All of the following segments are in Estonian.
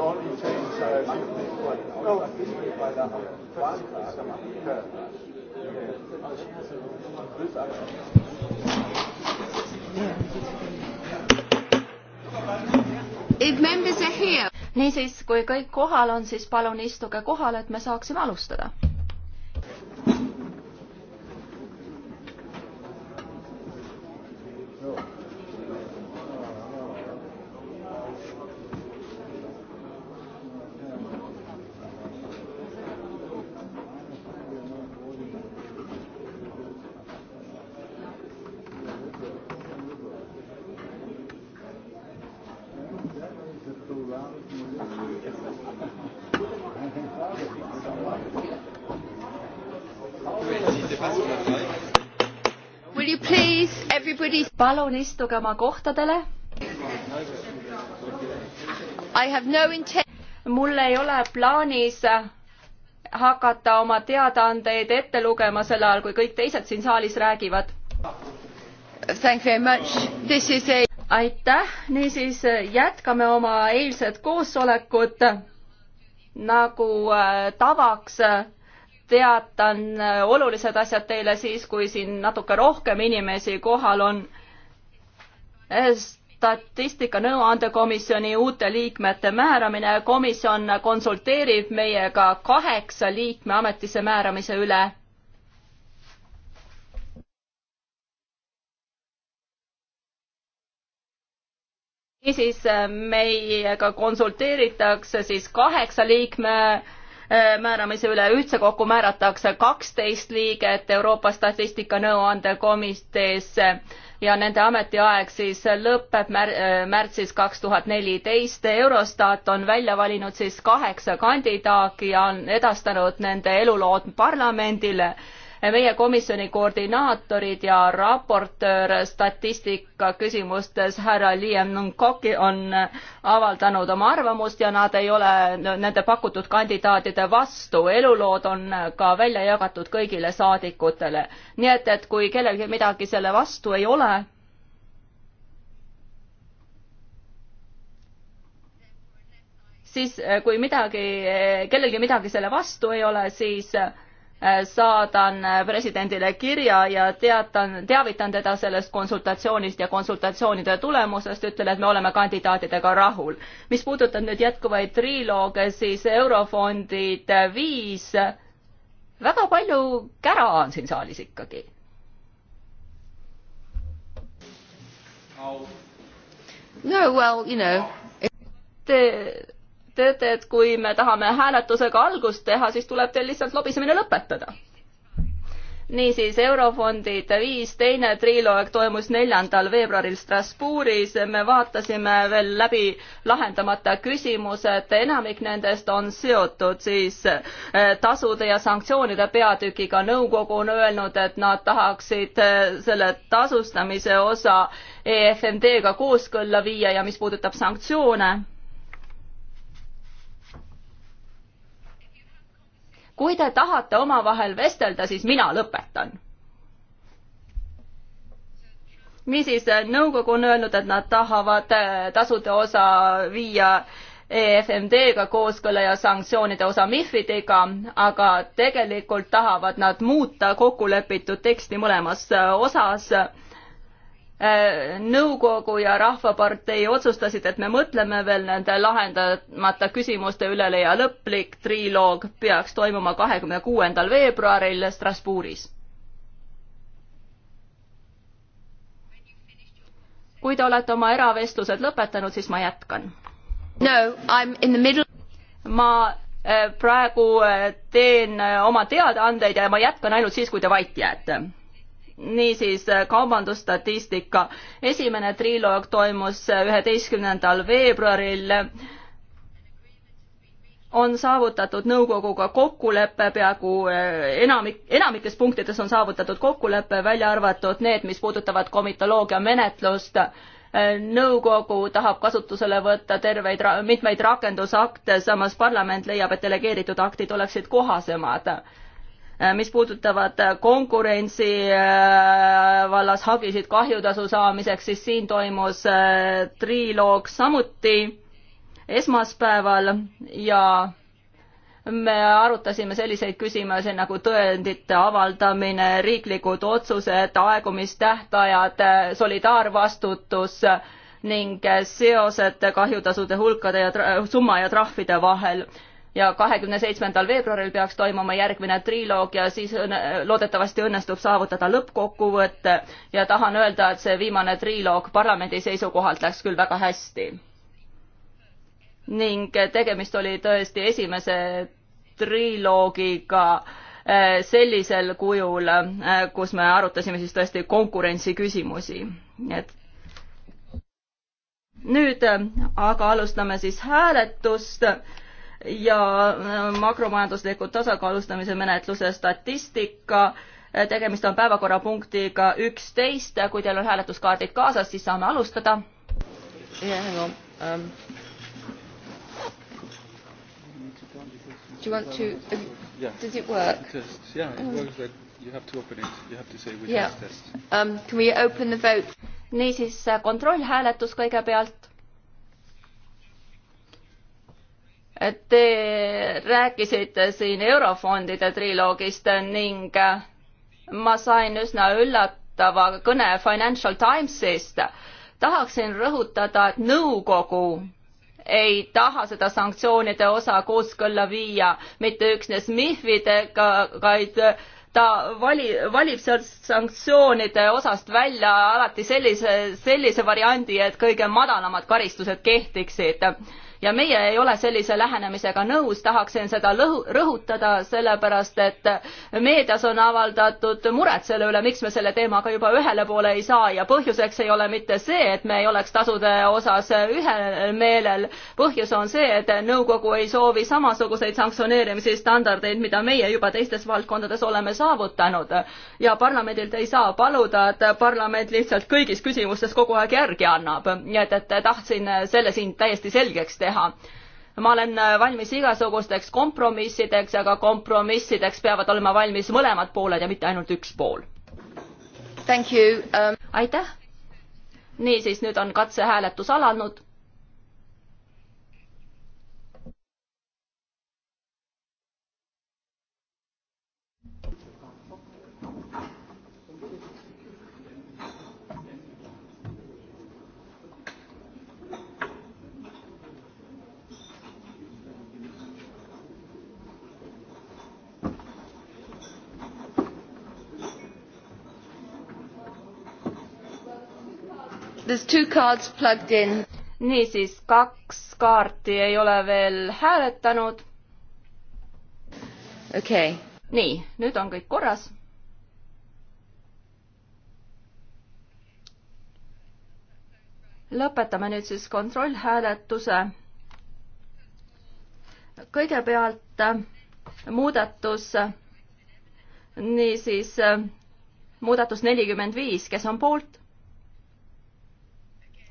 only change uh, no, history by the Wahlfrage machen können. niisiis, kui kõik kohal on, siis palun istuge kohale, et me saaksime alustada. palun istuge oma kohtadele. No mul ei ole plaanis hakata oma teadaandeid ette lugema sel ajal, kui kõik teised siin saalis räägivad. A... aitäh, niisiis jätkame oma eilset koosolekut. nagu äh, tavaks äh, teatan äh, olulised asjad teile siis, kui siin natuke rohkem inimesi kohal on statistika nõuandekomisjoni uute liikmete määramine. komisjon konsulteerib meiega kaheksa liikme ametisse määramise üle niisiis meiega konsulteeritakse siis kaheksa liikme äh, määramise üle, üldse kokku määratakse kaksteist liiget Euroopa Statistika Nõuandekomiteesse ja nende ametiaeg siis lõpeb mär äh, märtsis kaks tuhat neliteist. Eurostat on välja valinud siis kaheksa kandidaaki ja on edastanud nende elulood parlamendile meie komisjoni koordinaatorid ja raportöör statistika küsimustes härra Liam Nunkoki on avaldanud oma arvamust ja nad ei ole nende pakutud kandidaatide vastu. elulood on ka välja jagatud kõigile saadikutele. nii et, et kui kellelgi midagi selle vastu ei ole, siis eh, kui midagi, eh, kellelgi midagi selle vastu ei ole, siis eh, Äh, saadan äh, presidendile kirja ja teatan, teavitan teda sellest konsultatsioonist ja konsultatsioonide tulemusest, ütlen, et me oleme kandidaatidega rahul. mis puudutab nüüd jätkuvaid triloog, siis Eurofondid äh, viis, väga palju kära on siin saalis ikkagi. no well, you know. Te sest et kui me tahame hääletusega algust teha, siis tuleb teil lihtsalt lobisemine lõpetada. niisiis, Eurofondid viis, teine triloog toimus neljandal veebruaril Strasbourgis, me vaatasime veel läbi lahendamata küsimused, enamik nendest on seotud siis eh, tasude ja sanktsioonide peatükiga, nõukogu on öelnud, et nad tahaksid eh, selle tasustamise osa EFMD-ga kooskõlla viia ja mis puudutab sanktsioone kui te tahate omavahel vestelda, siis mina lõpetan. niisiis, nõukogu on öelnud, et nad tahavad äh, tasude osa viia EFMD-ga kooskõla ja sanktsioonide osa MIFIDiga, aga tegelikult tahavad nad muuta kokkulepitud teksti mõlemas äh, osas nõukogu ja Rahvapartei otsustasid, et me mõtleme veel nende lahendamata küsimuste üle ja lõplik triloog peaks toimuma kahekümne kuuendal veebruaril Strasbourgis. kui te olete oma eravestlused lõpetanud, siis ma jätkan. no I m in the middle. ma eh, praegu eh, teen eh, oma teadaandeid ja ma jätkan ainult siis, kui te vait jääte niisiis äh, kaubandusstatistika. esimene triloog toimus äh, üheteistkümnendal veebruaril. on saavutatud nõukoguga kokkulepe peaaegu äh, enamik, enamikes punktides on saavutatud kokkulepe, välja arvatud need, mis puudutavad komitoloogia menetlust nõukogu tahab kasutusele võtta terveid, mitmeid rakendusakte, samas parlament leiab, et delegeeritud aktid oleksid kohasemad. Äh, mis puudutavad äh, konkurentsi äh, vallas hagisid kahjutasu saamiseks, siis siin toimus triloog samuti esmaspäeval ja me arutasime selliseid küsimusi nagu tõendite avaldamine, riiklikud otsused, aegumistähtajad, solidaarvastutus ning seosed kahjutasude hulkade ja summa ja trahvide vahel ja kahekümne seitsmendal veebruaril peaks toimuma järgmine triloog ja siis õnne, loodetavasti õnnestub saavutada lõppkokkuvõte ja tahan öelda, et see viimane triloog parlamendi seisukohalt läks küll väga hästi. ning tegemist oli tõesti esimese triloogiga eh, sellisel kujul, eh, kus me arutasime siis tõesti konkurentsi küsimusi, et nüüd eh, aga alustame siis hääletust ja äh, makromajandusliku tasakaalustamise menetluse statistika. Äh, tegemist on päevakorrapunktiga üksteist, kui teil on hääletuskaardid kaasas, siis saame alustada. Yeah, hang on. Um, do you want to? Uh, yeah. Does it work? Test. Yeah, it um, works. But you have to open it. You have to say we yeah. test. Um, can we open the vote? niisiis kontrollhääletus kõigepealt Te rääkisite siin eurofondide triloogist ning ma sain üsna üllatava kõne Financial Timesist. tahaksin rõhutada, et nõukogu ei taha seda sanktsioonide osa kooskõlla viia mitte üksnes MIFidega, vaid ta vali, valib sealt sanktsioonide osast välja alati sellise, sellise variandi, et kõige madalamad karistused kehtiksid ja meie ei ole sellise lähenemisega nõus, tahaksin seda lõhu, rõhutada, sellepärast et meedias on avaldatud muret selle üle, miks me selle teemaga juba ühele poole ei saa ja põhjuseks ei ole mitte see, et me ei oleks tasude osas ühel meelel, põhjus on see, et nõukogu ei soovi samasuguseid sanktsioneerimise standardeid, mida meie juba teistes valdkondades oleme saavutanud ja parlamendilt ei saa paluda, et parlament lihtsalt kõigis küsimustes kogu aeg järgi annab, nii et, et tahtsin selle siin täiesti selgeks teha teha ma olen äh, valmis igasugusteks kompromissideks, aga kompromissideks peavad olema valmis mõlemad pooled ja mitte ainult üks pool. Um... aitäh. niisiis, nüüd on katsehääletus alanud There's two cards plugged in. niisiis, kaks kaarti ei ole veel hääletanud. okei okay.. nii, nüüd on kõik korras. lõpetame nüüd siis kontrollhääletuse. kõigepealt äh, muudatus, äh, niisiis äh, muudatus nelikümmend viis, kes on poolt?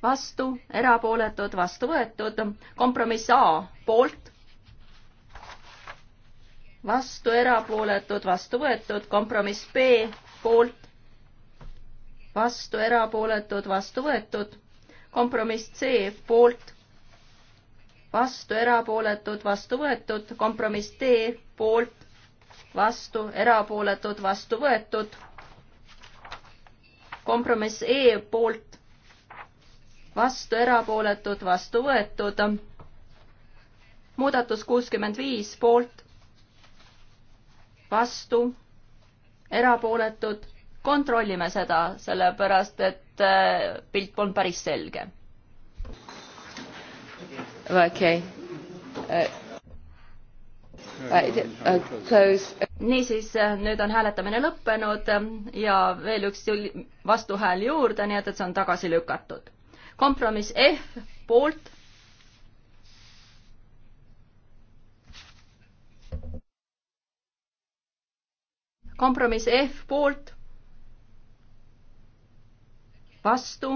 vastu, erapooletud, vastu võetud, kompromiss A poolt, vastu, erapooletud, vastu võetud, kompromiss B poolt, vastu, erapooletud, vastu võetud, kompromiss C poolt, vastu, erapooletud, vastu võetud, kompromiss D poolt, vastu, erapooletud, vastu võetud, kompromiss E poolt, vastu erapooletud, vastu võetud. muudatus kuuskümmend viis poolt, vastu, erapooletud, kontrollime seda, sellepärast et äh, pilt polnud päris selge. okei okay. uh,. uh, uh niisiis, äh, nüüd on hääletamine lõppenud äh, ja veel üks vastuhääl juurde, nii et, et see on tagasi lükatud kompromiss F poolt. kompromiss F poolt. vastu.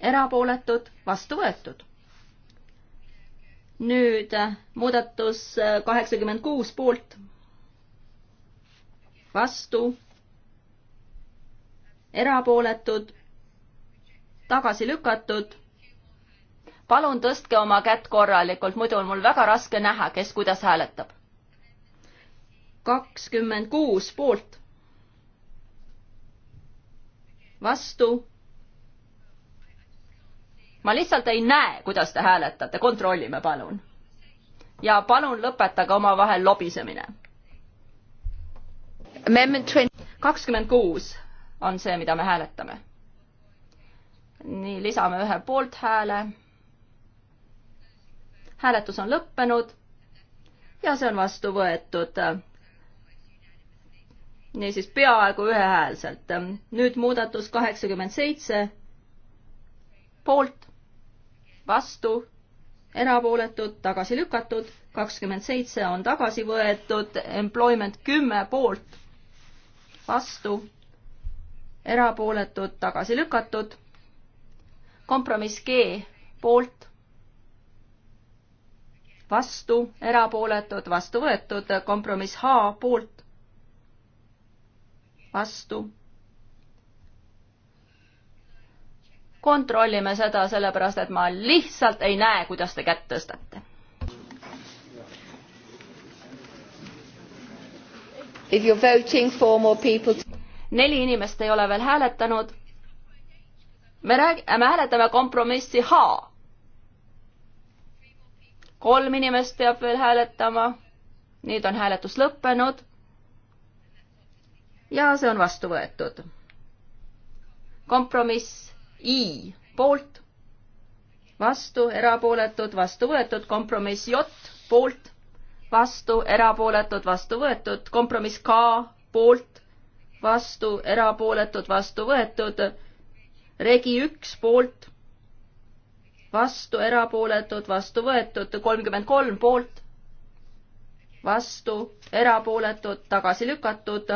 erapooletud, vastu võetud. nüüd äh, muudatus äh, kaheksakümmend kuus poolt. vastu erapooletud, tagasi lükatud. palun tõstke oma kätt korralikult, muidu on mul väga raske näha, kes kuidas hääletab. kakskümmend kuus poolt. vastu. ma lihtsalt ei näe, kuidas te hääletate, kontrollime palun. ja palun lõpetage omavahel lobisemine. kakskümmend kuus on see, mida me hääletame nii, lisame ühe poolthääle. hääletus on lõppenud ja see on vastu võetud. niisiis peaaegu ühehäälselt. nüüd muudatus kaheksakümmend seitse. poolt, vastu, erapooletud, tagasi lükatud, kakskümmend seitse on tagasi võetud, employment kümme poolt, vastu, erapooletud, tagasi lükatud kompromiss G poolt, vastu, erapooletud, vastu võetud, kompromiss H poolt, vastu. kontrollime seda sellepärast, et ma lihtsalt ei näe, kuidas te kätt tõstate neli inimest ei ole veel hääletanud me rääg-, me hääletame kompromissi H. kolm inimest peab veel hääletama. nüüd on hääletus lõppenud. ja see on vastu võetud. kompromiss I poolt, vastu, erapooletud, vastu võetud, kompromiss J poolt, vastu, erapooletud, vastu võetud, kompromiss K poolt, vastu, erapooletud, vastu võetud regi üks poolt, vastu, erapooletud, vastu võetud, kolmkümmend kolm poolt, vastu, erapooletud, tagasi lükatud.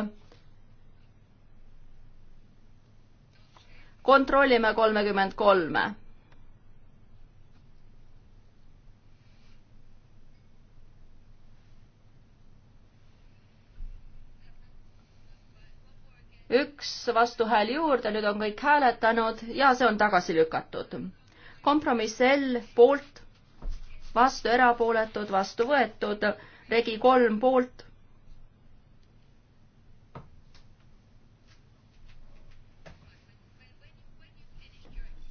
kontrollime kolmekümmend kolme üks vastuhääl juurde, nüüd on kõik hääletanud ja see on tagasi lükatud. kompromiss L poolt, vastu erapooletud, vastu võetud, regi kolm poolt.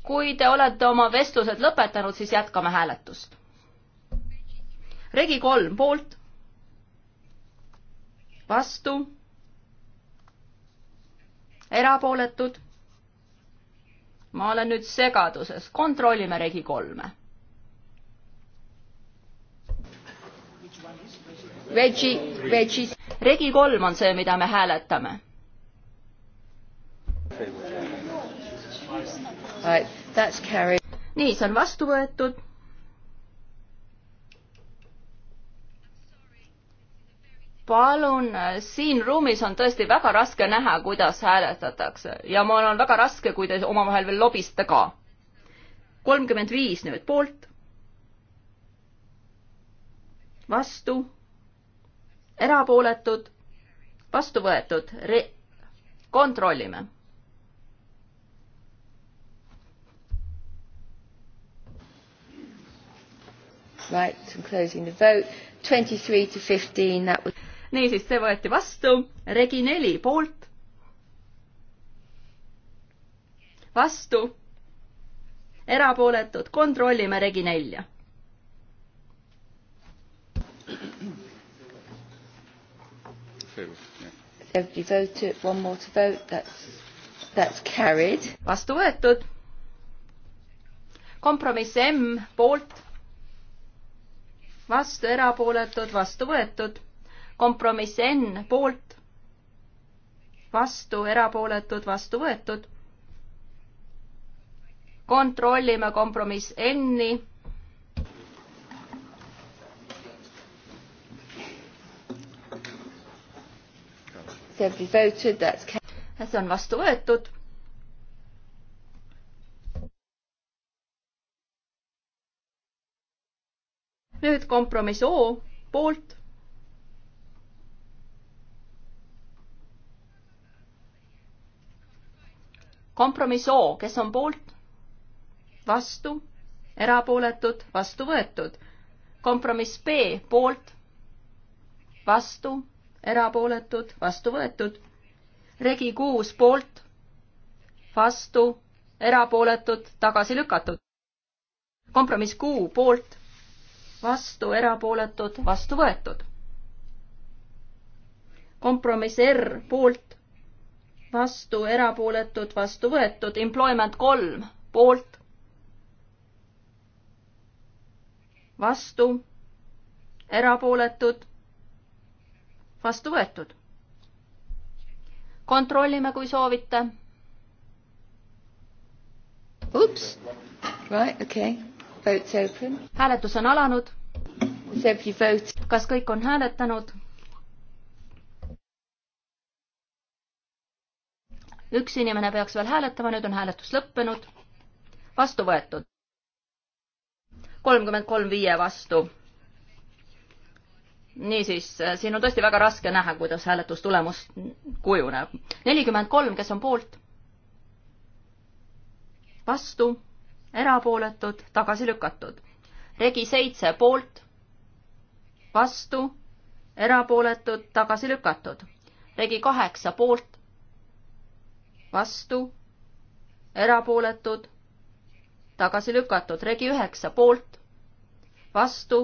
kui te olete oma vestlused lõpetanud, siis jätkame hääletust. regi kolm poolt, vastu erapooletud. ma olen nüüd segaduses, kontrollime regi kolme. Vegi, vegi. regi kolm on see, mida me hääletame. nii, see on vastu võetud palun, äh, siin ruumis on tõesti väga raske näha, kuidas hääletatakse ja mul on väga raske, kui te omavahel veel lobiste ka. kolmkümmend viis nüüd poolt. vastu. erapooletud. vastu võetud Re. kontrollime right i'm closing the vote 23 to 15 that was niisiis, see võeti vastu, regi neli poolt. vastu, erapooletud, kontrollime regi nelja. Everybody voted, one more to vote, that's, that's carried. vastu võetud. kompromiss M poolt, vastu erapooletud, vastu võetud kompromiss N poolt, vastu, erapooletud, vastu võetud. kontrollime kompromiss N-i. see on vastu võetud. nüüd kompromiss O poolt kompromiss O, kes on poolt? vastu, erapooletud, vastu võetud. kompromiss B, poolt, vastu, erapooletud, vastu võetud. regi kuus, poolt, vastu, erapooletud, tagasi lükatud. kompromiss Q, poolt, vastu, erapooletud, vastu võetud. kompromiss R, poolt, vastu, erapooletud, vastu võetud, employment kolm, poolt, vastu, erapooletud, vastu võetud. kontrollime, kui soovite. Oops, right, okay, vote's open. hääletus on alanud. kas kõik on hääletanud? üks inimene peaks veel hääletama, nüüd on hääletus lõppenud. vastu võetud. kolmkümmend kolm viie vastu. niisiis, äh, siin on tõesti väga raske näha, kuidas hääletustulemus kujuneb. nelikümmend kolm, kes on poolt? vastu, erapooletud, tagasi lükatud. regi seitse poolt, vastu, erapooletud, tagasi lükatud. regi kaheksa poolt, vastu, erapooletud, tagasi lükatud, regi üheksa poolt, vastu,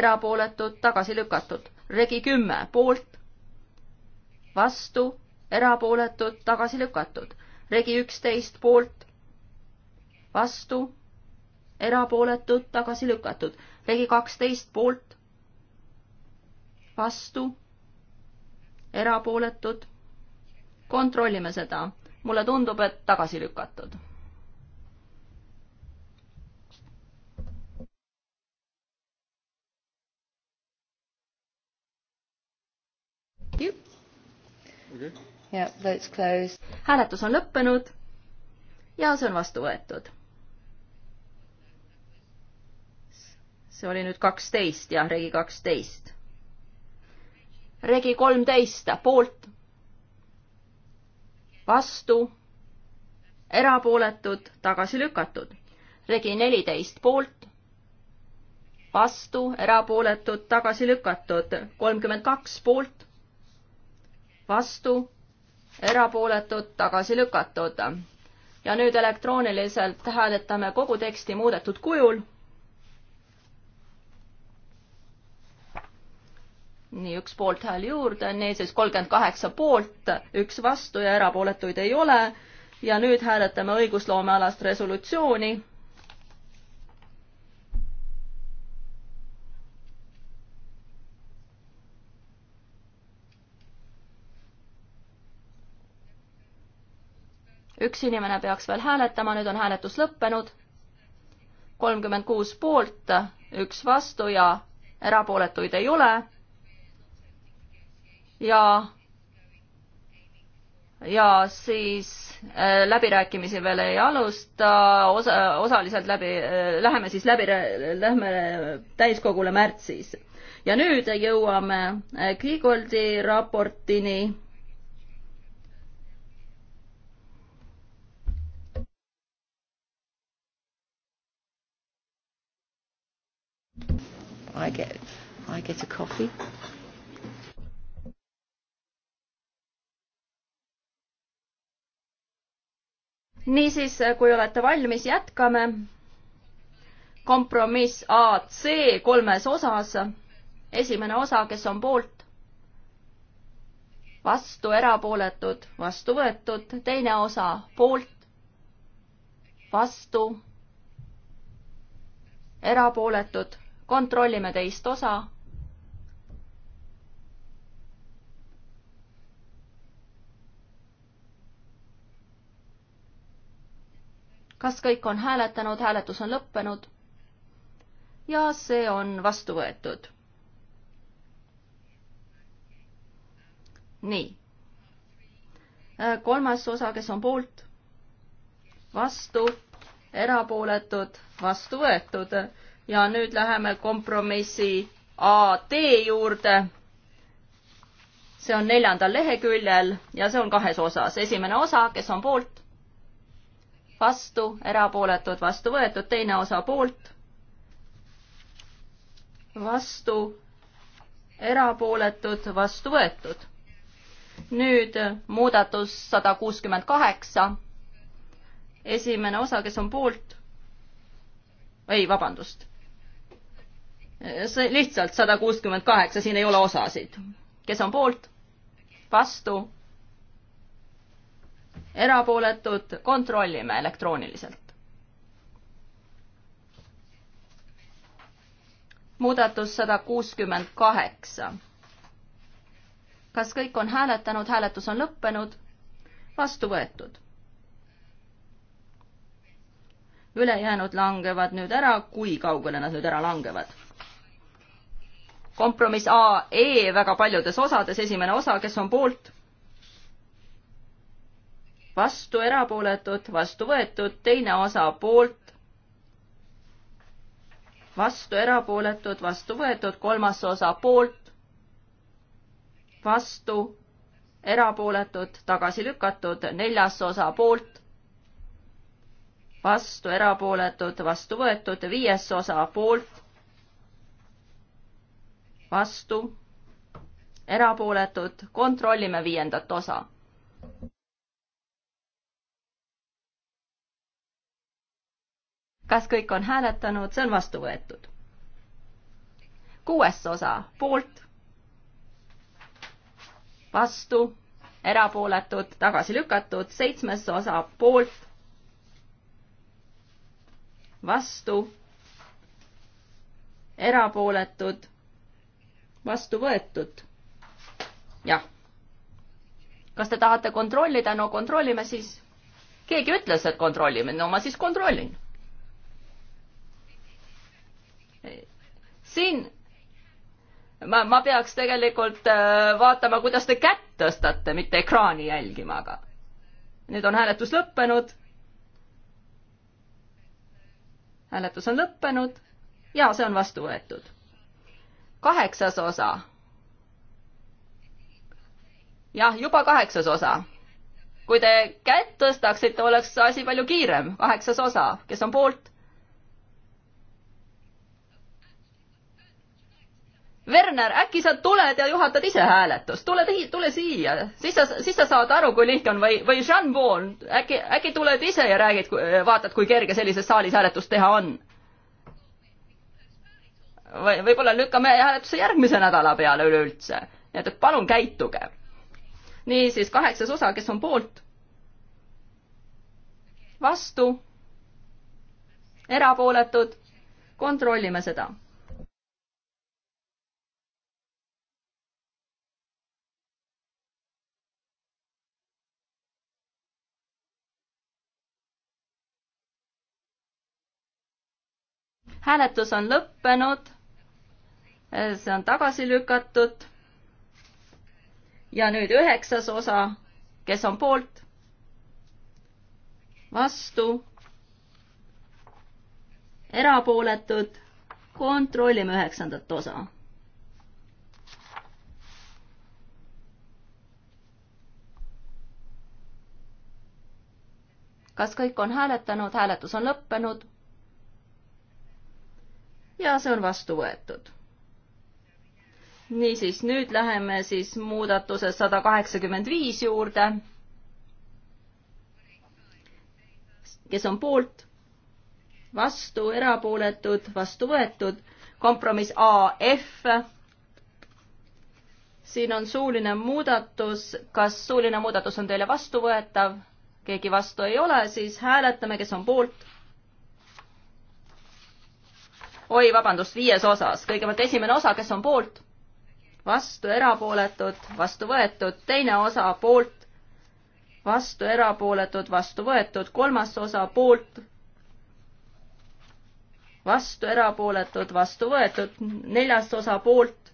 erapooletud, tagasi lükatud, regi kümme poolt, vastu, erapooletud, tagasi lükatud, regi üksteist poolt, vastu, erapooletud, tagasi lükatud, regi kaksteist poolt, vastu, erapooletud, kontrollime seda mulle tundub, et tagasi lükatud. hääletus on lõppenud ja see on vastu võetud. see oli nüüd kaksteist, jah, regi kaksteist. regi kolmteist, poolt vastu, erapooletud, tagasi lükatud. regi neliteist poolt, vastu, erapooletud, tagasi lükatud, kolmkümmend kaks poolt, vastu, erapooletud, tagasi lükatud. ja nüüd elektrooniliselt hääletame kogu teksti muudetud kujul nii üks poolthääl juurde, niisiis kolmkümmend kaheksa poolt, üks vastu ja erapooletuid ei ole. ja nüüd hääletame õigusloomealast resolutsiooni. üks inimene peaks veel hääletama, nüüd on hääletus lõppenud. kolmkümmend kuus poolt, üks vastu ja erapooletuid ei ole ja ja siis äh, läbirääkimisi veel ei alusta, osa, osaliselt läbi äh,, läheme siis läbi, lähme täiskogule märtsis. ja nüüd jõuame äh, Kigoldi raportini. I get, I get a coffee. niisiis, kui olete valmis, jätkame. kompromiss AC kolmes osas. esimene osa, kes on poolt? vastu, erapooletud, vastu võetud, teine osa poolt, vastu, erapooletud, kontrollime teist osa kas kõik on hääletanud, hääletus on lõppenud? ja see on vastu võetud. nii. Äh, kolmas osa, kes on poolt? vastu, erapooletud, vastu võetud ja nüüd läheme kompromissi AD juurde. see on neljandal leheküljel ja see on kahes osas. esimene osa, kes on poolt? vastu, erapooletud, vastu võetud, teine osa poolt, vastu, erapooletud, vastu võetud. nüüd muudatus sada kuuskümmend kaheksa, esimene osa, kes on poolt, ei, vabandust, see lihtsalt sada kuuskümmend kaheksa, siin ei ole osasid, kes on poolt, vastu erapooletud, kontrollime elektrooniliselt. muudatus sada kuuskümmend kaheksa. kas kõik on hääletanud, hääletus on lõppenud, vastu võetud. ülejäänud langevad nüüd ära, kui kaugele nad nüüd ära langevad? kompromiss A, E väga paljudes osades, esimene osa, kes on poolt vastu erapooletud, vastu võetud, teine osa poolt, vastu erapooletud, vastu võetud, kolmas osa poolt, vastu erapooletud, tagasi lükatud, neljas osa poolt, vastu erapooletud, vastu võetud, viies osa poolt, vastu erapooletud, kontrollime viiendat osa kas kõik on hääletanud, see on vastu võetud. kuues osa, poolt, vastu, erapooletud, tagasi lükatud, seitsmes osa, poolt, vastu, erapooletud, vastu võetud. jah. kas te tahate kontrollida, no kontrollime siis. keegi ütles, et kontrollime, no ma siis kontrollin siin ma, ma peaks tegelikult äh, vaatama, kuidas te kätt tõstate, mitte ekraani jälgima, aga nüüd on hääletus lõppenud. hääletus on lõppenud ja see on vastu võetud. kaheksas osa. jah, juba kaheksas osa. kui te kätt tõstaksite, oleks asi palju kiirem. kaheksas osa, kes on poolt? Werner, äkki sa tuled ja juhatad ise hääletust, tule, tule siia, siis sa, siis sa saad aru, kui lihtne on või, või Jean-Paul, äkki, äkki tuled ise ja räägid, vaatad, kui kerge sellises saalis hääletust teha on. või võib-olla lükkame hääletuse järgmise nädala peale üleüldse, nii et, et palun käituge. niisiis, kaheksas osa, kes on poolt? vastu? erapooletud? kontrollime seda hääletus on lõppenud, see on tagasi lükatud. ja nüüd üheksas osa, kes on poolt, vastu, erapooletud, kontrollime üheksandat osa kas kõik on hääletanud, hääletus on lõppenud ja see on vastu võetud. niisiis, nüüd läheme siis muudatuse sada kaheksakümmend viis juurde. kes on poolt? vastu, erapooletud, vastu võetud, kompromiss AF. siin on suuline muudatus, kas suuline muudatus on teile vastuvõetav? keegi vastu ei ole, siis hääletame, kes on poolt oi, vabandust, viies osas. kõigepealt esimene osa, kes on poolt? vastu, erapooletud, vastu võetud. teine osa, poolt, vastu, erapooletud, vastu võetud. kolmas osa, poolt, vastu, erapooletud, vastu võetud. neljas osa, poolt,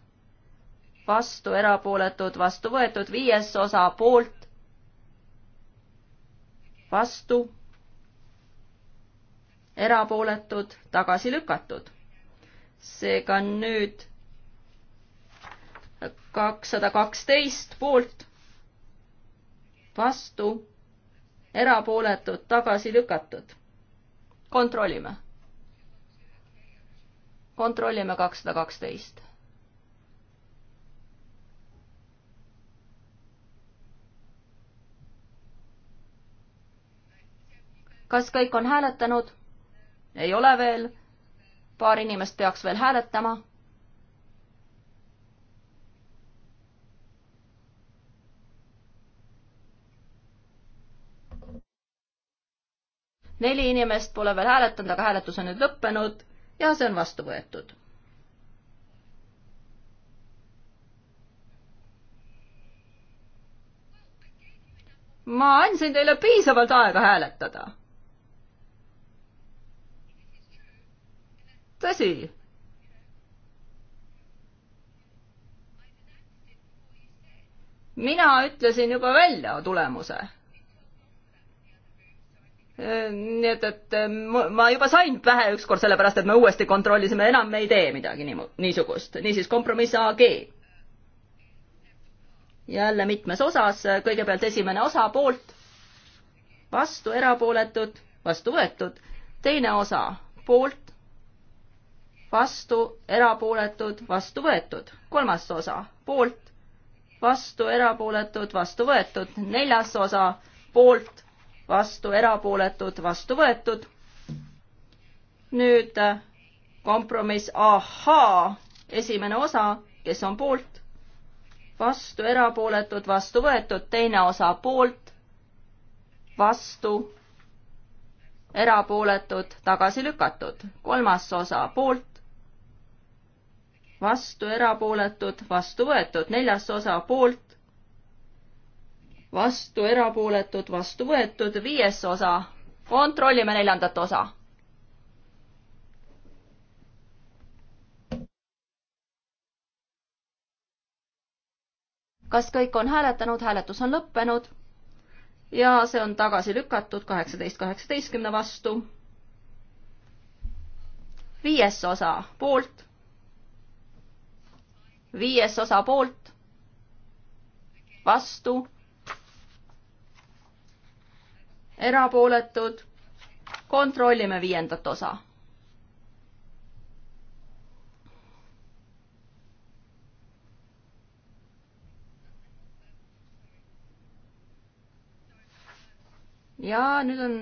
vastu, erapooletud, vastu võetud. viies osa, poolt, vastu erapooletud, tagasi lükatud seega nüüd kakssada kaksteist poolt, vastu, erapooletud, tagasi lükatud. kontrollime. kontrollime kakssada kaksteist. kas kõik on hääletanud? ei ole veel paar inimest peaks veel hääletama. neli inimest pole veel hääletanud, aga hääletus on nüüd lõppenud ja see on vastu võetud. ma andsin teile piisavalt aega hääletada tõsi. mina ütlesin juba välja tulemuse nii et, et ma juba sain pähe ükskord, sellepärast et me uuesti kontrollisime, enam me ei tee midagi nii, niisugust. niisiis kompromiss AG. jälle mitmes osas, kõigepealt esimene osa poolt, vastu erapooletud, vastu võetud, teine osa poolt, vastu, erapooletud, vastu võetud. kolmas osa, poolt, vastu, erapooletud, vastu võetud. neljas osa, poolt, vastu, erapooletud, vastu võetud. nüüd äh, kompromiss ahhaa, esimene osa, kes on poolt, vastu, erapooletud, vastu võetud, teine osa poolt, vastu, erapooletud, tagasi lükatud, kolmas osa poolt, vastu erapooletud, vastu võetud, neljas osa poolt, vastu erapooletud, vastu võetud, viies osa, kontrollime neljandat osa. kas kõik on hääletanud, hääletus on lõppenud ja see on tagasi lükatud kaheksateist kaheksateistkümne vastu. viies osa poolt viies osa poolt, vastu, erapooletud, kontrollime viiendat osa. ja nüüd on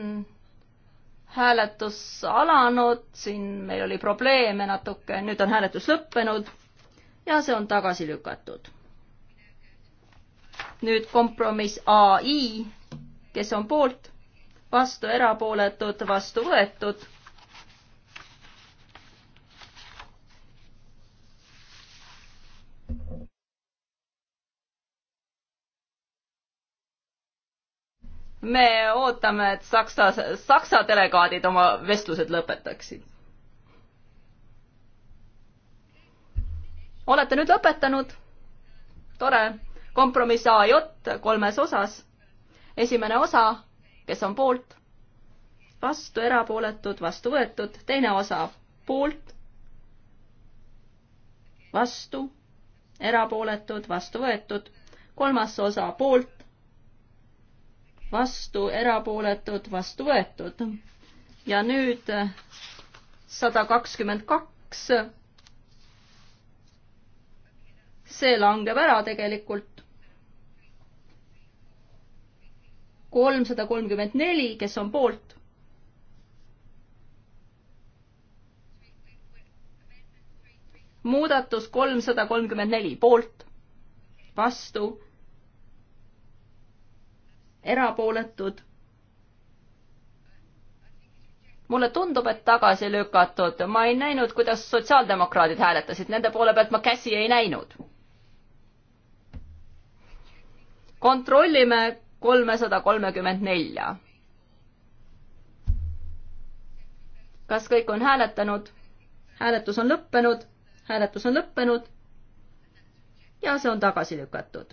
hääletus alanud, siin meil oli probleeme natuke, nüüd on hääletus lõppenud ja see on tagasi lükatud. nüüd kompromiss ai, kes on poolt, vastu erapooletud, vastu võetud me ootame, et Saksa, Saksa delegaadid oma vestlused lõpetaksid. olete nüüd lõpetanud? tore, kompromiss A jott kolmes osas. esimene osa, kes on poolt? vastu, erapooletud, vastu võetud, teine osa poolt, vastu, erapooletud, vastu võetud, kolmas osa poolt, vastu, erapooletud, vastu võetud. ja nüüd eh, sada kakskümmend kaks see langeb ära tegelikult. kolmsada kolmkümmend neli, kes on poolt? muudatus kolmsada kolmkümmend neli, poolt, vastu, erapooletud. mulle tundub, et tagasi lükatud, ma ei näinud, kuidas sotsiaaldemokraadid hääletasid, nende poole pealt ma käsi ei näinud kontrollime kolmesada kolmekümmend nelja. kas kõik on hääletanud? hääletus on lõppenud, hääletus on lõppenud ja see on tagasi lükatud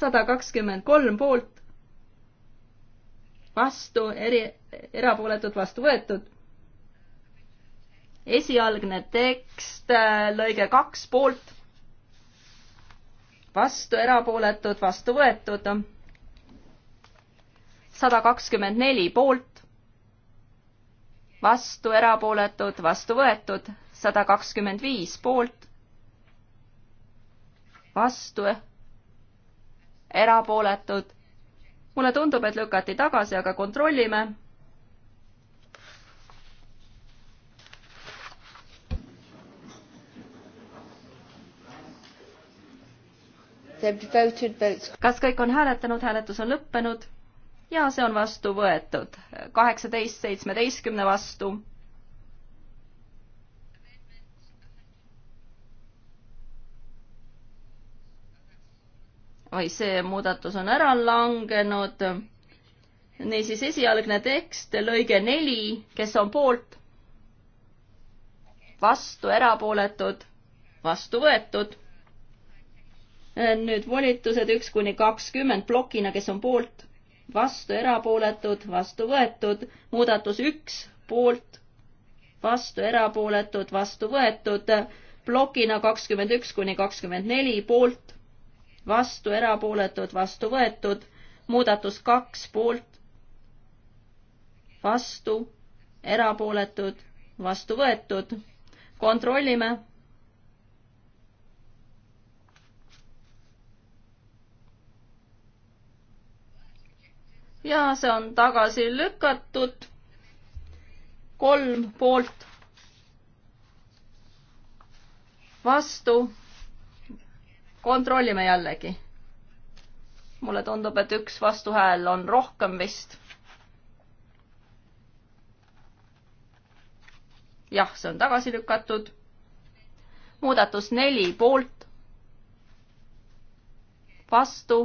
sada kakskümmend kolm poolt, vastu, eri, erapooletud, vastu võetud esialgne tekst, äh, lõige kaks poolt, vastu erapooletud, vastu võetud, sada kakskümmend neli poolt, vastu erapooletud, vastu võetud, sada kakskümmend viis poolt, vastu erapooletud. mulle tundub, et lükati tagasi, aga kontrollime kas kõik on hääletanud, hääletus on lõppenud ja see on vastu võetud. kaheksateist seitsmeteistkümne vastu. oi, see muudatus on ära langenud. niisiis, esialgne tekst, lõige neli, kes on poolt? vastu, erapooletud, vastu võetud nüüd volitused üks kuni kakskümmend plokina, kes on poolt, vastu, erapooletud, vastu võetud, muudatus üks, poolt, vastu, erapooletud, vastu võetud, plokina kakskümmend üks kuni kakskümmend neli, poolt, vastu, erapooletud, vastu võetud, muudatus kaks, poolt, vastu, erapooletud, vastu võetud, kontrollime ja see on tagasi lükatud. kolm poolt, vastu. kontrollime jällegi. mulle tundub, et üks vastuhääl on rohkem vist. jah, see on tagasi lükatud. muudatus neli poolt, vastu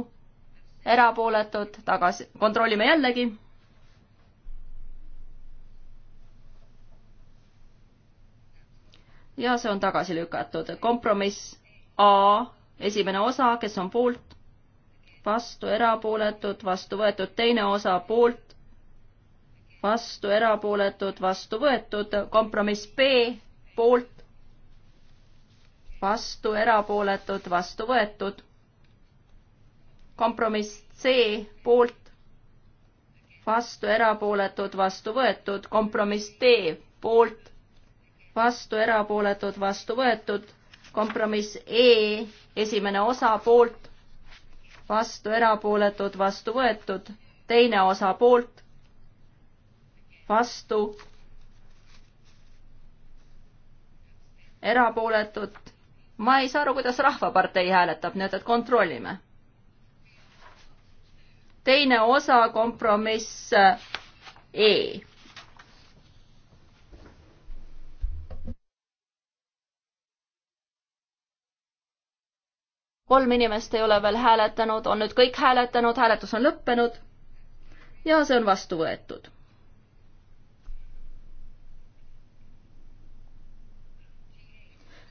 erapooletud, tagasi, kontrollime jällegi. ja see on tagasi lükatud, kompromiss A, esimene osa, kes on poolt, vastu, erapooletud, vastu võetud, teine osa poolt, vastu, erapooletud, vastu võetud, kompromiss B, poolt, vastu, erapooletud, vastu võetud kompromiss C poolt, vastu, erapooletud, vastu võetud, kompromiss D poolt, vastu, erapooletud, vastu võetud, kompromiss E esimene osa poolt, vastu, erapooletud, vastu võetud, teine osa poolt, vastu, erapooletud. ma ei saa aru, kuidas Rahvapartei hääletab, nii et, et kontrollime teine osa kompromiss E. kolm inimest ei ole veel hääletanud, on nüüd kõik hääletanud, hääletus on lõppenud ja see on vastu võetud.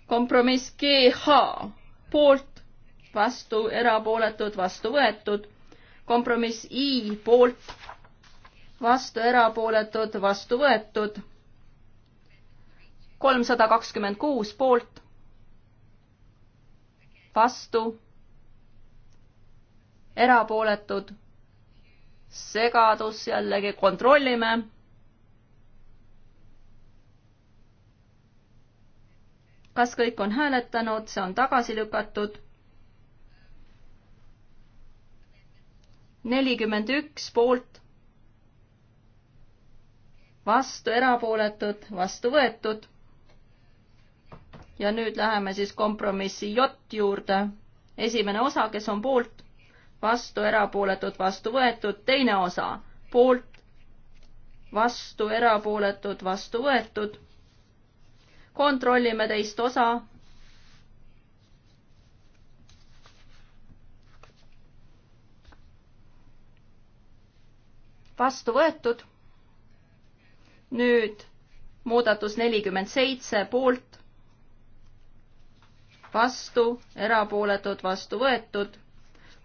kompromiss GH poolt, vastu, erapooletud, vastu võetud kompromiss I poolt, vastu erapooletud, vastu võetud. kolmsada kakskümmend kuus poolt, vastu, erapooletud, segadus jällegi, kontrollime. kas kõik on hääletanud, see on tagasi lükatud nelikümmend üks poolt, vastu erapooletud, vastu võetud. ja nüüd läheme siis kompromissi J juurde. esimene osa, kes on poolt, vastu erapooletud, vastu võetud, teine osa poolt, vastu erapooletud, vastu võetud. kontrollime teist osa vastu võetud. nüüd muudatus nelikümmend seitse poolt, vastu, erapooletud, vastu võetud.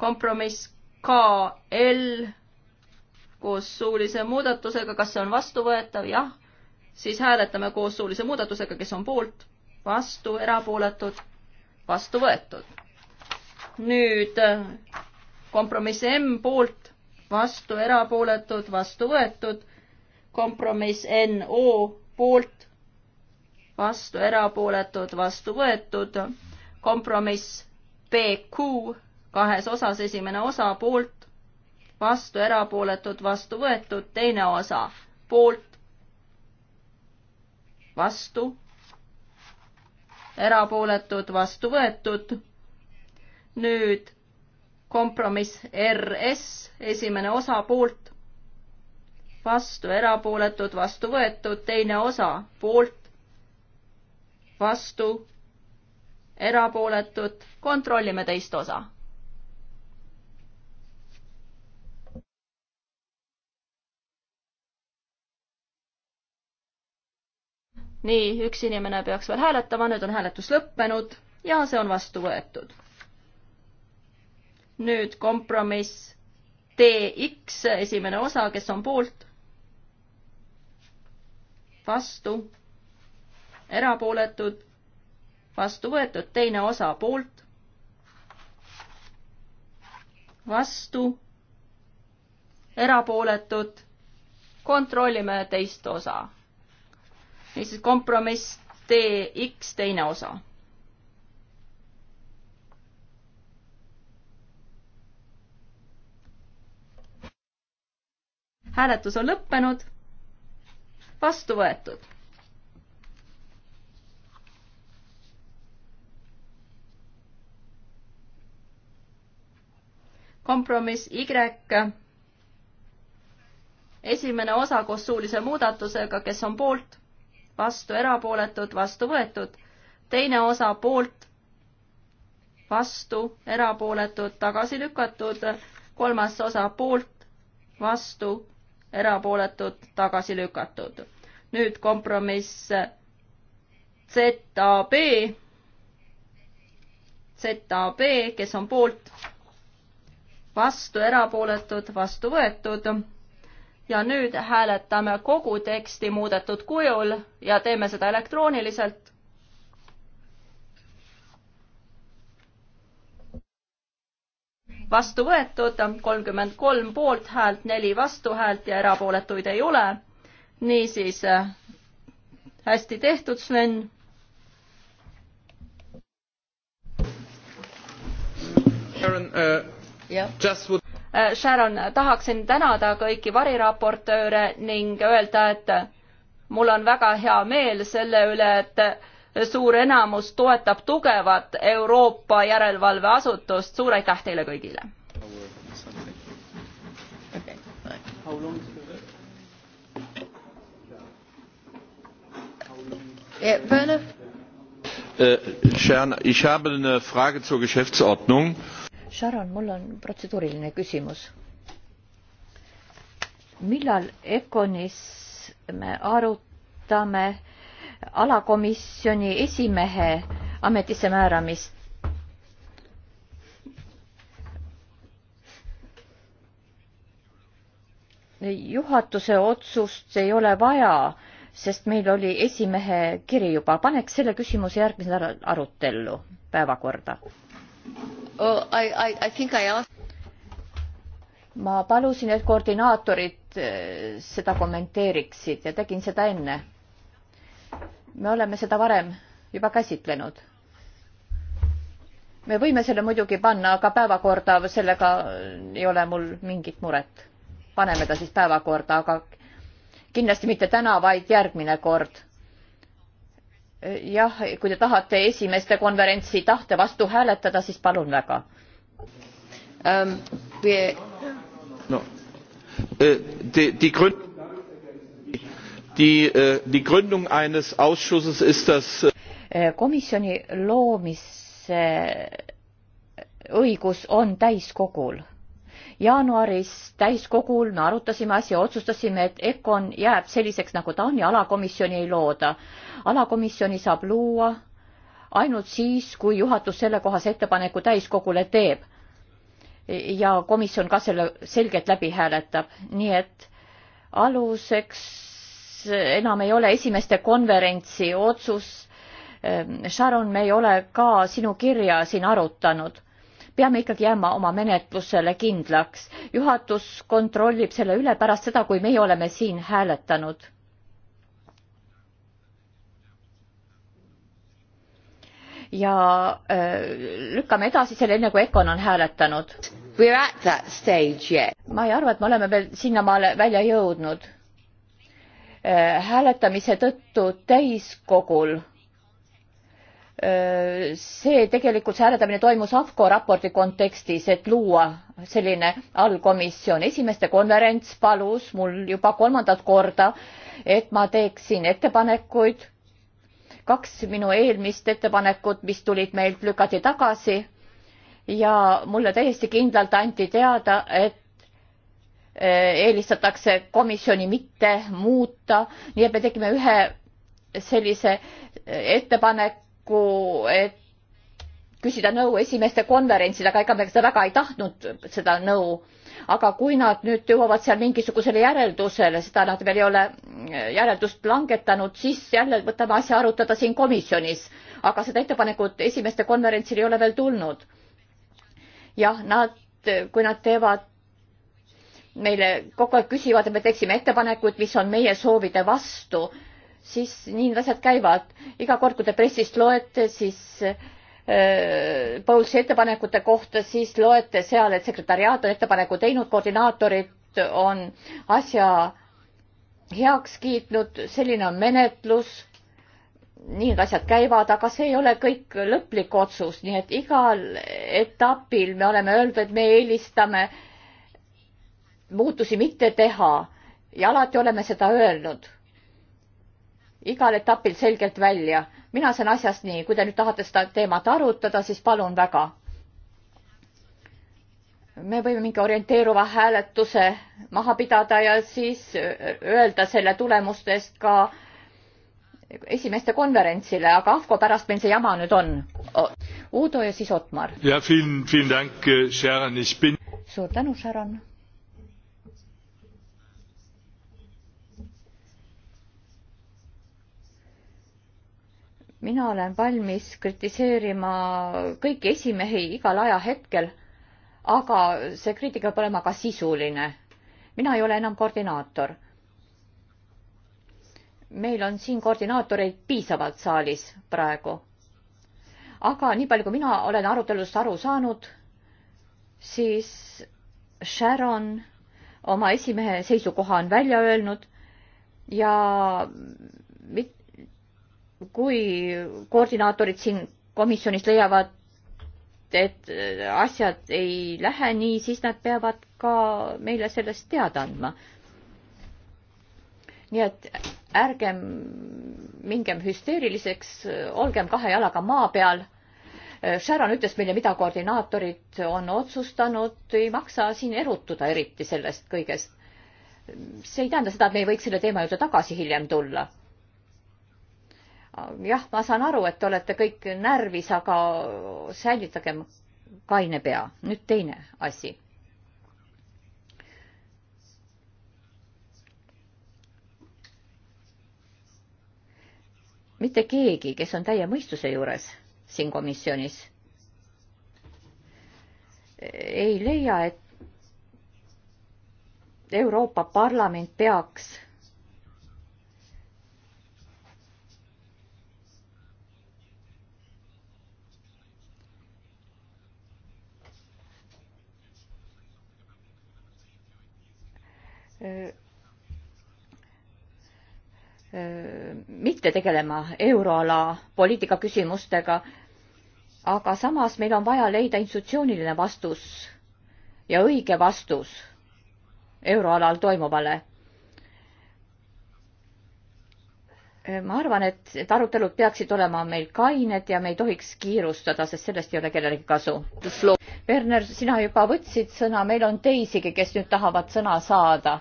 kompromiss KL koos suulise muudatusega, kas see on vastuvõetav, jah, siis hääletame koos suulise muudatusega, kes on poolt, vastu, erapooletud, vastu võetud. nüüd kompromiss M poolt, vastu erapooletud, vastu võetud. kompromiss NO poolt, vastu erapooletud, vastu võetud. kompromiss PQ kahes osas, esimene osa poolt, vastu erapooletud, vastu võetud, teine osa poolt, vastu, erapooletud, vastu võetud. nüüd kompromiss RS, esimene osa poolt, vastu, erapooletud, vastu võetud, teine osa poolt, vastu, erapooletud, kontrollime teist osa. nii, üks inimene peaks veel hääletama, nüüd on hääletus lõppenud ja see on vastu võetud nüüd kompromiss DX, esimene osa, kes on poolt? vastu, erapooletud, vastu võetud, teine osa poolt, vastu, erapooletud, kontrollime teist osa. niisiis kompromiss DX teine osa hääletus on lõppenud, vastu võetud. kompromiss Y esimene osa koos suulise muudatusega, kes on poolt, vastu erapooletud, vastu võetud. teine osa poolt, vastu erapooletud, tagasi lükatud. kolmas osa poolt, vastu erapooletud, tagasi lükatud. nüüd kompromiss ZAB, ZAB, kes on poolt, vastu, erapooletud, vastu võetud. ja nüüd hääletame kogu teksti muudetud kujul ja teeme seda elektrooniliselt. vastu võetud, kolmkümmend kolm poolthäält, neli vastuhäält ja erapooletuid ei ole. niisiis äh, hästi tehtud, Sven. Sharon uh,, would... Äh, Sharon, tahaksin tänada kõiki variraportööre ning öelda, et mul on väga hea meel selle üle, et suur enamus toetab tugevat Euroopa järelevalveasutust, suur aitäh teile kõigile! Werner? Äh, Sharon, ich habe eine Frage zur Geschäftsordnung. Sharon, mul on protseduuriline küsimus. millal ECONis me arutame alakomisjoni esimehe ametisse määramist. juhatuse otsust ei ole vaja, sest meil oli esimehe kiri juba. paneks selle küsimuse järgmise nädala arutellu päevakorda oh,. ma palusin, et koordinaatorid eh, seda kommenteeriksid ja tegin seda enne me oleme seda varem juba käsitlenud. me võime selle muidugi panna, aga päevakorda sellega ei ole mul mingit muret. paneme ta siis päevakorda, aga kindlasti mitte täna, vaid järgmine kord. jah, kui te tahate esimeste konverentsi tahte vastu hääletada, siis palun väga um,. No. Äh, die, die Gründe Die, äh, die Gründung eines Ausschusses ist das äh, äh, komisjoni loomise õigus on täiskogul. jaanuaris täiskogul me arutasime asja, otsustasime, et EKON jääb selliseks, nagu ta on ja alakomisjoni ei looda. alakomisjoni saab luua ainult siis, kui juhatus sellekohase ettepaneku täiskogule teeb. ja komisjon ka selle selgelt läbi hääletab, nii et aluseks enam ei ole esimeste konverentsi otsus. Ähm, Sharon, me ei ole ka sinu kirja siin arutanud. peame ikkagi jääma oma menetlusele kindlaks. juhatus kontrollib selle üle pärast seda, kui meie oleme siin hääletanud. ja öö, äh, lükkame edasi selle enne, kui Econ on hääletanud. ma ei arva, et me oleme veel sinnamaale välja jõudnud Äh, hääletamise tõttu täiskogul. Äh, see tegelikult, see hääletamine toimus AFCO raporti kontekstis, et luua selline allkomisjon. esimeste konverents palus mul juba kolmandat korda, et ma teeksin ettepanekuid. kaks minu eelmist ettepanekut, mis tulid meilt, lükati tagasi ja mulle täiesti kindlalt anti teada, et Äh, eelistatakse komisjoni mitte muuta, nii et me tegime ühe sellise äh, ettepaneku, et küsida nõu esimeeste konverentsil, aga ega me seda väga ei tahtnud, seda nõu. aga kui nad nüüd jõuavad seal mingisugusele järeldusele, seda nad veel ei ole äh, järeldust langetanud, siis jälle võtame asja arutada siin komisjonis. aga seda ettepanekut esimeeste konverentsil ei ole veel tulnud. jah, nad, kui nad teevad meile kogu aeg küsivad, et me teeksime ettepanekuid, mis on meie soovide vastu, siis nii need asjad käivad. iga kord, kui te pressist loete, siis äh, Paulsi ettepanekute kohta, siis loete seal, et sekretäriaat on ettepaneku teinud, koordinaatorid on asja heaks kiitnud, selline on menetlus, nii need asjad käivad, aga see ei ole kõik lõplik otsus, nii et igal etapil me oleme öelnud, et me eelistame äh, muutusi mitte teha ja alati oleme seda öelnud. igal etapil selgelt välja. mina saan asjast nii, kui te nüüd tahate seda teemat arutada, siis palun väga. me võime mingi orienteeruva hääletuse maha pidada ja siis öelda selle tulemustest ka esimeeste konverentsile, aga AFCO pärast meil see jama nüüd on. Uudo ja siis Otmar. Bin... suur tänu, Sharon mina olen valmis kritiseerima kõiki esimehi igal ajahetkel, aga see kriitika peab olema ka sisuline. mina ei ole enam koordinaator. meil on siin koordinaatoreid piisavalt saalis praegu. aga nii palju, kui mina olen arutelust aru saanud, siis Sharon oma esimehe seisukoha on välja öelnud ja mit-, kui koordinaatorid siin komisjonis leiavad, et äh, asjad ei lähe nii, siis nad peavad ka meile sellest teada andma. nii et ärgem mingem hüsteeriliseks, olgem kahe jalaga maa peal. Äh, Sharon ütles meile, mida koordinaatorid on otsustanud, ei maksa siin erutuda eriti sellest kõigest. see ei tähenda seda, et me ei võiks selle teema juurde tagasi hiljem tulla jah, ma saan aru, et te olete kõik närvis, aga säilitagem kaine pea. nüüd teine asi. mitte keegi, kes on täie mõistuse juures siin komisjonis, ei leia, et Euroopa Parlament peaks mitte tegelema euroala poliitika küsimustega, aga samas meil on vaja leida institutsiooniline vastus ja õige vastus euroalal toimuvale ma arvan, et need arutelud peaksid olema meil kained ja me ei tohiks kiirustada, sest sellest ei ole kellelegi kasu. Werner, sina juba võtsid sõna, meil on teisigi, kes nüüd tahavad sõna saada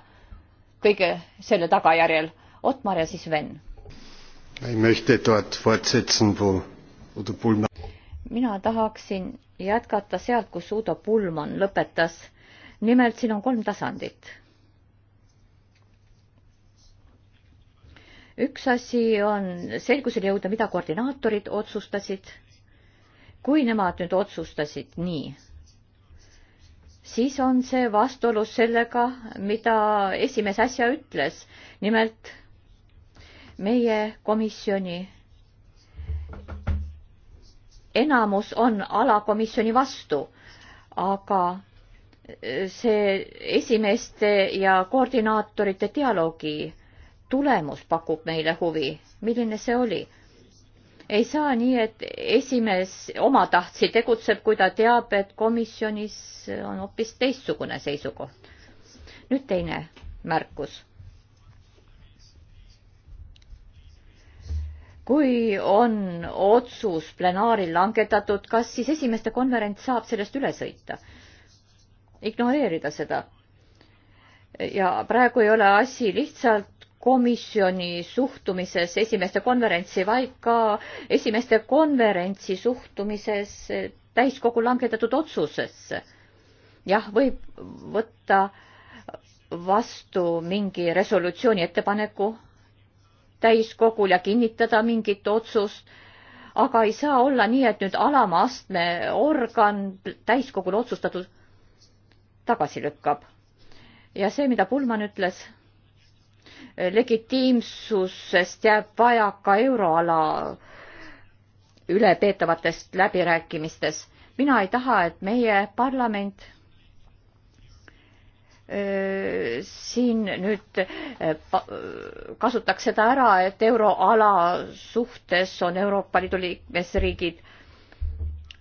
kõige selle tagajärjel. Otmar ja siis Sven. mina tahaksin jätkata sealt, kus Udo Pullmann lõpetas. nimelt siin on kolm tasandit üks asi on selgusele jõuda, mida koordinaatorid otsustasid. kui nemad nüüd otsustasid nii, siis on see vastuolus sellega, mida esimees äsja ütles. nimelt meie komisjoni enamus on alakomisjoni vastu, aga see esimeeste ja koordinaatorite dialoogi tulemus pakub meile huvi, milline see oli. ei saa nii, et esimees omatahtsi tegutseb, kui ta teab, et komisjonis on hoopis teistsugune seisukoht. nüüd teine märkus. kui on otsus plenaaril langetatud, kas siis esimeste konverents saab sellest üle sõita? ignoreerida seda ja praegu ei ole asi lihtsalt komisjoni suhtumises esimeste konverentsi, vaid ka esimeste konverentsi suhtumises täiskogu langetatud otsusesse. jah, võib võtta vastu mingi resolutsiooni ettepaneku täiskogul ja kinnitada mingit otsust, aga ei saa olla nii, et nüüd alama astme organ täiskogul otsustatud tagasi lükkab. ja see, mida Pullman ütles legitiimsusest jääb vaja ka euroala üle peetavatest läbirääkimistes. mina ei taha, et meie parlament öö, siin nüüd kasutaks seda ära, et euroala suhtes on Euroopa Liidu liikmesriigid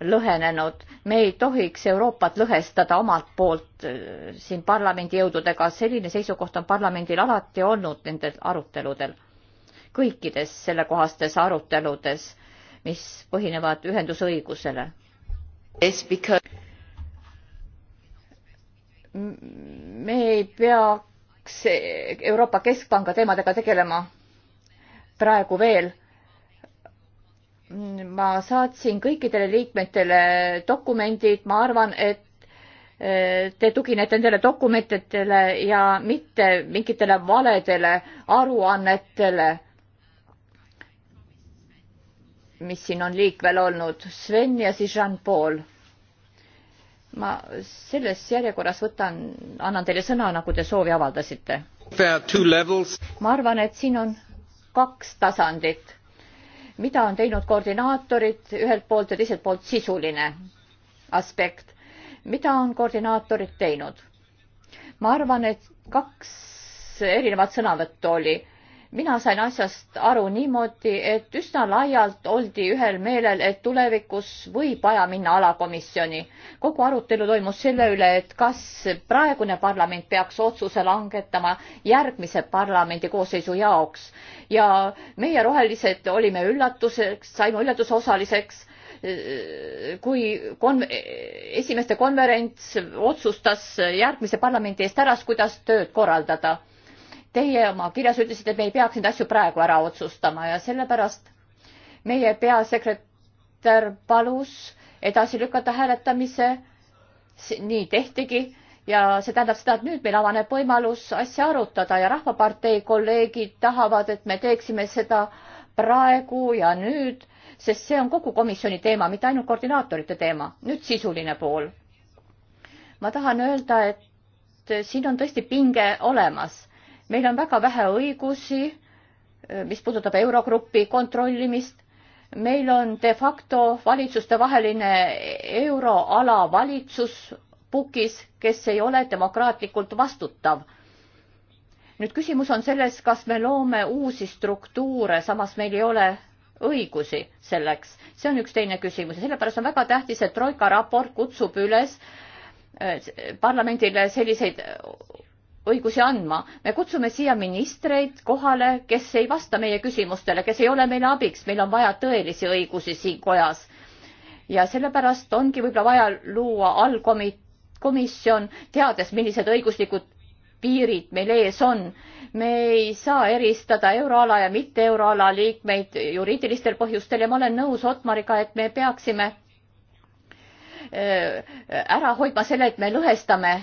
lõhenenud. me ei tohiks Euroopat lõhestada omalt poolt äh, siin parlamendi jõududega, selline seisukoht on parlamendil alati olnud nendel aruteludel, kõikides sellekohastes aruteludes, mis põhinevad ühendusõigusele. me ei peaks Euroopa Keskpanga teemadega tegelema praegu veel ma saatsin kõikidele liikmetele dokumendid, ma arvan, et e, te tuginete nendele dokumentidele ja mitte mingitele valedele aruannetele, mis siin on liikvel olnud. Sven ja siis Jean-Paul. ma selles järjekorras võtan, annan teile sõna, nagu te soovi avaldasite. ma arvan, et siin on kaks tasandit mida on teinud koordinaatorid ühelt poolt ja teiselt poolt sisuline aspekt. mida on koordinaatorid teinud? ma arvan, et kaks erinevat sõnavõttu oli mina sain asjast aru niimoodi, et üsna laialt oldi ühel meelel, et tulevikus võib vaja minna alakomisjoni. kogu arutelu toimus selle üle, et kas praegune parlament peaks otsuse langetama järgmise parlamendi koosseisu jaoks ja meie rohelised olime üllatuseks, saime üllatuse osaliseks kui kon- esimeste konverents otsustas järgmise parlamendi eest ära kuidas tööd korraldada Teie oma kirjas ütlesite, et me ei peaks neid asju praegu ära otsustama ja sellepärast meie peasekretär palus edasi lükata hääletamise. nii tehtigi ja see tähendab seda, et nüüd meil avaneb võimalus asja arutada ja Rahvapartei kolleegid tahavad, et me teeksime seda praegu ja nüüd, sest see on kogu komisjoni teema, mitte ainult koordinaatorite teema. nüüd sisuline pool. ma tahan öelda, et siin on tõesti pinge olemas meil on väga vähe õigusi, eh, mis puudutab Eurogrupi kontrollimist. meil on de facto valitsustevaheline euroala valitsus pukis, kes ei ole demokraatlikult vastutav. nüüd küsimus on selles, kas me loome uusi struktuure, samas meil ei ole õigusi selleks, see on üks teine küsimus ja sellepärast on väga tähtis, et Troika raport kutsub üles eh, parlamendile selliseid õigusi andma. me kutsume siia ministreid kohale, kes ei vasta meie küsimustele, kes ei ole meile abiks, meil on vaja tõelisi õigusi siin kojas. ja sellepärast ongi võib-olla vaja luua allkomi-, komisjon, teades, millised õiguslikud piirid meil ees on. me ei saa eristada euroala ja mitte euroala liikmeid juriidilistel põhjustel ja ma olen nõus Otmariga, et me peaksime äh, ära hoidma selle, et me lõhestame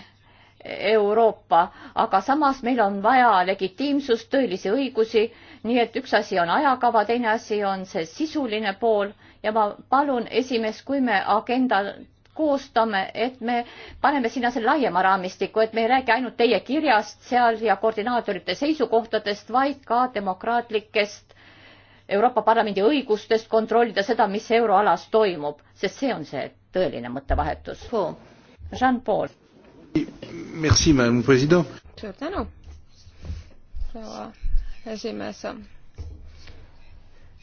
Euroopa, aga samas meil on vaja legitiimsust, tõelisi õigusi, nii et üks asi on ajakava, teine asi on see sisuline pool ja ma palun esimees, kui me agenda koostame, et me paneme sinna selle laiema raamistiku, et me ei räägi ainult teie kirjast seal ja koordinaatorite seisukohtadest, vaid ka demokraatlikest Euroopa Parlamendi õigustest kontrollida seda, mis euroalas toimub, sest see on see tõeline mõttevahetus. Jean-Paul suur tänu, proua esimees.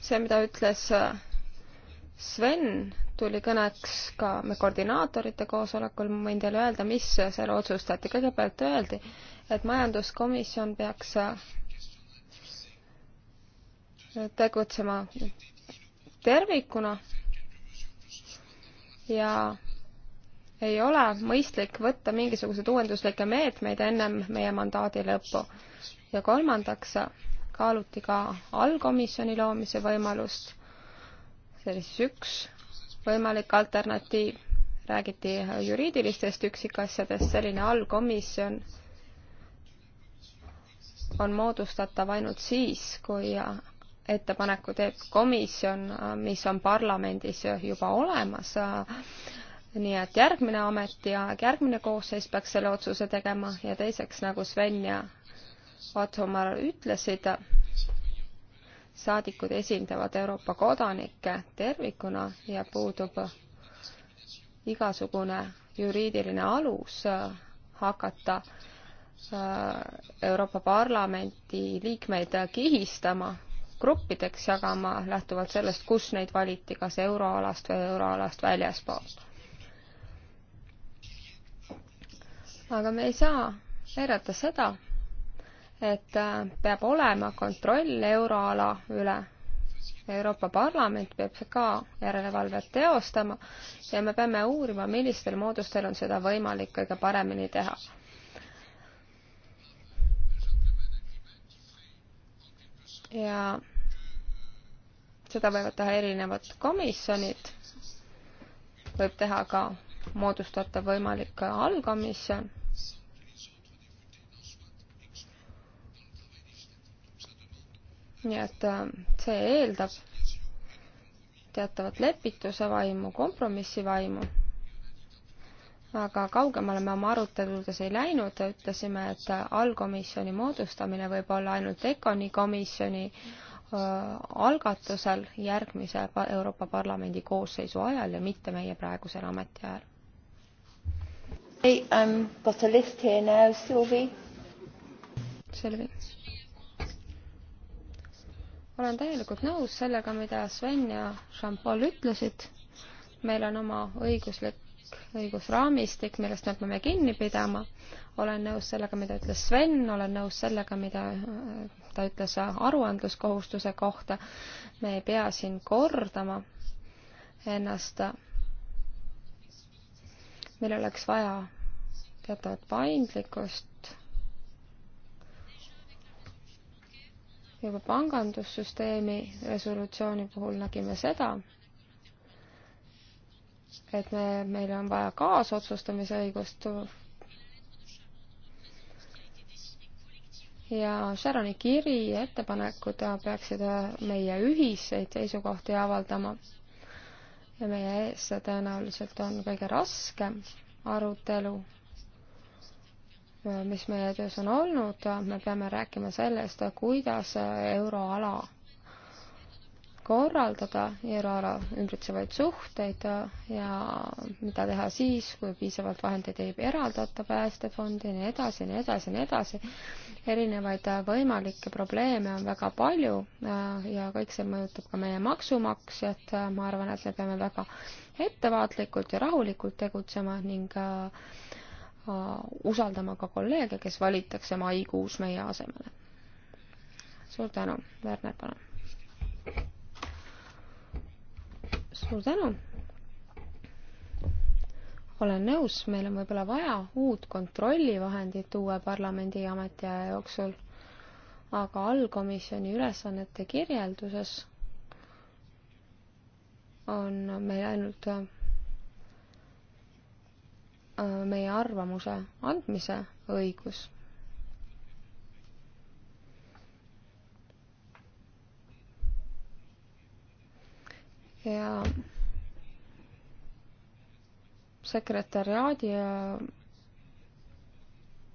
see, mida ütles Sven tuli kõneks ka me koordinaatorite koosolekul, ma võin teile öelda, mis seal otsustati. kõigepealt öeldi, et majanduskomisjon peaks tegutsema tervikuna ja ei ole mõistlik võtta mingisuguseid uuenduslikke meetmeid ennem meie mandaadi lõppu. ja kolmandaks kaaluti ka allkomisjoni loomise võimalust. see oli siis üks võimalik alternatiiv. räägiti juriidilistest üksikasjadest, selline allkomisjon on moodustatav ainult siis, kui ettepaneku teeb komisjon, mis on parlamendis juba olemas nii et järgmine ametiaeg, järgmine koosseis peaks selle otsuse tegema ja teiseks, nagu Sven ja Ottomar ütlesid, saadikud esindavad Euroopa kodanikke tervikuna ja puudub igasugune juriidiline alus hakata äh, Euroopa Parlamenti liikmeid kihistama, gruppideks jagama lähtuvalt sellest, kus neid valiti, kas euroalast või euroalast väljaspoolt aga me ei saa eirata seda, et äh, peab olema kontroll euroala üle. Euroopa Parlament peab ka järelevalvet teostama ja me peame uurima, millistel moodustel on seda võimalik kõige paremini teha. ja seda võivad teha erinevad komisjonid, võib teha ka moodustatav võimalik allkomisjon nii et äh, see eeldab teatavat lepituse vaimu, kompromissi vaimu. aga kaugemale me oma aruteludes ei läinud, ütlesime, et äh, allkomisjoni moodustamine võib olla ainult ECONi komisjoni äh, algatusel järgmise Euroopa Parlamendi koosseisu ajal ja mitte meie praegusel ametiajal. Hey, I've um, got a list here now, Sylvie. Sylvie olen täielikult nõus sellega, mida Sven ja Jean-Paul ütlesid. meil on oma õiguslik, õigusraamistik, millest me peame kinni pidama. olen nõus sellega, mida ütles Sven, olen nõus sellega, mida äh, ta ütles aruandluskohustuse kohta. me ei pea siin kordama ennast. meil oleks vaja teatavat paindlikkust juba pangandussüsteemi resolutsiooni puhul nägime seda, et me, meil on vaja kaasotsustamise õigust ja Sharoni kiri ja ettepanekud peaksid meie ühiseid seisukohti avaldama ja meie ees tõenäoliselt on kõige raskem arutelu mis meie töös on olnud, me peame rääkima sellest, kuidas euroala korraldada euroala ümbritsevaid suhteid ja mida teha siis, kui piisavalt vahendeid ei eraldata päästefondi ja nii edasi ja nii edasi ja nii edasi. erinevaid võimalikke probleeme on väga palju ja kõik see mõjutab ka meie maksumaksjat. ma arvan, et me peame väga ettevaatlikult ja rahulikult tegutsema ning äh, Äh, usaldama ka kolleege, kes valitakse maikuus meie asemele. suur tänu, Werner, palun. suur tänu. olen nõus, meil on võib-olla vaja uut kontrollivahendit uue parlamendi ametiaja jooksul, aga allkomisjoni ülesannete kirjelduses on meil ainult Äh, meie arvamuse andmise õigus. ja sekretäriaadi ja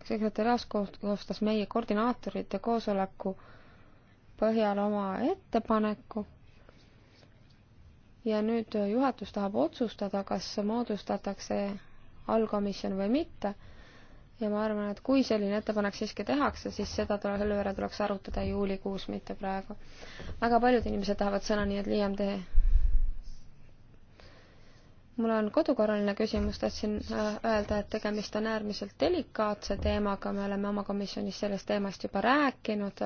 sekretäriaas koostas meie koordinaatorite koosoleku põhjal oma ettepaneku ja nüüd juhatus tahab otsustada, kas moodustatakse allkomisjon või mitte. ja ma arvan, et kui selline ettepanek siiski tehakse, siis seda tule, selle üle tuleks arutada juulikuus, mitte praegu. väga paljud inimesed tahavad sõna, nii et Liam, tee. mul on kodukorraline küsimus, tahtsin äh, öelda, et tegemist on äärmiselt delikaatse teemaga, me oleme oma komisjonis sellest teemast juba rääkinud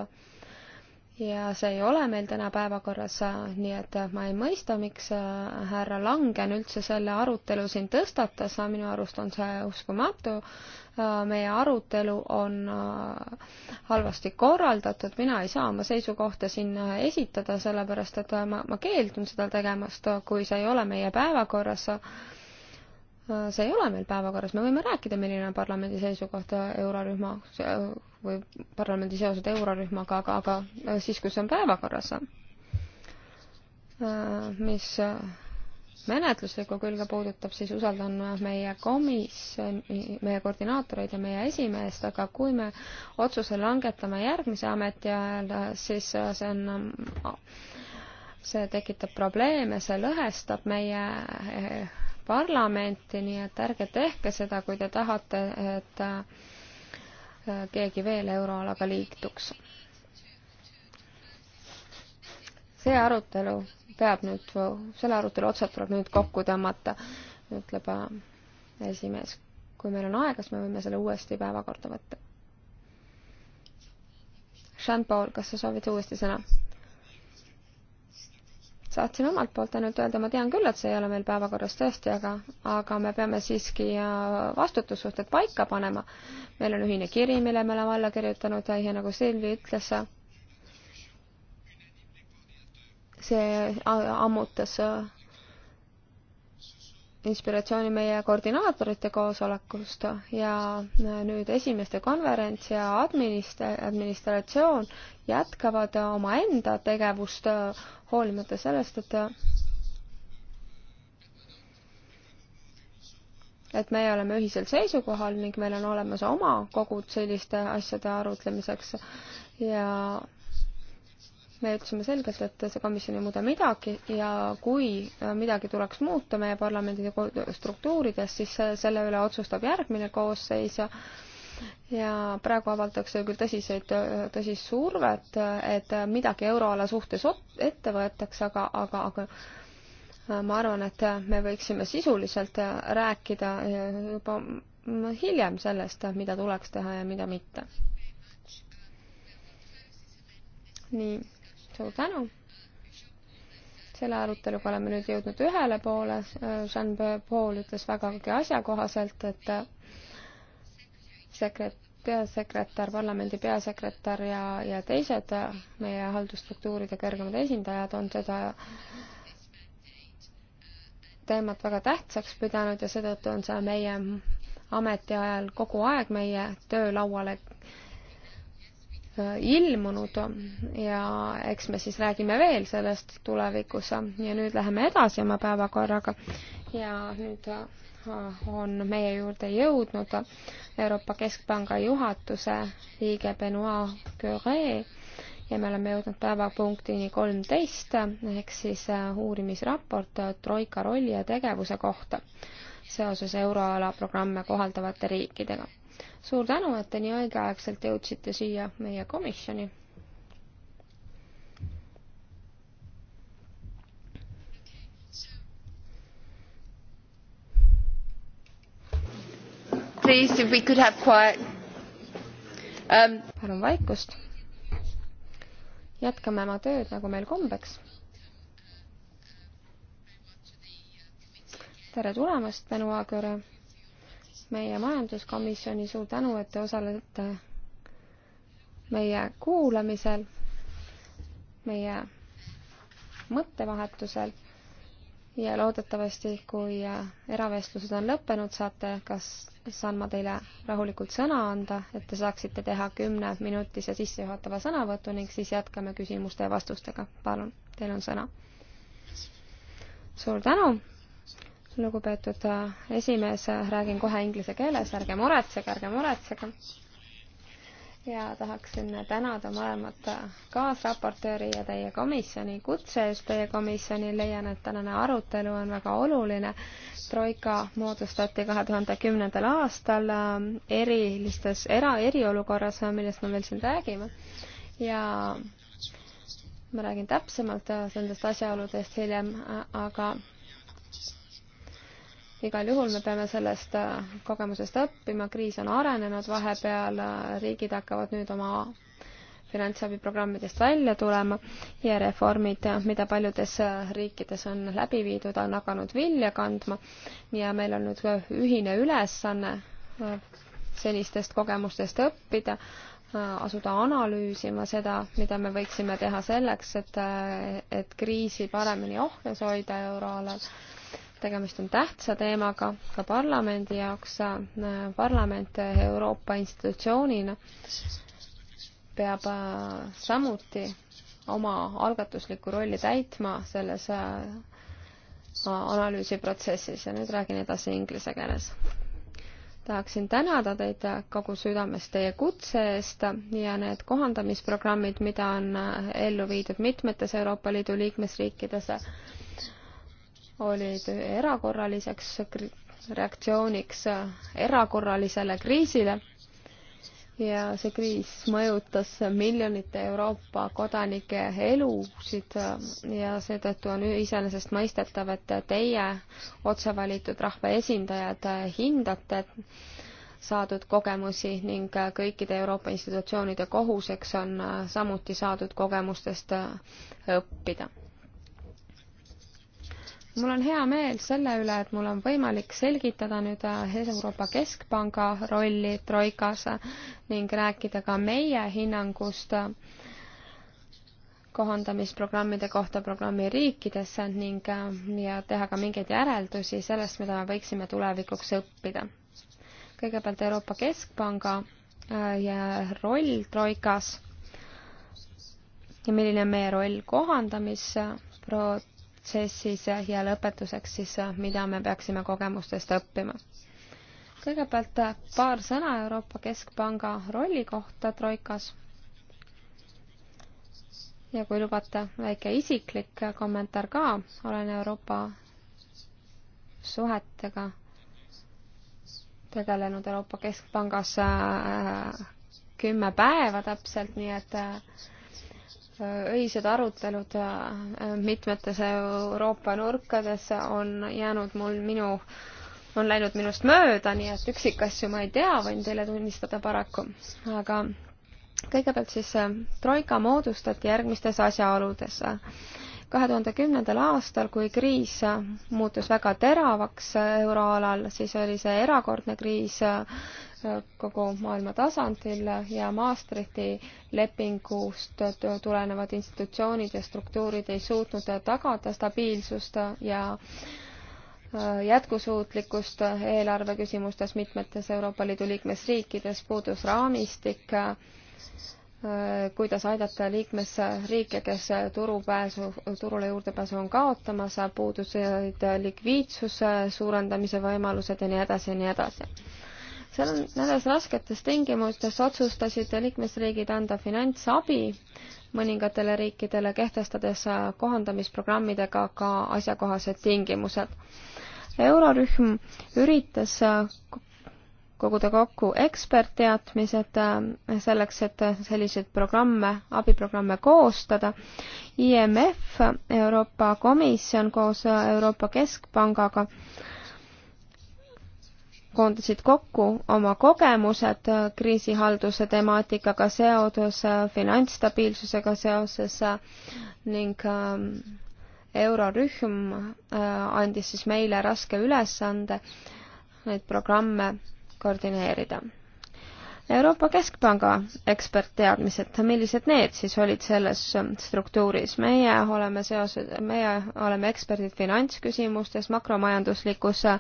ja see ei ole meil täna päevakorras, nii et ma ei mõista, miks äh, härra Langen üldse selle arutelu siin tõstatas, minu arust on see uskumatu. Äh, meie arutelu on äh, halvasti korraldatud, mina ei saa oma seisukohta siin esitada, sellepärast et ma, ma keeldun seda tegemast, kui see ei ole meie päevakorras see ei ole meil päevakorras, me võime rääkida, milline on parlamendi seisukoht eurorühma või parlamendi seosed eurorühmaga, aga, aga siis, kui see on päevakorras, mis menetluslikku külge puudutab, siis usaldan meie komisjoni, meie koordinaatoreid ja meie esimeest, aga kui me otsuse langetame järgmise ameti ajal, siis see on see tekitab probleeme, see lõhestab meie parlamenti, nii et ärge tehke seda, kui te tahate, et äh, keegi veel euroalaga liituks. see arutelu peab nüüd, selle arutelu otsad tuleb nüüd kokku tõmmata, ütleb äh, esimees. kui meil on aega, siis me võime selle uuesti päevakorda võtta. Jean-Paul, kas sa soovid uuesti sõna? saatsin omalt poolt ainult öelda, ma tean küll, et see ei ole meil päevakorras tõesti, aga, aga me peame siiski äh, vastutussuhted paika panema. meil on ühine kiri, mille me oleme alla kirjutanud ja nagu Silvi ütles, see äh, ammutas äh, inspiratsiooni meie koordinaatorite koosolekust ja äh, nüüd esimeste konverents ja administra-, administratsioon jätkavad omaenda tegevust äh, hoolimata sellest, et et meie oleme ühisel seisukohal ning meil on olemas oma kogud selliste asjade arutlemiseks ja me ütlesime selgelt, et see komisjon ei muuda midagi ja kui äh, midagi tuleks muuta meie parlamendi struktuurides, siis äh, selle üle otsustab järgmine koosseis ja ja praegu avaldatakse küll tõsiseid, äh, tõsist survet, et midagi euroala suhtes ette võetakse, aga, aga, aga ma arvan, et me võiksime sisuliselt rääkida juba mm, hiljem sellest, mida tuleks teha ja mida mitte. nii suur tänu! selle aruteluga oleme nüüd jõudnud ühele poole, Jean Paul ütles vägagi asjakohaselt, et sekret-, peasekretär, parlamendi peasekretär ja, ja teised meie haldusstruktuuride kõrgemad esindajad on seda teemat väga tähtsaks pidanud ja seetõttu on see meie ametiajal kogu aeg meie töölauale ilmunud ja eks me siis räägime veel sellest tulevikus ja nüüd läheme edasi oma päevakorraga ja nüüd äh, on meie juurde jõudnud Euroopa Keskpanga juhatuse liige Benoit Curie ja me oleme jõudnud päevapunktini kolmteist ehk siis äh, uurimisraport äh, Troika rolli ja tegevuse kohta seoses euroala programme kohaldavate riikidega suur tänu, et te nii õigeaegselt jõudsite siia meie komisjoni. Please, if we could have quiet um.... palun vaikust. jätkame oma tööd, nagu meil kombeks. tere tulemast, Benoit Kõre meie majanduskomisjoni, suur tänu, et te osalete meie kuulamisel, meie mõttevahetusel ja loodetavasti, kui eravestlused on lõppenud, saate, kas saan ma teile rahulikult sõna anda, et te saaksite teha kümneminutise sissejuhatava sõnavõtu ning siis jätkame küsimuste ja vastustega. palun, teil on sõna. suur tänu lugupeetud äh, esimees, äh, räägin kohe inglise keeles, ärge muretsege, ärge muretsege. ja tahaksin tänada mõlemat äh, kaasraportööri ja teie komisjoni kutse eest teie komisjoni, leian, et tänane arutelu on väga oluline. troika moodustati kahe tuhande kümnendal aastal erilistes, era, eriolukorras, millest me veel siin räägime ja ma räägin täpsemalt nendest asjaoludest hiljem, aga igal juhul me peame sellest äh, kogemusest õppima, kriis on arenenud vahepeal, äh, riigid hakkavad nüüd oma finantsabiprogrammidest välja tulema ja reformid, äh, mida paljudes riikides on läbi viidud, on hakanud vilja kandma ja meil on nüüd ühine ülesanne senistest kogemustest õppida, asuda analüüsima seda, mida me võiksime teha selleks, et, et kriisi paremini ohjes hoida euroalal tegemist on tähtsa teemaga ka parlamendi jaoks, parlament Euroopa institutsioonina peab äh, samuti oma algatuslikku rolli täitma selles äh, analüüsiprotsessis ja nüüd räägin edasi inglise keeles. tahaksin tänada teid kogu südamest teie kutse eest ja need kohandamisprogrammid, mida on äh, ellu viidud mitmetes Euroopa Liidu liikmesriikides, olid erakorraliseks reaktsiooniks erakorralisele kriisile ja see kriis mõjutas miljonite Euroopa kodanike elusid ja seetõttu on iseenesestmõistetav, et teie otsevalitud rahvaesindajad hindate saadud kogemusi ning kõikide Euroopa institutsioonide kohuseks on samuti saadud kogemustest õppida mul on hea meel selle üle, et mul on võimalik selgitada nüüd äh, Euroopa Keskpanga rolli Troikas ning rääkida ka meie hinnangust äh, kohandamisprogrammide kohta programmi riikidesse ning äh, ja teha ka mingeid järeldusi sellest, mida me võiksime tulevikuks õppida. kõigepealt Euroopa Keskpanga ja roll Troikas ja milline on meie roll kohandamisprogrammide protsessis ja lõpetuseks siis, mida me peaksime kogemustest õppima. kõigepealt paar sõna Euroopa Keskpanga rolli kohta Troikas. ja kui lubate, väike isiklik kommentaar ka, olen Euroopa suhetega tegelenud Euroopa Keskpangas äh, kümme päeva täpselt, nii et äh, öised arutelud äh, mitmetes Euroopa nurkades on jäänud mul minu, on läinud minust mööda, nii et üksikasju ma ei tea, võin teile tunnistada paraku. aga kõigepealt siis äh, troika moodustati järgmistes asjaoludes kahe tuhande kümnendal aastal, kui kriis muutus väga teravaks euroalal, siis oli see erakordne kriis kogu maailma tasandil ja Maastrichti lepingust tulenevad institutsioonid ja struktuurid ei suutnud tagada stabiilsust ja jätkusuutlikkust eelarve küsimustes mitmetes Euroopa Liidu liikmesriikides, puudus raamistik kuidas aidata liikmesriike, kes turupääsu, turule juurdepääsu on kaotamas, puuduseid likviidsuse suurendamise võimalused ja nii edasi ja nii edasi. seal on nendes rasketes tingimustes otsustasid liikmesriigid anda finantsabi mõningatele riikidele, kehtestades kohandamisprogrammidega ka asjakohased tingimused eurorühm üritas koguda kokku ekspertteadmised äh, selleks, et selliseid programme, abiprogramme koostada. IMF, Euroopa Komisjon koos Euroopa Keskpangaga koondasid kokku oma kogemused kriisihalduse temaatikaga seoses, finantsstabiilsusega seoses ning ähm, eurorühm äh, andis siis meile raske ülesande neid programme koordineerida. Euroopa Keskpanga ekspertteadmised, millised need siis olid selles ähm, struktuuris? meie oleme seoses, meie oleme eksperdid finantsküsimustes, makromajanduslikus äh,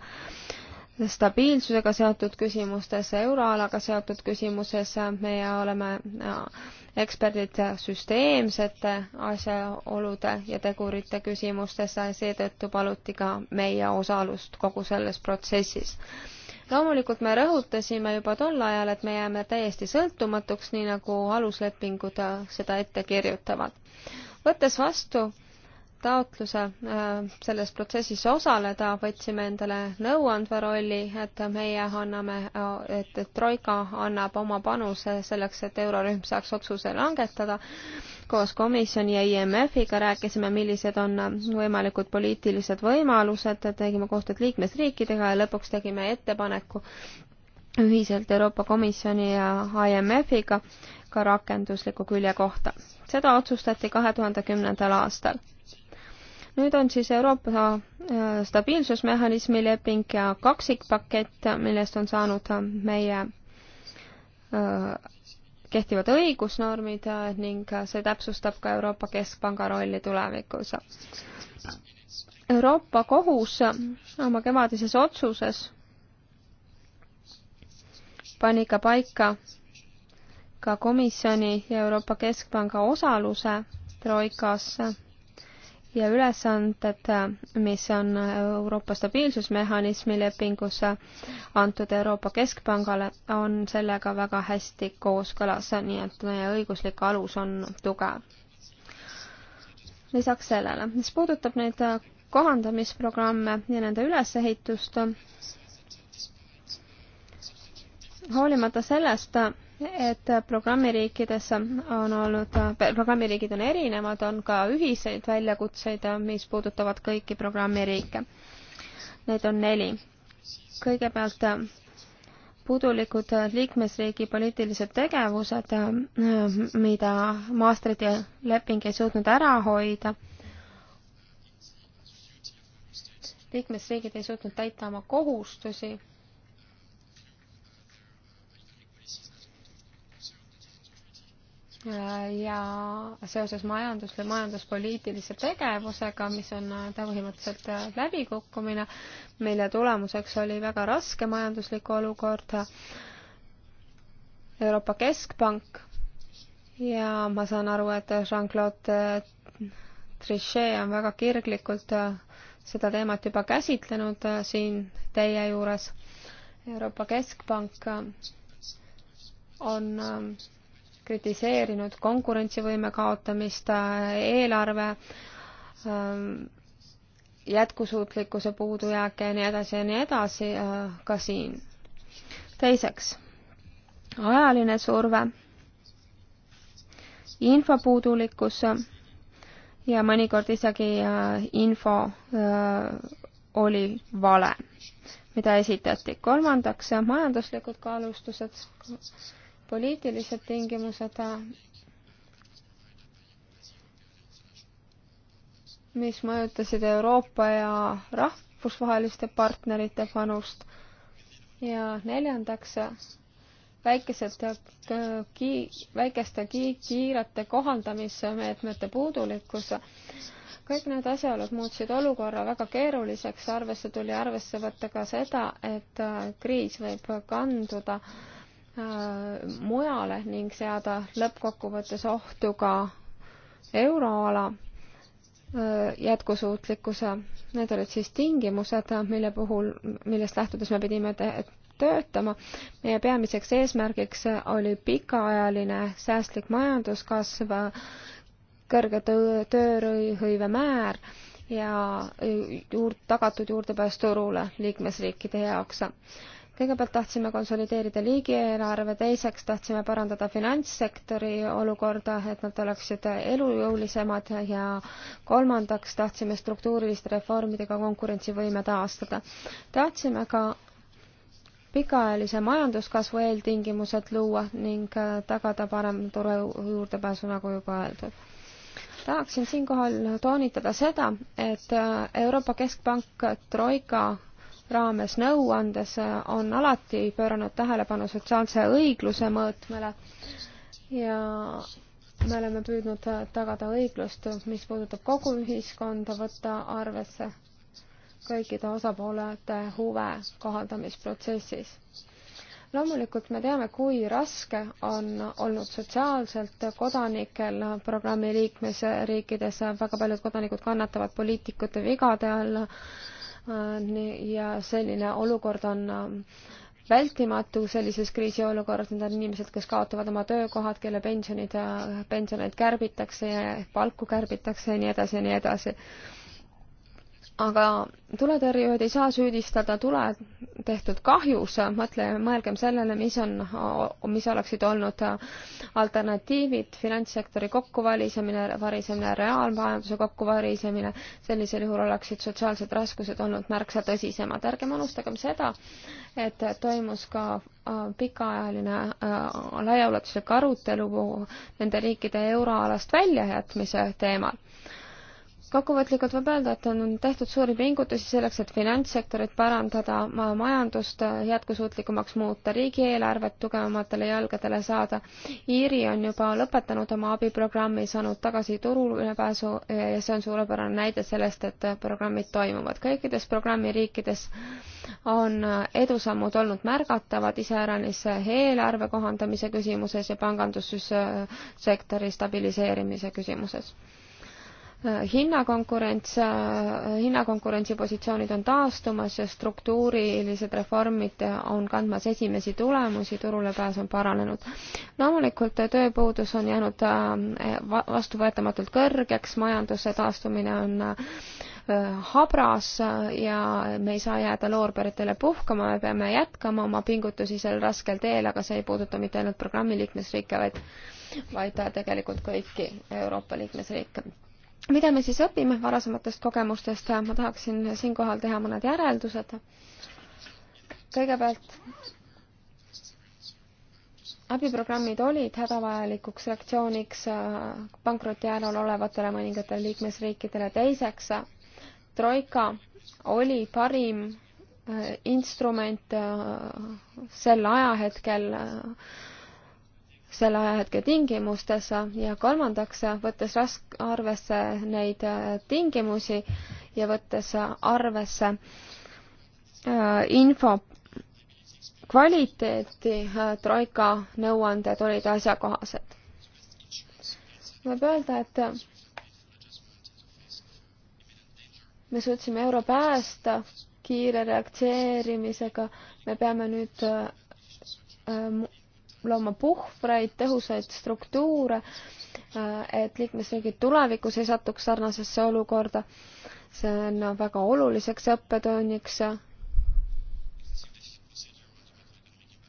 stabiilsusega seotud küsimustes, euroalaga seotud küsimuses, äh, meie oleme äh, eksperdid süsteemsete asjaolude ja tegurite küsimustes, seetõttu paluti ka meie osalust kogu selles protsessis loomulikult me rõhutasime juba tol ajal, et me jääme täiesti sõltumatuks, nii nagu aluslepingud äh, seda ette kirjutavad. võttes vastu taotluse äh, selles protsessis osaleda, võtsime endale nõuandva rolli, et meie anname, äh, et Troika annab oma panuse selleks, et eurorühm saaks otsuse langetada koos komisjoni ja IMF-iga rääkisime, millised on võimalikud poliitilised võimalused, tegime koostööd liikmesriikidega ja lõpuks tegime ettepaneku ühiselt Euroopa Komisjoni ja IMF-iga ka rakendusliku külje kohta. seda otsustati kahe tuhande kümnendal aastal. nüüd on siis Euroopa äh, stabiilsusmehhanismi leping ja kaksikpakett, millest on saanud meie äh, kehtivad õigusnormid ning see täpsustab ka Euroopa Keskpanga rolli tulevikus. Euroopa Kohus oma kevadises otsuses pani ka paika ka komisjoni ja Euroopa Keskpanga osaluse Troikas ja ülesanded, mis on Euroopa stabiilsusmehhanismi lepingus antud Euroopa Keskpangale, on sellega väga hästi kooskõlas, nii et meie õiguslik alus on tugev. lisaks sellele, mis puudutab neid kohandamisprogramme ja nende ülesehitust, hoolimata sellest, et programmiriikides on olnud, programmiriigid on erinevad, on ka ühiseid väljakutseid, mis puudutavad kõiki programmiriike. Neid on neli. kõigepealt puudulikud liikmesriigi poliitilised tegevused, mida Maastrichti leping ei suutnud ära hoida. liikmesriigid ei suutnud täita oma kohustusi ja seoses majandus- või majanduspoliitilise tegevusega, mis on äh, põhimõtteliselt äh, läbikukkumine, mille tulemuseks oli väga raske majanduslik olukord, Euroopa Keskpank ja ma saan aru, et Jean-Claude äh, Trichet on väga kirglikult seda teemat juba käsitlenud siin teie juures. Euroopa Keskpank on kritiseerinud konkurentsivõime kaotamist, eelarve ähm, jätkusuutlikkuse puudujääke ja nii edasi ja nii edasi äh, ka siin. teiseks, ajaline surve, info puudulikkus ja mõnikord isegi äh, info äh, oli vale, mida esitati. kolmandaks, majanduslikud kaalutlused poliitilised tingimused, mis mõjutasid Euroopa ja rahvusvaheliste partnerite panust ja neljandaks väikesed ki-, väikeste ki-, kiirete kohandamismeetmete puudulikkus. kõik need asjaolud muutsid olukorra väga keeruliseks, arvesse tuli arvesse võtta ka seda, et kriis võib kanduda äh, Äh, mujale ning seada lõppkokkuvõttes ohtu ka euroala äh, jätkusuutlikkuse. Need olid siis tingimused, mille puhul, millest lähtudes me pidime töötama. meie peamiseks eesmärgiks oli pikaajaline säästlik majanduskasv, kõrge töö, tööhõive määr ja juur-, tagatud juurdepääs turule liikmesriikide jaoks kõigepealt tahtsime konsolideerida riigieelarve, teiseks tahtsime parandada finantssektori olukorda, et nad oleksid elujõulisemad ja kolmandaks tahtsime struktuuriliste reformidega konkurentsivõime taastada. tahtsime ka pikaajalise majanduskasvu eeltingimused luua ning tagada parem turu juurdepääsu, nagu juba öeldud tahaksin siinkohal toonitada seda, et Euroopa Keskpank Troika raames nõu andes äh, on alati pööranud tähelepanu sotsiaalse õigluse mõõtmele ja me oleme püüdnud äh, tagada õiglust, mis puudutab kogu ühiskonda, võtta arvesse kõikide osapoolete huve kohaldamisprotsessis. loomulikult me teame, kui raske on olnud sotsiaalselt kodanikel programmi liikmesriikides, väga paljud kodanikud kannatavad poliitikute vigade all Äh, ja selline olukord on äh, vältimatu sellises kriisiolukorras, need on inimesed, kes kaotavad oma töökohad, kelle pensionid, äh, pensioneid kärbitakse ja palku kärbitakse ja nii edasi ja nii edasi aga tuletõrjujaid ei saa süüdistada tule tehtud kahjus, mõtle, mõelgem sellele, mis on, mis oleksid olnud alternatiivid, finantssektori kokkuvarisemine, varisemine, reaalmajanduse kokkuvarisemine, sellisel juhul oleksid sotsiaalsed raskused olnud märksa tõsisemad. ärgem unustagem seda, et toimus ka äh, pikaajaline äh, laiaulatuslik arutelu nende riikide euroalast väljajätmise teemal kokkuvõtlikult võib öelda, et on tehtud suuri pingutusi selleks, et finantssektorit parandada, majandust äh, jätkusuutlikumaks muuta, riigieelarvet tugevamatele jalgadele saada. Iiri on juba lõpetanud oma abiprogrammi, saanud tagasi turulepääsu ja see on suurepärane näide sellest, et äh, programmid toimuvad. kõikides programmi riikides on äh, edusammud olnud märgatavad, iseäranis eelarve kohandamise küsimuses ja pangandussüsteemi sektori stabiliseerimise küsimuses hinnakonkurents, hinnakonkurentsi positsioonid on taastumas ja struktuurilised reformid on kandmas esimesi tulemusi, turulepääs on paranenud. loomulikult tööpuudus on jäänud eh, vastuvõetamatult kõrgeks, majanduse taastumine on eh, habras ja me ei saa jääda loorberitele puhkama, me peame jätkama oma pingutusi sel raskel teel, aga see ei puuduta mitte ainult programmi liikmesriike, vaid vaid tegelikult kõiki Euroopa liikmesriike mida me siis õpime varasematest kogemustest, ma tahaksin siinkohal teha mõned järeldused. kõigepealt abiprogrammid olid hädavajalikuks reaktsiooniks pankroti äärel olevatele mõningatele liikmesriikidele. teiseks, troika oli parim äh, instrument äh, sel ajahetkel äh, selle ajahetke tingimustes ja kolmandaks, võttes rask-, arvesse neid äh, tingimusi ja võttes arvesse äh, info kvaliteeti, äh, Troika nõuanded olid asjakohased. võib öelda, et me suutsime euro päästa kiire reaktseerimisega, me peame nüüd looma puhvreid, tõhusaid struktuure, äh, et liikmesriigid tulevikus ei satuks sarnasesse olukorda. see on väga oluliseks õppetunniks.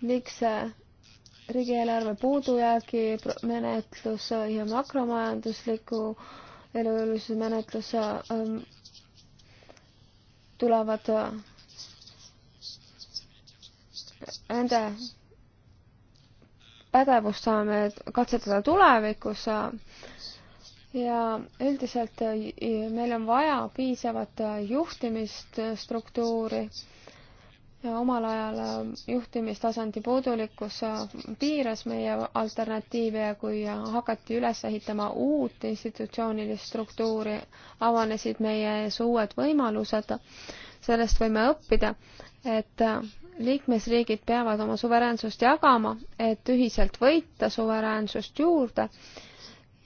liigse äh, riigieelarve puudujäägi menetlus ja makromajandusliku elujõulisuse menetlus ähm, tulevad äh, nende pädevust saame katsetada tulevikus ja üldiselt äh, meil on vaja piisavat äh, juhtimisstruktuuri äh, ja omal ajal juhtimistasandi puudulikkus piiras meie alternatiive ja kui hakati üles ehitama uut institutsioonilist struktuuri, avanesid meie ees uued võimalused. sellest võime õppida, et liikmesriigid peavad oma suveräänsust jagama, et ühiselt võita suveräänsust juurde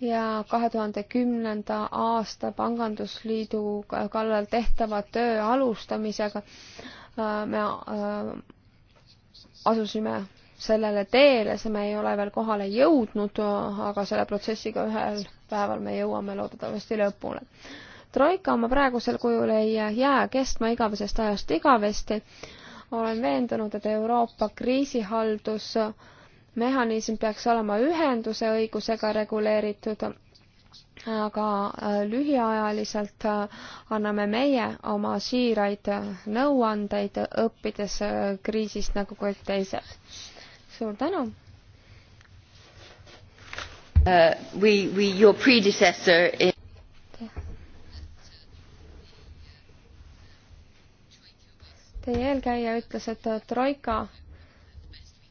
ja kahe tuhande kümnenda aasta Pangandusliidu kallal tehtava töö alustamisega äh, me äh, asusime sellele teele, see me ei ole veel kohale jõudnud, aga selle protsessiga ühel päeval me jõuame loodetavasti lõpule. troika oma praegusel kujul ei jää kestma igavesest ajast igavesti olen veendunud, et Euroopa kriisihaldusmehhanism peaks olema ühenduse õigusega reguleeritud, aga äh, lühiajaliselt äh, anname meie oma siiraid äh, nõuandeid, õppides kriisist nagu kõik teised. suur tänu! Uh, we, we, your predecessor in Teie eelkäija ütles, et troika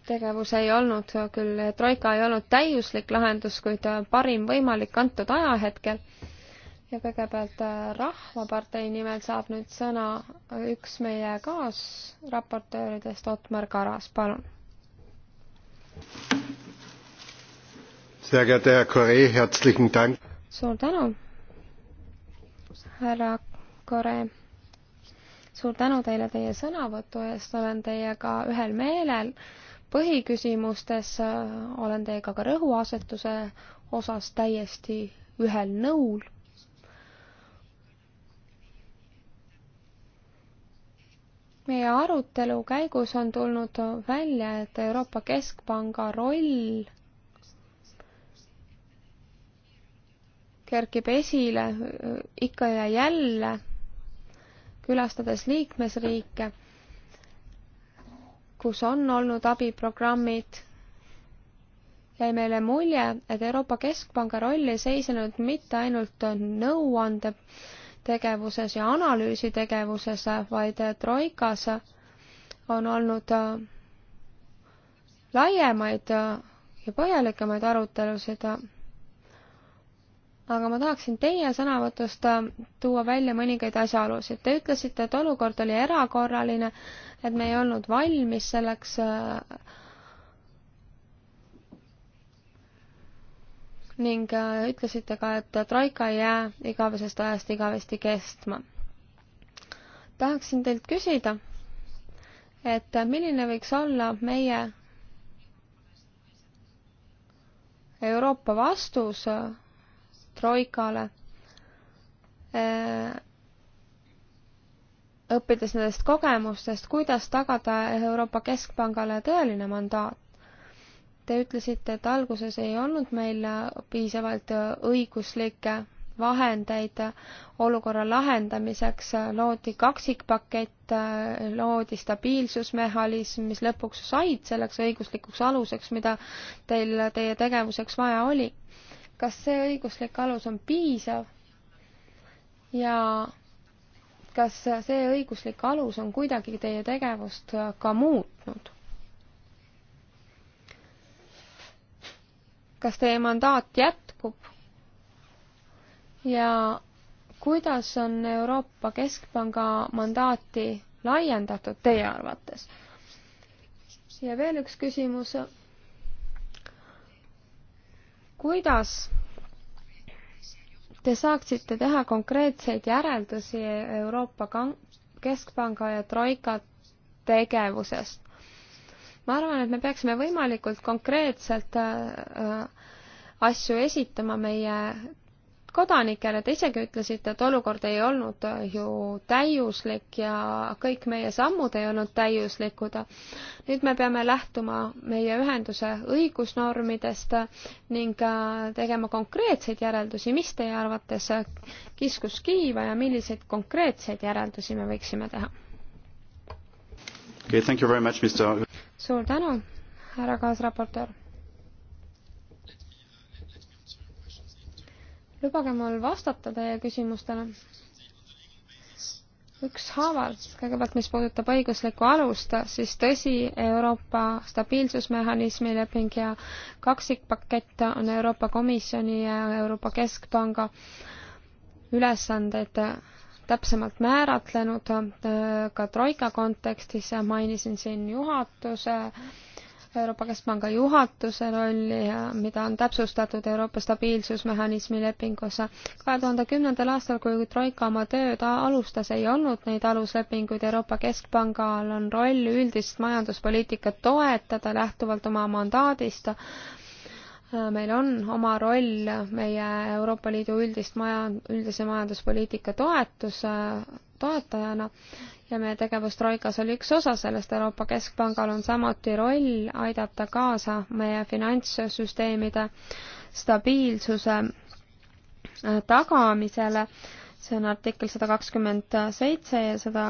tegevus ei olnud küll, troika ei olnud täiuslik lahendus, kuid parim võimalik antud ajahetkel. ja kõigepealt äh, Rahvapartei nimel saab nüüd sõna üks meie kaasraportööridest, Otmar Karas, palun. suur tänu, härra Kore suur tänu teile teie sõnavõtu eest, olen teiega ühel meelel. põhiküsimustes äh, olen teiega ka rõhuasetuse osas täiesti ühel nõul. meie arutelu käigus on tulnud välja, et Euroopa Keskpanga roll kerkib esile äh, ikka ja jälle külastades liikmesriike, kus on olnud abiprogrammid, jäi meile mulje, et Euroopa Keskpanga roll ei seisnud mitte ainult nõuande tegevuses ja analüüsi tegevuses, vaid Troikas on olnud laiemaid ja põhjalikumaid arutelusid aga ma tahaksin teie sõnavõtust äh, tuua välja mõningaid asjaolusid. Te ütlesite, et olukord oli erakorraline, et me ei olnud valmis selleks äh, ning äh, ütlesite ka, et troika ei jää igavesest ajast igavesti kestma. tahaksin teilt küsida, et milline võiks olla meie Euroopa vastus Troikale. Äh, õppides nendest kogemustest, kuidas tagada Euroopa Keskpangale tõeline mandaat? Te ütlesite, et alguses ei olnud meil piisavalt õiguslikke vahendeid olukorra lahendamiseks, loodi kaksikpakett, loodi stabiilsusmehhanism, mis lõpuks said selleks õiguslikuks aluseks, mida teil teie tegevuseks vaja oli kas see õiguslik alus on piisav ja kas see õiguslik alus on kuidagi teie tegevust ka muutnud? kas teie mandaat jätkub ja kuidas on Euroopa Keskpanga mandaati laiendatud teie arvates? ja veel üks küsimus kuidas te saaksite teha konkreetseid järeldusi Euroopa Keskpanga ja Troika tegevusest? ma arvan, et me peaksime võimalikult konkreetselt äh, äh, asju esitama meie kodanikele, te isegi ütlesite, et olukord ei olnud ju täiuslik ja kõik meie sammud ei olnud täiuslikud. nüüd me peame lähtuma meie ühenduse õigusnormidest ning äh, tegema konkreetseid järeldusi, mis teie arvates kiskus kiiva ja milliseid konkreetseid järeldusi me võiksime teha? Okay, thank you very much, Mr. suur tänu, härra kaasraportöör lubage mul vastata teie küsimustele. ükshaaval, kõigepealt, mis puudutab õiguslikku alust, siis tõsi, Euroopa stabiilsusmehhanismi leping ja kaksikpakett on Euroopa Komisjoni ja Euroopa Keskpanga ülesanded täpsemalt määratlenud äh, ka troika kontekstis, mainisin siin juhatuse äh, Euroopa Keskpanga juhatuse rolli, mida on täpsustatud Euroopa stabiilsusmehhanismi lepingus. kahe tuhande kümnendal aastal, kui Troika oma tööd alustas, ei olnud neid aluslepinguid. Euroopa Keskpangal on roll üldist majanduspoliitikat toetada lähtuvalt oma mandaadist. meil on oma roll meie Euroopa Liidu üldist maja, üldise majanduspoliitika toetus, toetajana ja meie tegevus Troikas oli üks osa sellest. Euroopa Keskpangal on samuti roll aidata kaasa meie finantssüsteemide stabiilsuse äh, tagamisele. see on artikkel sada kakskümmend seitse ja sada,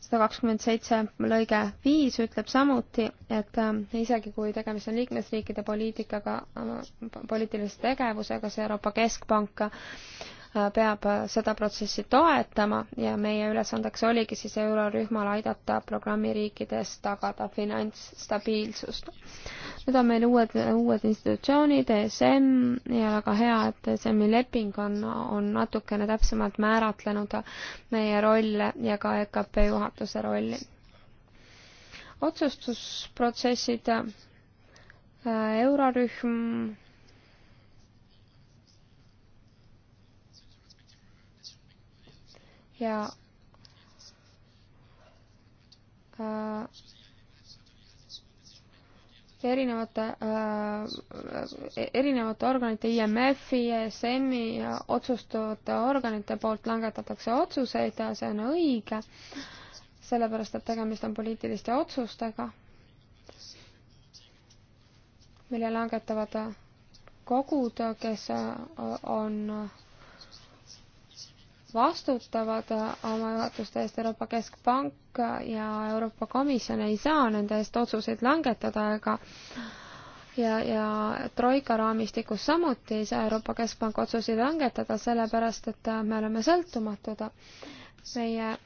sada kakskümmend seitse lõige viis ütleb samuti, et äh, isegi kui tegemist on liikmesriikide poliitikaga, äh, poliitilise tegevusega, siis Euroopa Keskpank peab seda protsessi toetama ja meie ülesandeks oligi siis eurorühmal aidata programmiriikides tagada finantsstabiilsust. nüüd on meil uued, uued institutsioonid, ESM ja väga hea, et ESM-i leping on, on natukene täpsemalt määratlenud meie rolle ja ka EKP juhatuse rolli. otsustusprotsessid eurorühm ja äh, erinevate äh,, e-, erinevate organite, IMF-i, ESM-i otsustavate organite poolt langetatakse otsuseid ja see on õige, sellepärast et tegemist on poliitiliste otsustega, mille langetavad kogud, kes äh, on vastutavad äh, oma juhatuste eest, Euroopa Keskpank äh, ja Euroopa Komisjon ei saa nende eest otsuseid langetada ega ja, ja Troika raamistikus samuti ei saa Euroopa Keskpank otsuseid langetada, sellepärast et äh, me oleme sõltumatud. meie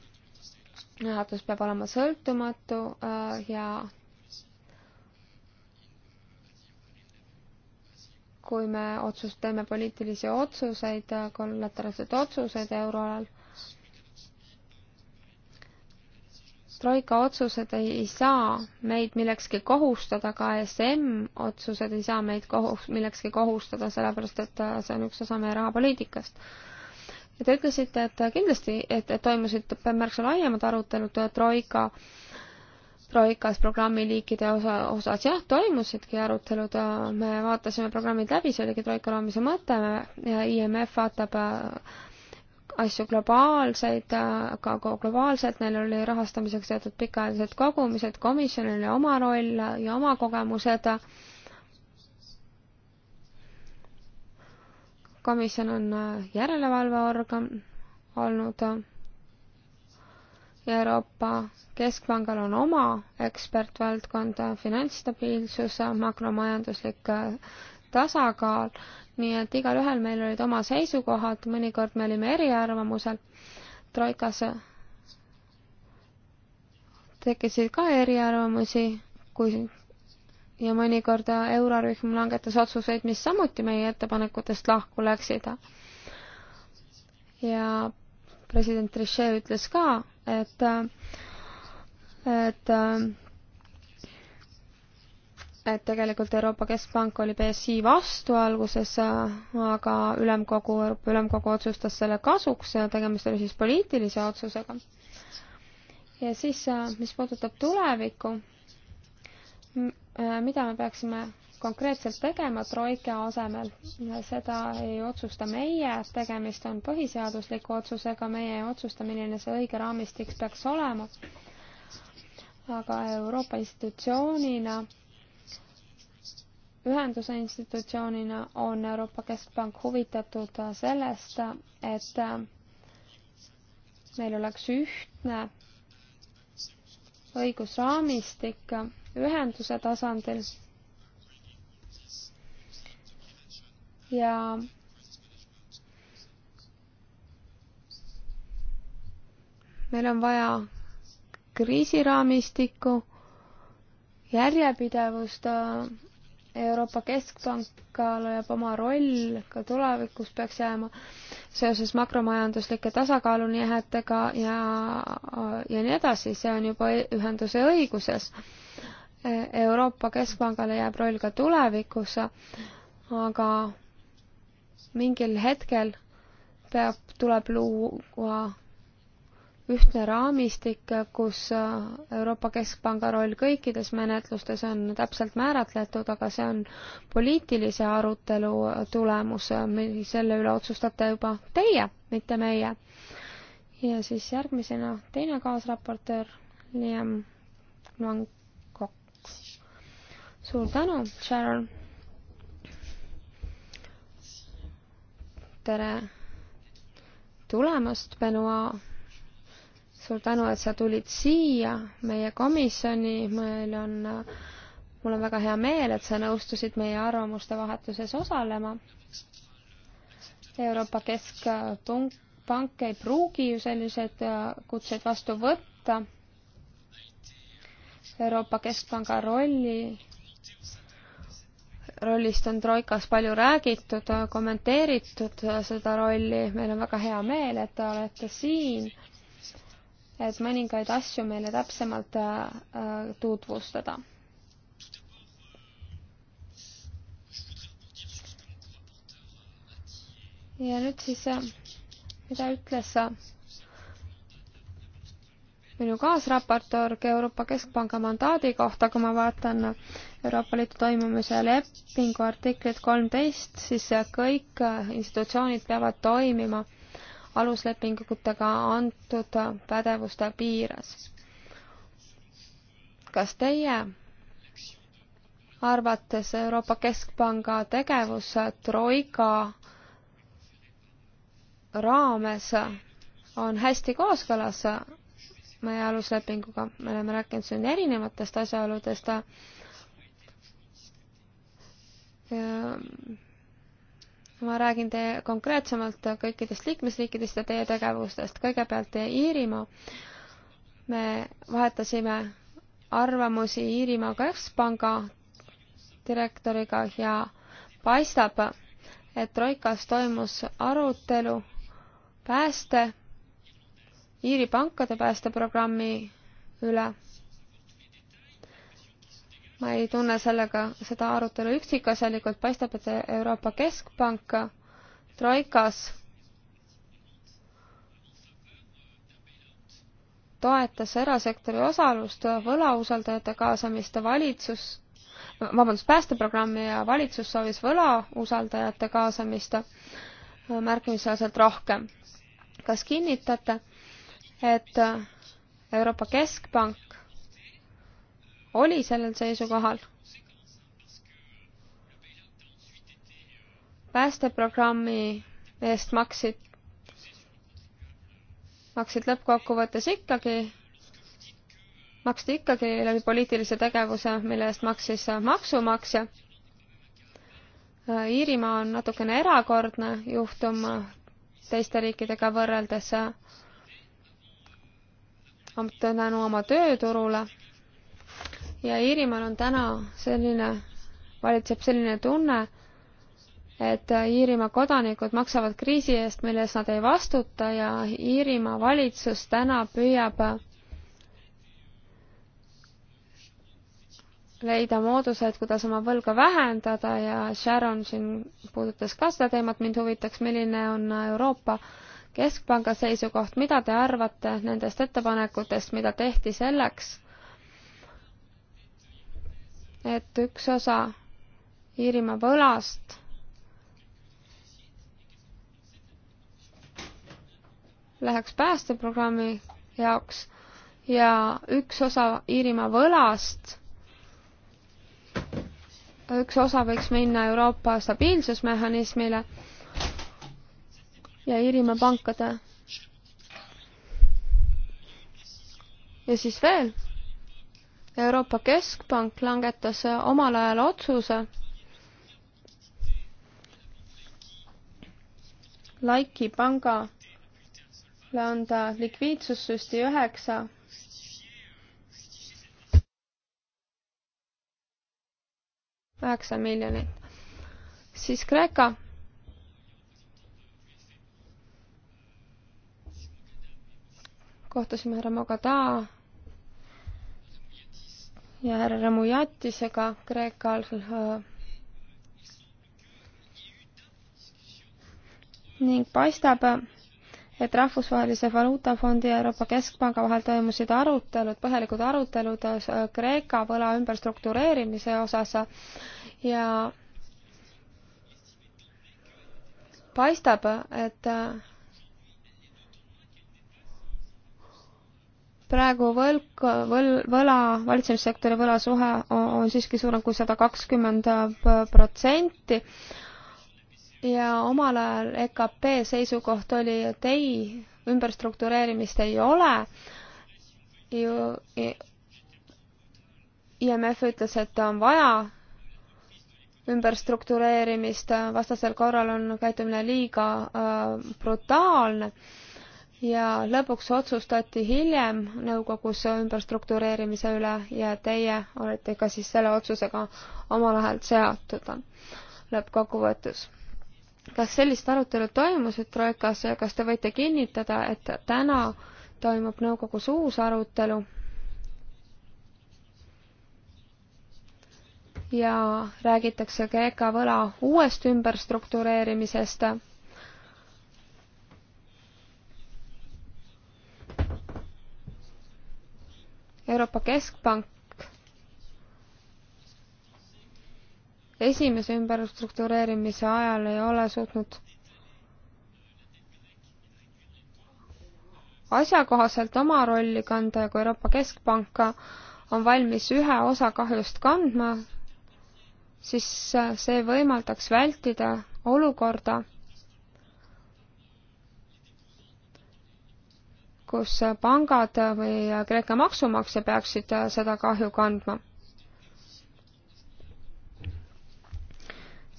juhatus peab olema sõltumatu ja kui me otsust, teeme poliitilisi otsuseid, kollateraalseid otsuseid euroalal. troika otsused ei, ei saa meid millekski kohustada, ka ESM otsused ei saa meid kohus-, millekski kohustada, sellepärast et see on üks osa meie rahapoliitikast. ja te ütlesite, et kindlasti, et, et toimusid märksa laiemad arutelud troika äh, troikas programmiliikide osa, osas jah, toimusidki arutelud, me vaatasime programmid läbi, see oligi troika loomise mõte, IMF vaatab äh, asju globaalseid, äh, ka globaalselt, neil oli rahastamiseks teatud pikaajalised kogumised, komisjonil oli oma roll ja oma kogemused. komisjon on äh, järelevalveorgan olnud ja Euroopa Keskpangal on oma ekspertvaldkond, finantsstabiilsus, makromajanduslik äh, tasakaal, nii et igalühel meil olid oma seisukohad, mõnikord me olime eriarvamusel. troikas äh, tekkisid ka eriarvamusi, kui ja mõnikord äh, eurorühm langetas otsuseid, mis samuti meie ettepanekutest lahku läksid. ja president Trichet ütles ka, et, et et tegelikult Euroopa Keskpank oli BSI vastu alguses, aga ülemkogu, Euroopa Ülemkogu otsustas selle kasuks, tegemist oli siis poliitilise otsusega. ja siis, mis puudutab tulevikku, mida me peaksime konkreetselt tegema Troika asemel, seda ei otsusta meie, tegemist on põhiseadusliku otsusega, meie ei otsusta, milline see õige raamistik peaks olema. aga Euroopa institutsioonina, ühenduse institutsioonina on Euroopa Keskpank huvitatud sellest, et meil oleks ühtne õigusraamistik ühenduse tasandil ja meil on vaja kriisiraamistikku, järjepidevust, äh, Euroopa Keskpankal jääb oma roll ka tulevikus peaks jääma seoses makromajanduslike tasakaalunihetega ja, äh, ja nii edasi, see on juba ühenduse õiguses. Äh, Euroopa Keskpangale jääb roll ka tulevikus, aga mingil hetkel peab, tuleb luua ühtne raamistik, kus äh, Euroopa Keskpanga roll kõikides menetlustes on täpselt määratletud, aga see on poliitilise arutelu äh, tulemus, äh, selle üle otsustate juba teie, mitte meie. ja siis järgmisena teine kaasraportöör, Liam Lang-Cox. suur tänu, Sharon tere tulemast, Benoit! suur tänu, et sa tulid siia meie komisjoni, meil on, mul on väga hea meel, et sa nõustusid meie arvamuste vahetuses osalema. Euroopa Keskpank ei pruugi ju selliseid äh, kutseid vastu võtta. Euroopa Keskpanga rolli rollist on Troikas palju räägitud, kommenteeritud seda rolli, meil on väga hea meel, et te olete siin, et mõningaid asju meile täpsemalt äh, äh, tutvustada. ja nüüd siis, äh, mida ütles minu kaasraportöör Euroopa Keskpanga mandaadi kohta, kui ma vaatan Euroopa Liidu toimimise lepingu artiklit kolmteist, siis kõik institutsioonid peavad toimima aluslepingutega antud pädevuste piires. kas teie arvates Euroopa Keskpanga tegevus Troika raames on hästi kooskõlas meie aluslepinguga. me oleme rääkinud siin erinevatest asjaoludest. ma räägin teie konkreetsemalt kõikidest liikmesriikidest ja teie tegevustest. kõigepealt Iirimaa. me vahetasime arvamusi Iirimaa Keskpanga direktoriga ja paistab, et Troikas toimus arutelu pääste Iiri pankade päästeprogrammi üle. ma ei tunne sellega seda arutelu üksikasjalikult, paistab, et Euroopa Keskpank Troikas toetas erasektori osalust, võlausaldajate kaasamist, valitsus, vabandust, päästeprogrammi ja valitsus soovis võlausaldajate kaasamist märkimisväärselt rohkem. kas kinnitate, et Euroopa Keskpank oli sellel seisukohal. päästeprogrammi eest maksid, maksid lõppkokkuvõttes ikkagi, maksti ikkagi läbi poliitilise tegevuse, mille eest maksis maksumaksja. Iirimaa on natukene erakordne juhtum teiste riikidega võrreldes tänu oma tööturule. ja Iirimaal on täna selline, valitseb selline tunne, et Iirimaa kodanikud maksavad kriisi eest, milles nad ei vastuta ja Iirimaa valitsus täna püüab leida moodused, kuidas oma võlga vähendada ja Sharon siin puudutas ka seda teemat, mind huvitaks, milline on Euroopa äh, Keskpanga seisukoht, mida te arvate nendest ettepanekutest, mida tehti selleks, et üks osa Iirimaa võlast läheks päästeprogrammi jaoks ja üks osa Iirimaa võlast, üks osa võiks minna Euroopa stabiilsusmehhanismile ja Iirimaa pankade. ja siis veel, Euroopa Keskpank langetas omal ajal otsuse Laiki pangale anda likviidsussüsti üheksa üheksa miljonit. siis Kreeka kohtusime härra Mogada ja härra Ramujatisega Kreekal äh, ning paistab, et Rahvusvahelise Valuutafondi ja Euroopa Keskpanga vahel toimusid arutelud, põhjalikud arutelud äh, Kreeka võla ümberstruktureerimise osas ja paistab, et äh, praegu võlg, võl-, võla, valitsemissektori võlasuhe on, on siiski suurem kui sada kakskümmend protsenti ja omal ajal EKP seisukoht oli, et ei, ümberstruktureerimist ei ole ju IMF ütles, et on vaja ümberstruktureerimist, vastasel korral on käitumine liiga äh, brutaalne äh, ja lõpuks otsustati hiljem nõukogus ümberstruktureerimise üle ja teie olete ka siis selle otsusega omal ahel seotud lõppkokkuvõttes. kas sellist arutelu toimus, et Troikas, kas te võite kinnitada, et täna toimub nõukogus uus arutelu ja räägitakse Kreeka võla uuest ümberstruktureerimisest Euroopa Keskpank esimese ümberstruktureerimise ajal ei ole suutnud asjakohaselt oma rolli kanda ja kui Euroopa Keskpank on valmis ühe osa kahjust kandma, siis see võimaldaks vältida olukorda, kus pangad või Kreeka maksumaksja peaksid seda kahju kandma.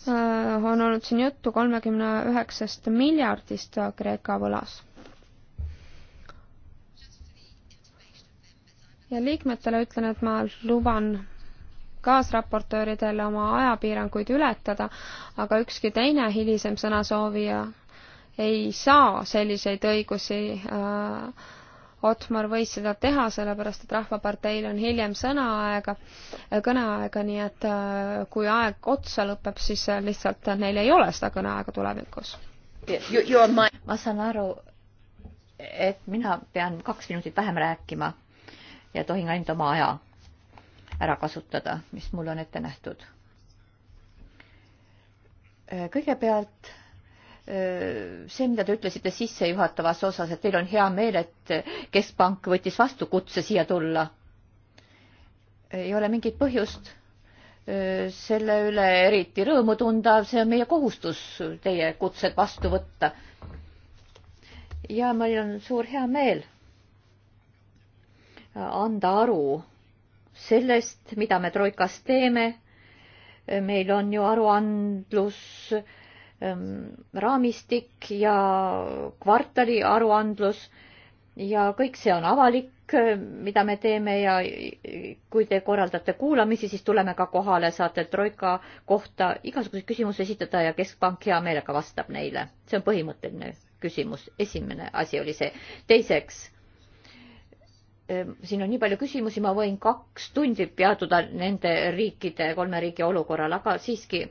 Äh, on olnud siin juttu kolmekümne üheksast miljardist Kreeka võlas. ja liikmetele ütlen, et ma luban kaasraportööridel oma ajapiiranguid ületada, aga ükski teine hilisem sõnasoovija ei saa selliseid õigusi äh, Otmar võis seda teha, sellepärast et Rahvaparteil on hiljem sõnaaega, äh, kõneaega, nii et äh, kui aeg otsa lõpeb, siis äh, lihtsalt neil ei ole seda kõneaega tulevikus. ma saan aru, et mina pean kaks minutit vähem rääkima ja tohin ainult oma aja ära kasutada, mis mul on ette nähtud. kõigepealt see, mida te ütlesite sissejuhatavas osas, et teil on hea meel, et Keskpank võttis vastu kutse siia tulla. ei ole mingit põhjust selle üle eriti rõõmu tunda, see on meie kohustus, teie kutsed vastu võtta. ja meil on suur hea meel anda aru sellest, mida me Troikas teeme. meil on ju aruandlus äh, Ähm, raamistik ja kvartali aruandlus ja kõik see on avalik, äh, mida me teeme ja kui te korraldate kuulamisi, siis tuleme ka kohale, saate Troika kohta igasuguseid küsimusi esitada ja Keskpank hea meelega vastab neile. see on põhimõtteline küsimus, esimene asi oli see. teiseks, äh, siin on nii palju küsimusi, ma võin kaks tundi peatuda nende riikide, kolme riigi olukorral, aga siiski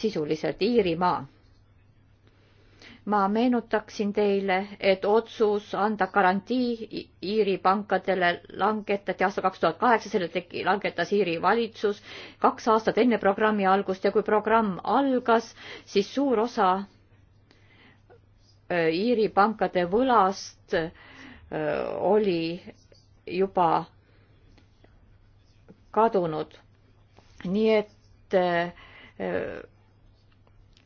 sisuliselt Iirimaa. ma meenutaksin teile, et otsus anda garantii Iiri pankadele langetati aastal kaks tuhat kaheksa, selle tegi, langetas Iiri valitsus kaks aastat enne programmi algust ja kui programm algas, siis suur osa Iiri pankade võlast oli juba kadunud. nii et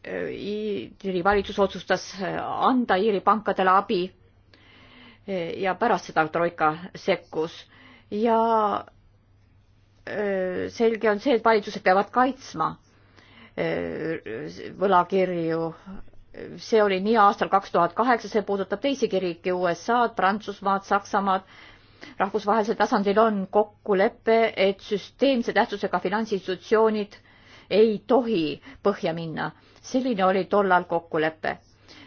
Iiri valitsus otsustas äh, anda Iiri pankadele abi äh, ja pärast seda Troika sekkus ja äh, selge on see, et valitsused peavad kaitsma võlakirju. see oli nii aastal kaks tuhat kaheksa, see puudutab teisigi riike, USA-d, Prantsusmaad, Saksamaad. rahvusvahelisel tasandil on kokkulepe, et süsteemse tähtsusega finantsinstitutsioonid ei tohi põhja minna. selline oli tollal kokkulepe.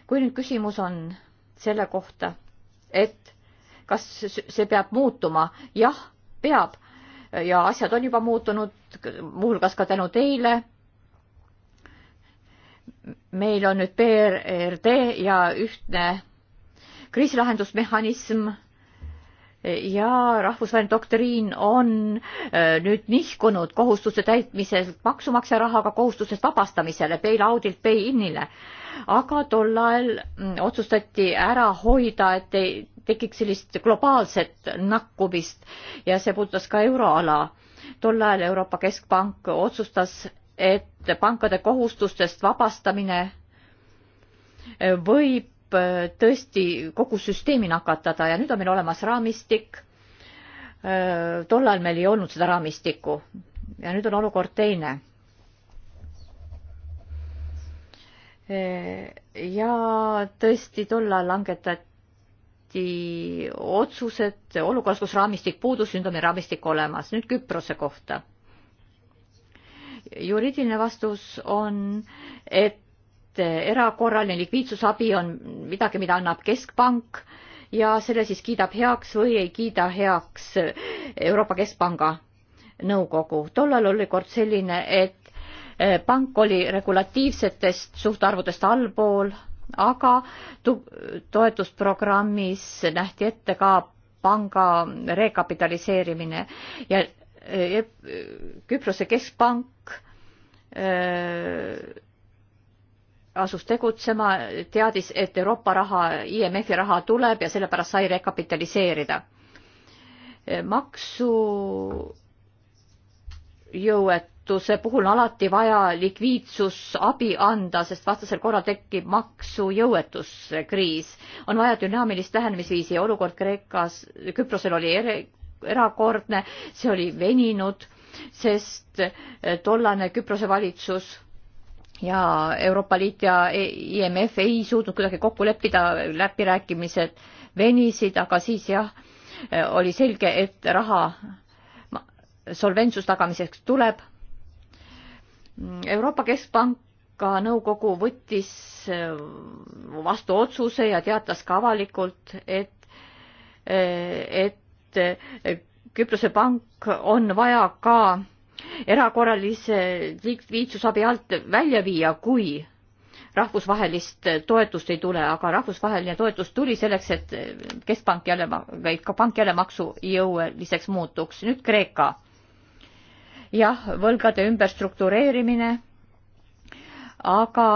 kui nüüd küsimus on selle kohta, et kas see peab muutuma, jah, peab ja asjad on juba muutunud, muuhulgas ka tänu teile. meil on nüüd BRD ja ühtne kriisilahendusmehhanism ja rahvusvaheline doktriin on äh, nüüd nihkunud kohustuste täitmiselt maksumaksja rahaga kohustusest vabastamisele, bail-out'ilt bail-in'ile. aga tol ajal mm, otsustati ära hoida, et ei tekiks sellist globaalset nakkumist ja see puudutas ka euroala. tol ajal Euroopa Keskpank otsustas, et pankade kohustustest vabastamine võib Äh, tõesti kogu süsteemi nakatada ja nüüd on meil olemas raamistik. Äh, tollal meil ei olnud seda raamistikku ja nüüd on olukord teine. Äh, ja tõesti tollal langetati otsused olukorras, kus raamistik puudus, nüüd on meil raamistik olemas. nüüd Küprose kohta juriidiline vastus on, et erakorraline likviidsusabi on midagi, mida annab keskpank ja selle siis kiidab heaks või ei kiida heaks Euroopa Keskpanga nõukogu. tollal oli kord selline, et eh, pank oli regulatiivsetest suhtarvudest allpool, aga toetusprogrammis nähti ette ka panga rekapitaliseerimine ja eh, Küprose keskpank öö, eh, asus tegutsema, teadis, et Euroopa raha, IMF-i raha tuleb ja sellepärast sai rekapitaliseerida. maksujõuetuse puhul on alati vaja likviidsusabi anda, sest vastasel korral tekib maksujõuetuskriis. on vaja dünaamilist lähenemisviisi ja olukord Kreekas, Küprosel oli ere, erakordne, see oli veninud, sest tollane Küprose valitsus ja Euroopa Liit ja e- IMF ei suutnud kuidagi kokku leppida, läbirääkimised venisid, aga siis jah, oli selge, et raha solventsuse tagamiseks tuleb. Euroopa Keskpanka nõukogu võttis äh, vastu otsuse ja teatas ka avalikult, et, äh, et äh, Küprose pank on vaja ka erakorralise likviidsusabi alt välja viia, kui rahvusvahelist toetust ei tule, aga rahvusvaheline toetus tuli selleks, et keskpank jälle, või ka pank jälle maksujõuliseks muutuks. nüüd Kreeka. jah, võlgade ümberstruktureerimine, aga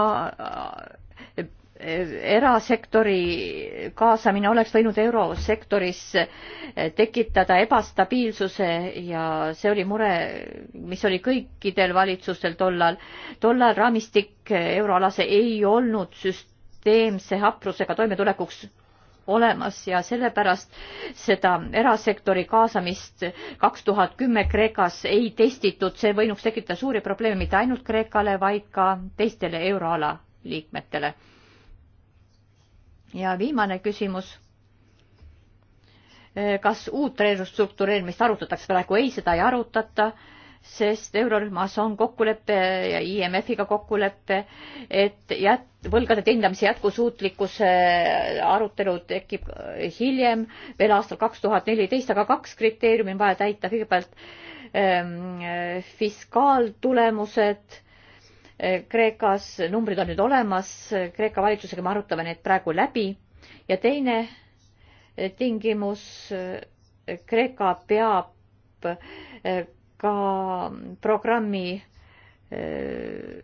erasektori kaasamine oleks võinud eurosektoris tekitada ebastabiilsuse ja see oli mure, mis oli kõikidel valitsustel tollal. tollal raamistik euroalas ei olnud süsteemse haprusega toimetulekuks olemas ja sellepärast seda erasektori kaasamist kaks tuhat kümme Kreekas ei testitud, see võinuks tekitada suuri probleeme mitte ainult Kreekale, vaid ka teistele euroala liikmetele ja viimane küsimus. Äh, kas uut reestruktureerimist arutatakse praegu? ei, seda ei arutata, sest eurorühmas on kokkulepe ja IMF-iga kokkulepe, et jät-, võlgade teenindamise jätkusuutlikkuse äh, arutelu tekib äh, hiljem, veel aastal kaks tuhat neliteist, aga kaks kriteeriumi on vaja täita. kõigepealt ähm, fiskaaltulemused Kreekas, numbrid on nüüd olemas, Kreeka valitsusega me arutame need praegu läbi ja teine tingimus, Kreeka peab eh, ka programmi eh,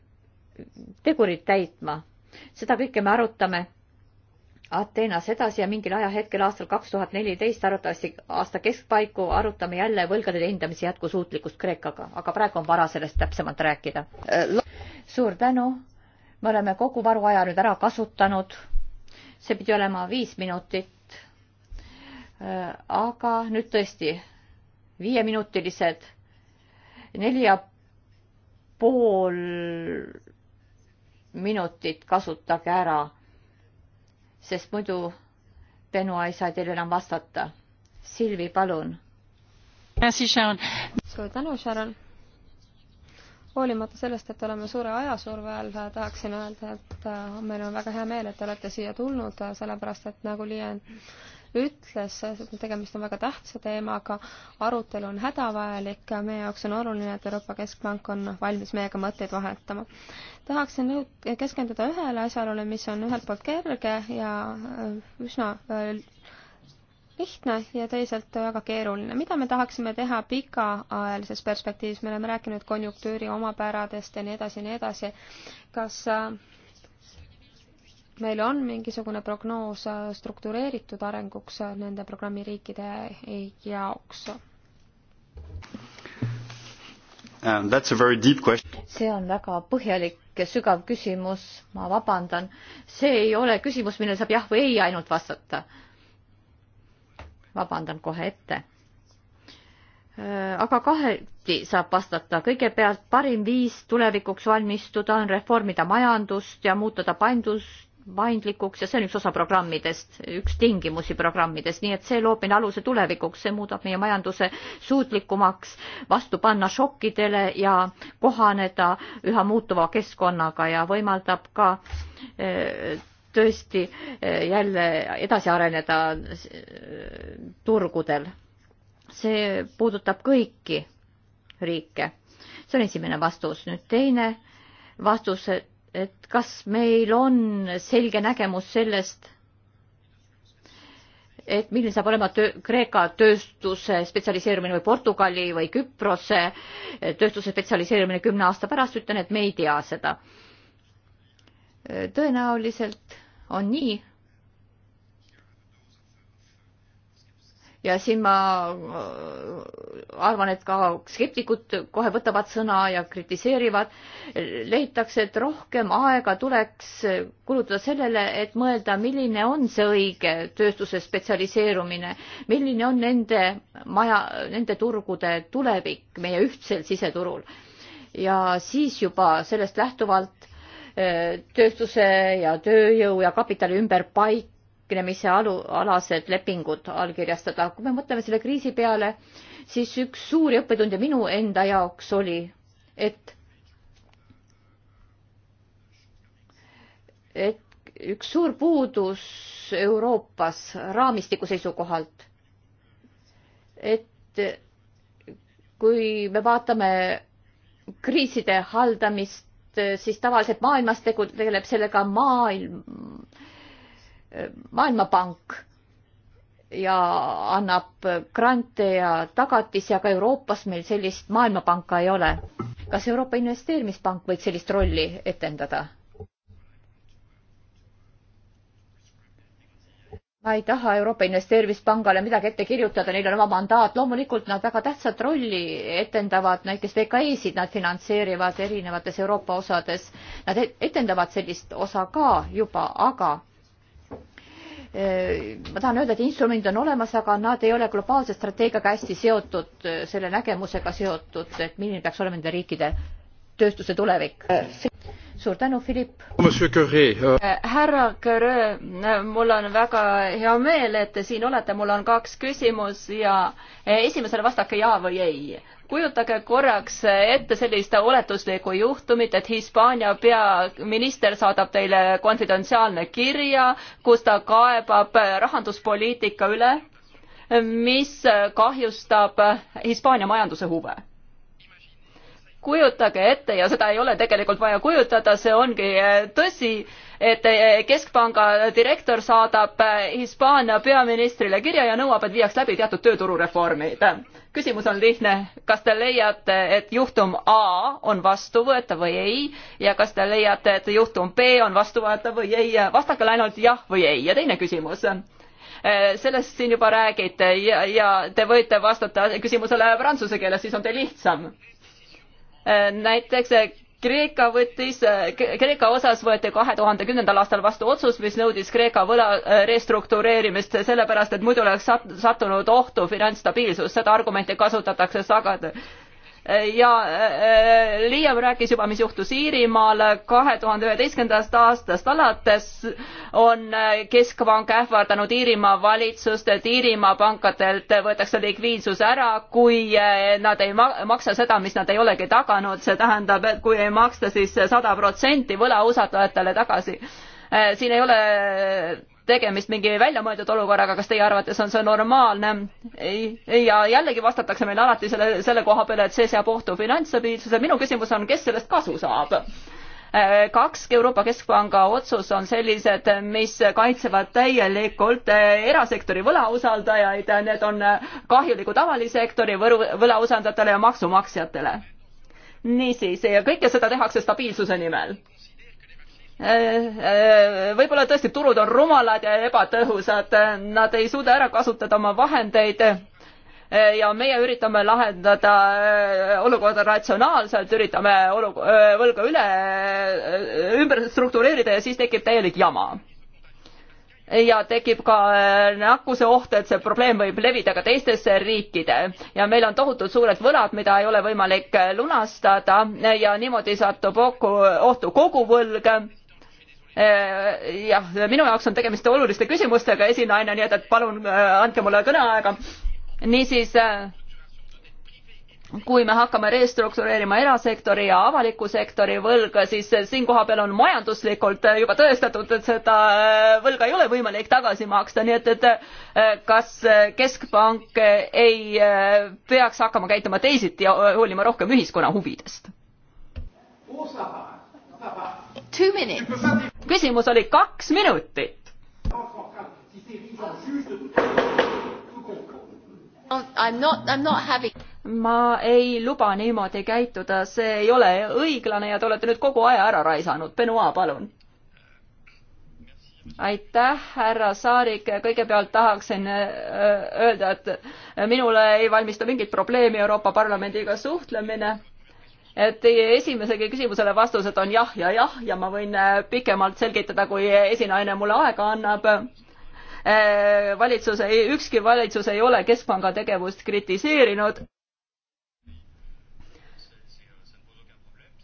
tegurid täitma. seda kõike me arutame Ateenas edasi ja mingil ajahetkel aastal kaks tuhat neliteist arvatavasti aasta keskpaiku arutame jälle võlgade hindamise jätkusuutlikkust Kreekaga, aga praegu on vara sellest täpsemalt rääkida. Eh, suur tänu. me oleme kogu varuaja nüüd ära kasutanud. see pidi olema viis minutit. Äh, aga nüüd tõesti viieminutilised neli ja pool minutit kasutage ära, sest muidu Benua ei saa teile enam vastata. Silvi, palun. suur tänu, Sharon hoolimata sellest, et oleme suure ajasurve all, tahaksin öelda, et äh, meil on väga hea meel, et te olete siia tulnud, äh, sellepärast et nagu Liien ütles, tegemist on väga tähtsa teemaga, arutelu on hädavajalik, meie jaoks on oluline, et Euroopa Keskpank on valmis meiega mõtteid vahetama. tahaksin nüüd keskenduda ühele asjaolule, mis on ühelt poolt kerge ja äh, üsna lihtne ja teisalt väga keeruline. mida me tahaksime teha pikaajalises perspektiivis, me oleme rääkinud konjunktuuri omapäradest ja nii edasi ja nii edasi. kas äh, meil on mingisugune prognoos äh, struktureeritud arenguks äh, nende programmi riikide jaoks? Um, see on väga põhjalik ja sügav küsimus, ma vabandan. see ei ole küsimus, millele saab jah või ei ainult vastata vabandan kohe ette. Äh, aga kaheti saab vastata, kõigepealt parim viis tulevikuks valmistuda on reformida majandust ja muuta ta paindust, paindlikuks ja see on üks osa programmidest, üks tingimusi programmidest, nii et see loob meile aluse tulevikuks, see muudab meie majanduse suutlikumaks vastu panna šokkidele ja kohaneda üha muutuva keskkonnaga ja võimaldab ka eh, tõesti eh, jälle edasi areneda eh, turgudel. see puudutab kõiki riike. see on esimene vastus. nüüd teine vastus, et kas meil on selge nägemus sellest, et milline saab olema töö, Kreeka tööstuse spetsialiseerumine või Portugali või Küprose eh, tööstuse spetsialiseerumine kümne aasta pärast, ütlen, et me ei tea seda. tõenäoliselt on nii. ja siin ma äh, arvan, et ka skeptikud kohe võtavad sõna ja kritiseerivad. leitakse, et rohkem aega tuleks kulutada sellele, et mõelda, milline on see õige tööstuse spetsialiseerumine, milline on nende maja, nende turgude tulevik meie ühtsel siseturul ja siis juba sellest lähtuvalt tööstuse ja tööjõu ja kapitali ümberpaiknemise alu, alased lepingud allkirjastada. kui me mõtleme selle kriisi peale, siis üks suuri õppetunde minu enda jaoks oli, et et üks suur puudus Euroopas raamistiku seisukohalt, et kui me vaatame kriiside haldamist, Eh, siis tavaliselt maailmas tegeleb sellega maailm, Maailmapank ja annab grante ja tagatisi, aga Euroopas meil sellist Maailmapanka ei ole. kas Euroopa Investeerimispank võiks sellist rolli etendada? ma ei taha Euroopa Investeerimispangale midagi ette kirjutada, neil on oma mandaat, loomulikult nad väga tähtsat rolli etendavad, näiteks VKE-sid nad finantseerivad erinevates Euroopa osades, nad e-, etendavad sellist osa ka juba, aga e, ma tahan öelda, et instrumendid on olemas, aga nad ei ole globaalse strateegiaga hästi seotud, selle nägemusega seotud, et milline peaks olema nende riikide tööstuse tulevik suur tänu, Philipp. Äh, äh, härra Kõrre, äh, mul on väga hea meel, et te siin olete, mul on kaks küsimus ja esimesele vastake jaa või ei. kujutage korraks ette sellist oletuslikku juhtumit, et Hispaania peaminister saadab teile konfidentsiaalne kirja, kus ta kaebab rahanduspoliitika üle, mis kahjustab Hispaania majanduse huve kujutage ette ja seda ei ole tegelikult vaja kujutada, see ongi äh, tõsi, et äh, keskpanga direktor saadab äh, Hispaania peaministrile kirja ja nõuab, et viiaks läbi teatud tööturureformid. küsimus on lihtne, kas te leiate, et juhtum A on vastuvõetav või ei ja kas te leiate, et juhtum B on vastuvõetav või ei, vastake ainult jah või ei ja teine küsimus sellest siin juba räägite ja, ja te võite vastata küsimusele prantsuse keeles, siis on teil lihtsam Äh, näiteks äh, Kreeka võttis, äh, Kreeka osas võeti kahe tuhande kümnendal aastal vastu otsus, mis nõudis Kreeka võla restruktureerimist, sellepärast et muidu oleks sattunud ohtu finantsstabiilsus, seda argumenti kasutatakse sageli ja äh, Liam rääkis juba, mis juhtus Iirimaal kahe tuhande üheteistkümnendast aastast alates on äh, keskpank ähvardanud Iirimaa valitsust, et Iirimaa pankadelt võetakse likviidsus ära, kui äh, nad ei maksa seda, mis nad ei olegi taganud, see tähendab, et kui ei maksta siis sada protsenti võlausaldajatele tagasi. siin ei ole tegemist mingi väljamõeldud olukorraga, kas teie arvates on see normaalne? ja jällegi vastatakse meile alati selle, selle koha peale, et see seab ohtu finantsstabiilsuse. minu küsimus on, kes sellest kasu saab? kaks Euroopa Keskpanga otsus on sellised, mis kaitsevad täielikult erasektori võlausaldajaid, need on kahjulikud avalisektori võlausaldajatele ja maksumaksjatele. niisiis, ja kõike seda tehakse stabiilsuse nimel võib-olla tõesti turud on rumalad ja ebatõhusad, nad ei suuda ära kasutada oma vahendeid ja meie üritame lahendada äh, olukorda ratsionaalselt, üritame oluk-, äh, võlga üle, äh, ümber struktureerida ja siis tekib täielik jama. ja tekib ka nakkuse oht, et see probleem võib levida ka teistesse riikide ja meil on tohutult suured võlad, mida ei ole võimalik lunastada ja niimoodi satub ohtu kogu võlg Äh, jah, minu jaoks on tegemist oluliste küsimustega, esinaine, nii et, et palun äh, andke mulle kõneaega. niisiis, äh, kui me hakkame restruktureerima erasektori ja avaliku sektori võlga, siis siin kohapeal on majanduslikult juba tõestatud, et seda võlga ei ole võimalik tagasi maksta, nii et, et kas Keskpank ei peaks hakkama käituma teisiti ja hoolima rohkem ühiskonna huvidest? two minutes. küsimus oli kaks minutit. I'm not, I'm not having ma ei luba niimoodi käituda, see ei ole õiglane ja te olete nüüd kogu aja ära raisanud. Benoit, palun. aitäh, härra Saarik, kõigepealt tahaksin äh, öelda, et minule ei valmista mingit probleemi Euroopa Parlamendiga suhtlemine Teie esimesele küsimusele vastused on jah ja jah ja ma võin äh, pikemalt selgitada, kui esinaine mulle aega annab. Äh, valitsus, ükski valitsus ei ole keskpanga tegevust kritiseerinud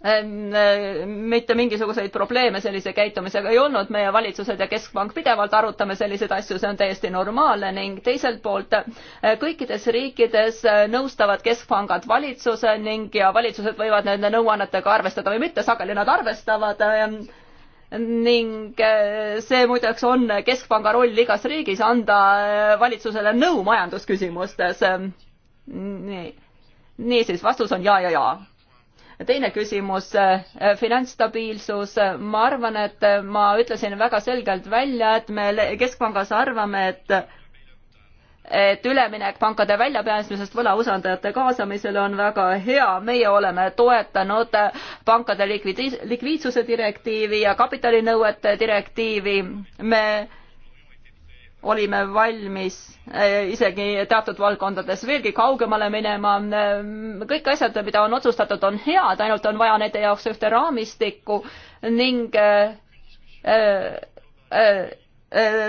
Ähm, äh, mitte mingisuguseid probleeme sellise käitumisega ei olnud, meie valitsused ja Keskpank pidevalt arutame selliseid asju, see on täiesti normaalne ning teiselt poolt äh, kõikides riikides äh, nõustavad keskpangad valitsuse ning ja valitsused võivad nende nõuannetega arvestada või mitte, sageli nad arvestavad ähm, ning see muideks on keskpanga roll igas riigis, anda valitsusele nõu majandusküsimustes. Ähm, nii, niisiis vastus on ja, ja, ja teine küsimus, eh, finantsstabiilsus, ma arvan, et ma ütlesin väga selgelt välja, et me Keskpangas arvame, et et üleminek pankade väljapääsmisest võlausaldajate kaasamisele on väga hea, meie oleme toetanud pankade likviidsuse direktiivi ja kapitalinõuete direktiivi, me olime valmis eh, isegi teatud valdkondades veelgi kaugemale minema. Eh, kõik asjad, mida on otsustatud, on head, ainult on vaja nende jaoks ühte raamistikku ning eh,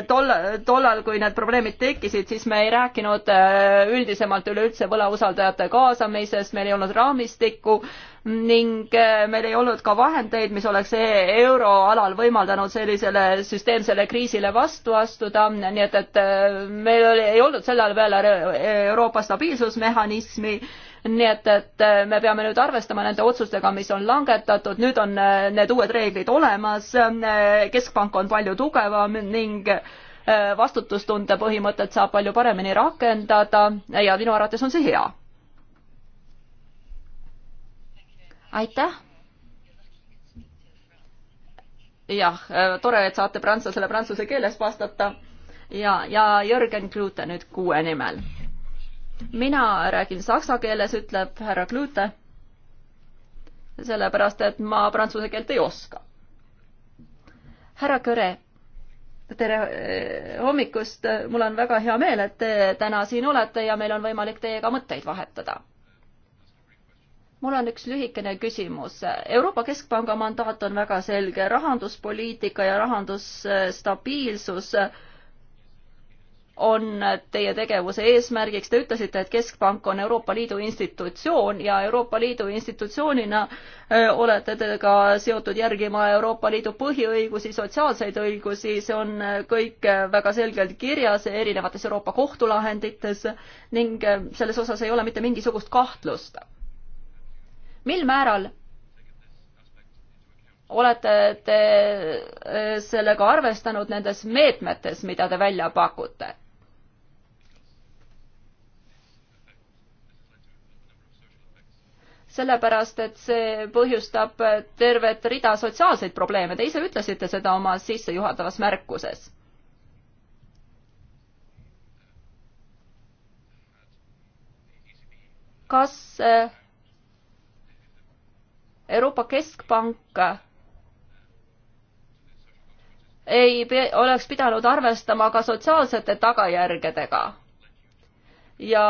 tol, tollal, kui need probleemid tekkisid, siis me ei rääkinud üldisemalt üleüldse võlausaldajate kaasamisest, meil ei olnud raamistikku, ning äh, meil ei olnud ka vahendeid, mis oleks e-, euroalal võimaldanud sellisele süsteemsele kriisile vastu astuda, nii et, et äh, meil oli, ei olnud sellel veel Euroopa stabiilsusmehhanismi, nii et, et äh, me peame nüüd arvestama nende otsustega, mis on langetatud, nüüd on need uued reeglid olemas, keskpank on palju tugevam ning vastutustunde põhimõtet saab palju paremini rakendada ja minu arvates on see hea aitäh jah, äh, tore, et saate prantslasele prantsuse keeles vastata. ja, ja Jürgen Klute nüüd kuue nimel. mina räägin saksa keeles, ütleb härra Klute. sellepärast, et ma prantsuse keelt ei oska. härra Kõre, tere äh, hommikust, mul on väga hea meel, et te täna siin olete ja meil on võimalik teiega mõtteid vahetada mul on üks lühikene küsimus. Euroopa Keskpanga mandaat on väga selge, rahanduspoliitika ja rahandusstabiilsus on teie tegevuse eesmärgiks. Te ütlesite, et Keskpank on Euroopa Liidu institutsioon ja Euroopa Liidu institutsioonina olete te ka seotud järgima Euroopa Liidu põhiõigusi, sotsiaalseid õigusi, see on kõik väga selgelt kirjas erinevates Euroopa kohtulahendites ning selles osas ei ole mitte mingisugust kahtlust mil määral olete te äh, sellega arvestanud nendes meetmetes, mida te välja pakute? sellepärast, et see põhjustab tervet rida sotsiaalseid probleeme, te ise ütlesite seda oma sissejuhatavas märkuses kas äh, Euroopa Keskpank ei oleks pidanud arvestama ka sotsiaalsete tagajärgedega. ja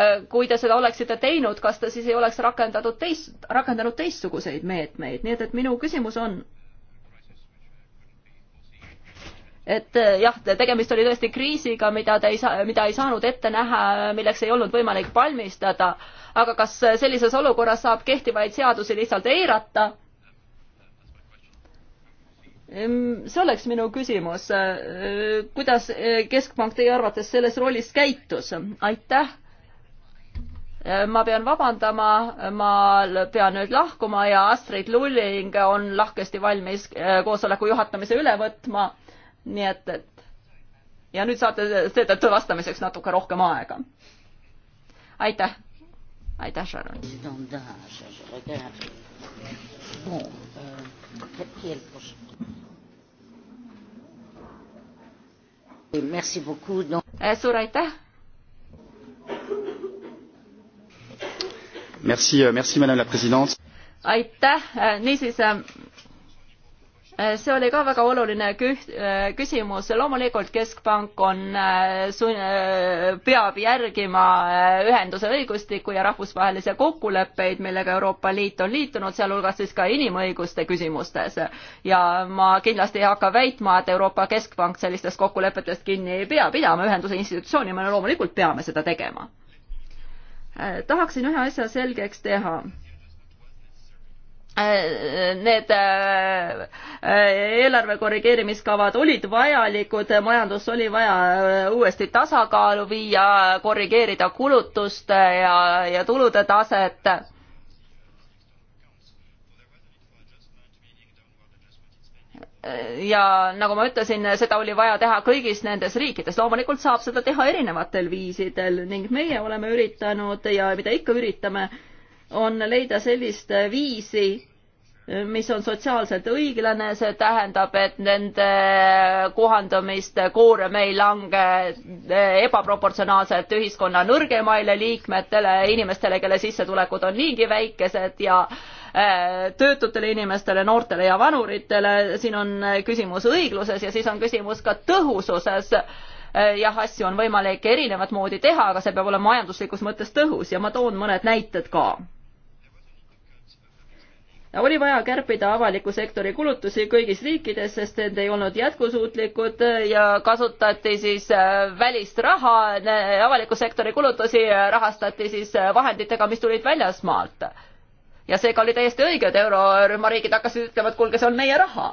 äh, kui te seda oleksite teinud, kas te siis ei oleks rakendatud teist, rakendanud teistsuguseid meetmeid, nii et, et minu küsimus on et eh, jah, tegemist oli tõesti kriisiga, mida ta ei saa, mida ei saanud ette näha, milleks ei olnud võimalik valmistada. aga kas sellises olukorras saab kehtivaid seadusi lihtsalt eirata? Mm, see oleks minu küsimus. Eh, kuidas eh, Keskpank teie arvates selles rollis käitus? aitäh. ma pean vabandama, ma pean nüüd lahkuma ja Astrid Lulling on lahkesti valmis koosoleku juhatamise üle võtma nii et, et ja nüüd saate seetõttu vastamiseks natuke rohkem aega. aitäh, aitäh, Sharon. Bon, euh, qui est le prochain suur aitäh! Euh, aitäh eh, niisiis eh, Äh, see oli ka väga oluline äh, küsimus. loomulikult Keskpank on, äh, peab järgima ühenduse õigustikku ja rahvusvahelisi kokkuleppeid, millega Euroopa Liit on liitunud, sealhulgas siis ka inimõiguste küsimustes. ja ma kindlasti ei hakka väitma, et Euroopa Keskpank sellistest kokkulepetest kinni ei pea pidama, ühenduse institutsiooni me loomulikult peame seda tegema tahaksin ühe asja selgeks teha need äh, äh, eelarve korrigeerimiskavad olid vajalikud, majandus oli vaja äh, uuesti tasakaalu viia, korrigeerida kulutuste ja, ja tulude taset. ja nagu ma ütlesin, seda oli vaja teha kõigis nendes riikides, loomulikult saab seda teha erinevatel viisidel ning meie oleme üritanud ja mida ikka üritame on leida sellist viisi, mis on sotsiaalselt õiglane, see tähendab, et nende kohandamiste koorem ei lange ebaproportsionaalselt ühiskonna nõrgemaile liikmetele, inimestele, kelle sissetulekud on niigi väikesed ja äh, töötutele inimestele, noortele ja vanuritele, siin on küsimus õigluses ja siis on küsimus ka tõhususes. Äh, jah, asju on võimalik erinevat moodi teha, aga see peab olema majanduslikus mõttes tõhus ja ma toon mõned näited ka oli vaja kärpida avaliku sektori kulutusi kõigis riikides, sest need ei olnud jätkusuutlikud ja kasutati siis äh, välist raha, avaliku sektori kulutusi rahastati siis äh, vahenditega, mis tulid väljasmaalt. ja seega oli täiesti õige, et eurorühma riigid hakkasid ütlema, et kuulge, see on meie raha.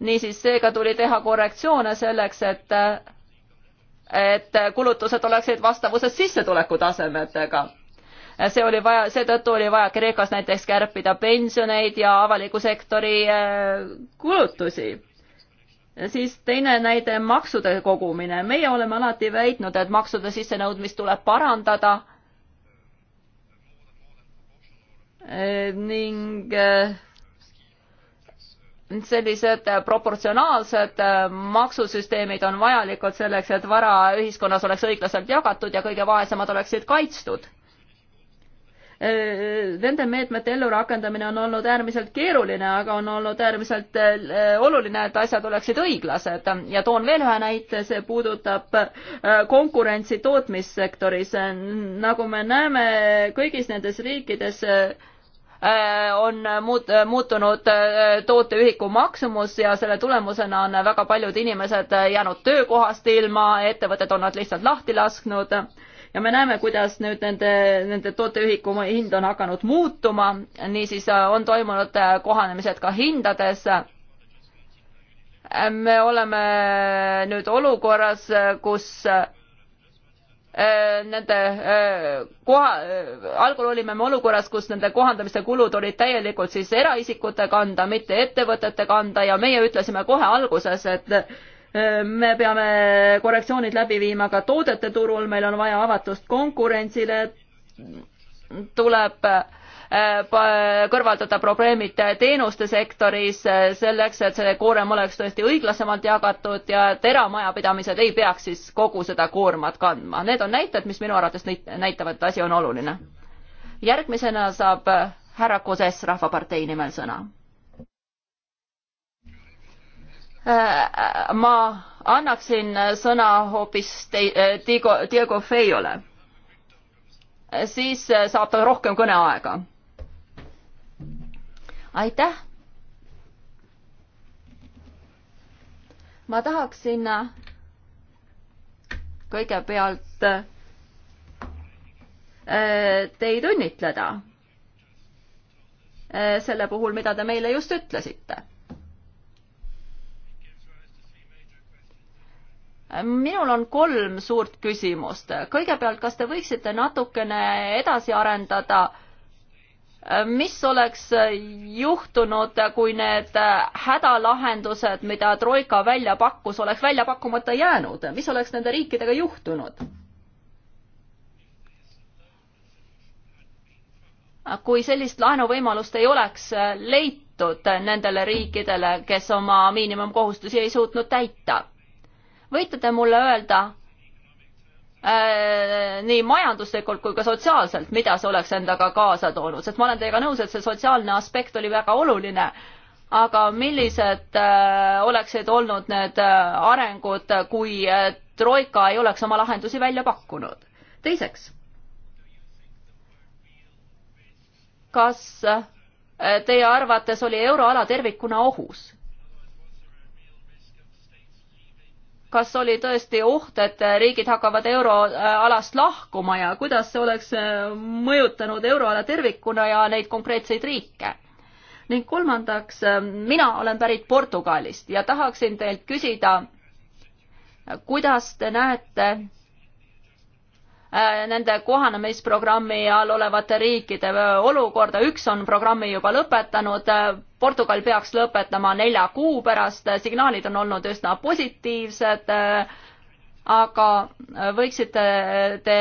niisiis, seega tuli teha korrektsioone selleks, et äh, et kulutused oleksid vastavuses sissetuleku tasemetega see oli vaja, seetõttu oli vaja Kreekas näiteks kärpida pensioneid ja avaliku sektori äh, kulutusi siis teine näide, maksude kogumine. meie oleme alati väitnud, et maksude sissenõudmist tuleb parandada äh, ning äh, sellised proportsionaalsed maksusüsteemid on vajalikud selleks, et vara ühiskonnas oleks õiglaselt jagatud ja kõige vaesemad oleksid kaitstud Äh, nende meetmete ellurakendamine on olnud äärmiselt keeruline, aga on olnud äärmiselt äh, oluline, et asjad oleksid õiglased ja toon veel ühe näite, see puudutab äh, konkurentsi tootmissektoris. nagu me näeme, kõigis nendes riikides on muut-, muutunud tooteühiku maksumus ja selle tulemusena on väga paljud inimesed jäänud töökohast ilma, ettevõtted on nad lihtsalt lahti lasknud ja me näeme, kuidas nüüd nende, nende tooteühiku hind on hakanud muutuma, niisiis äh, on toimunud äh, kohanemised ka hindades äh, me oleme nüüd olukorras, kus nende koha, algul olime me olukorras, kus nende kohandamiste kulud olid täielikult siis eraisikute kanda, mitte ettevõtete kanda ja meie ütlesime kohe alguses, et me peame korrektsioonid läbi viima ka toodete turul, meil on vaja avatust konkurentsile, tuleb äh, kõrvaldada probleemid teenuste sektoris äh, selleks, et see koorem oleks tõesti õiglasemalt jagatud ja et eramajapidamised ei peaks siis kogu seda koormat kandma. Need on näited, mis minu arvates näitavad, et asi on oluline. järgmisena saab äh, härra Koses Rahvapartei nimel sõna ma annaksin sõna hoopis äh, Diego, Diego Feiole. siis äh, saab ta rohkem kõneaega. aitäh. ma tahaksin äh, kõigepealt teid õnnitleda selle puhul, mida te meile just ütlesite minul on kolm suurt küsimust. kõigepealt, kas te võiksite natukene edasi arendada, mis oleks juhtunud, kui need hädalahendused, mida Troika välja pakkus, oleks välja pakkumata jäänud, mis oleks nende riikidega juhtunud? kui sellist laenuvõimalust ei oleks leitud nendele riikidele, kes oma miinimumkohustusi ei suutnud täita võite te mulle öelda äh, nii majanduslikult kui ka sotsiaalselt, mida see oleks endaga kaasa toonud, sest ma olen teiega nõus, et see sotsiaalne aspekt oli väga oluline, aga millised äh, oleksid olnud need äh, arengud, kui äh, Troika ei oleks oma lahendusi välja pakkunud? teiseks, kas äh, teie arvates oli euroala tervikuna ohus? kas oli tõesti oht, et riigid hakkavad euroalast lahkuma ja kuidas see oleks äh, mõjutanud euroala tervikuna ja neid konkreetseid riike? ning kolmandaks, äh, mina olen pärit Portugalist ja tahaksin teilt küsida, kuidas te näete Äh, nende kohanemisprogrammi all olevate riikide olukorda, üks on programmi juba lõpetanud, Portugal peaks lõpetama nelja kuu pärast, signaalid on olnud üsna positiivsed, aga võiksite te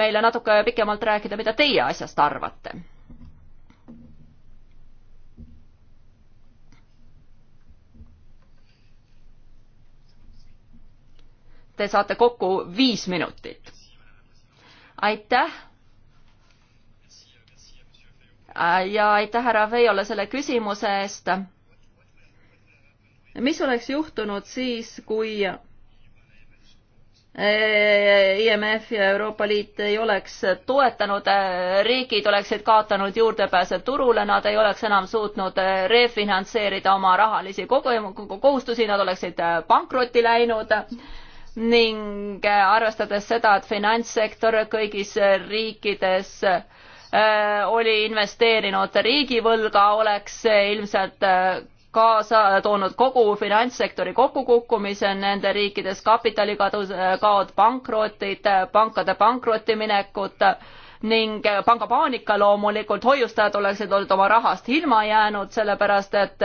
meile natuke pikemalt rääkida, mida teie asjast arvate? Te saate kokku viis minutit aitäh. Äh, ja aitäh härra Feiole selle küsimuse eest. mis oleks juhtunud siis, kui äh, IMF ja Euroopa Liit ei oleks toetanud, äh, riigid oleksid kaotanud juurdepääse turule, nad ei oleks enam suutnud refinantseerida oma rahalisi kohustusi, nad oleksid pankrotti läinud ning äh, arvestades seda, et finantssektor kõigis riikides äh, oli investeerinud riigivõlga, oleks see ilmselt äh, kaasa toonud kogu finantssektori kokkukukkumise nende riikides kapitalikadus, kaod, pankrotid, pankade pankrottiminekud ning pangapaanika loomulikult, hoiustajad oleksid olnud oma rahast ilma jäänud, sellepärast et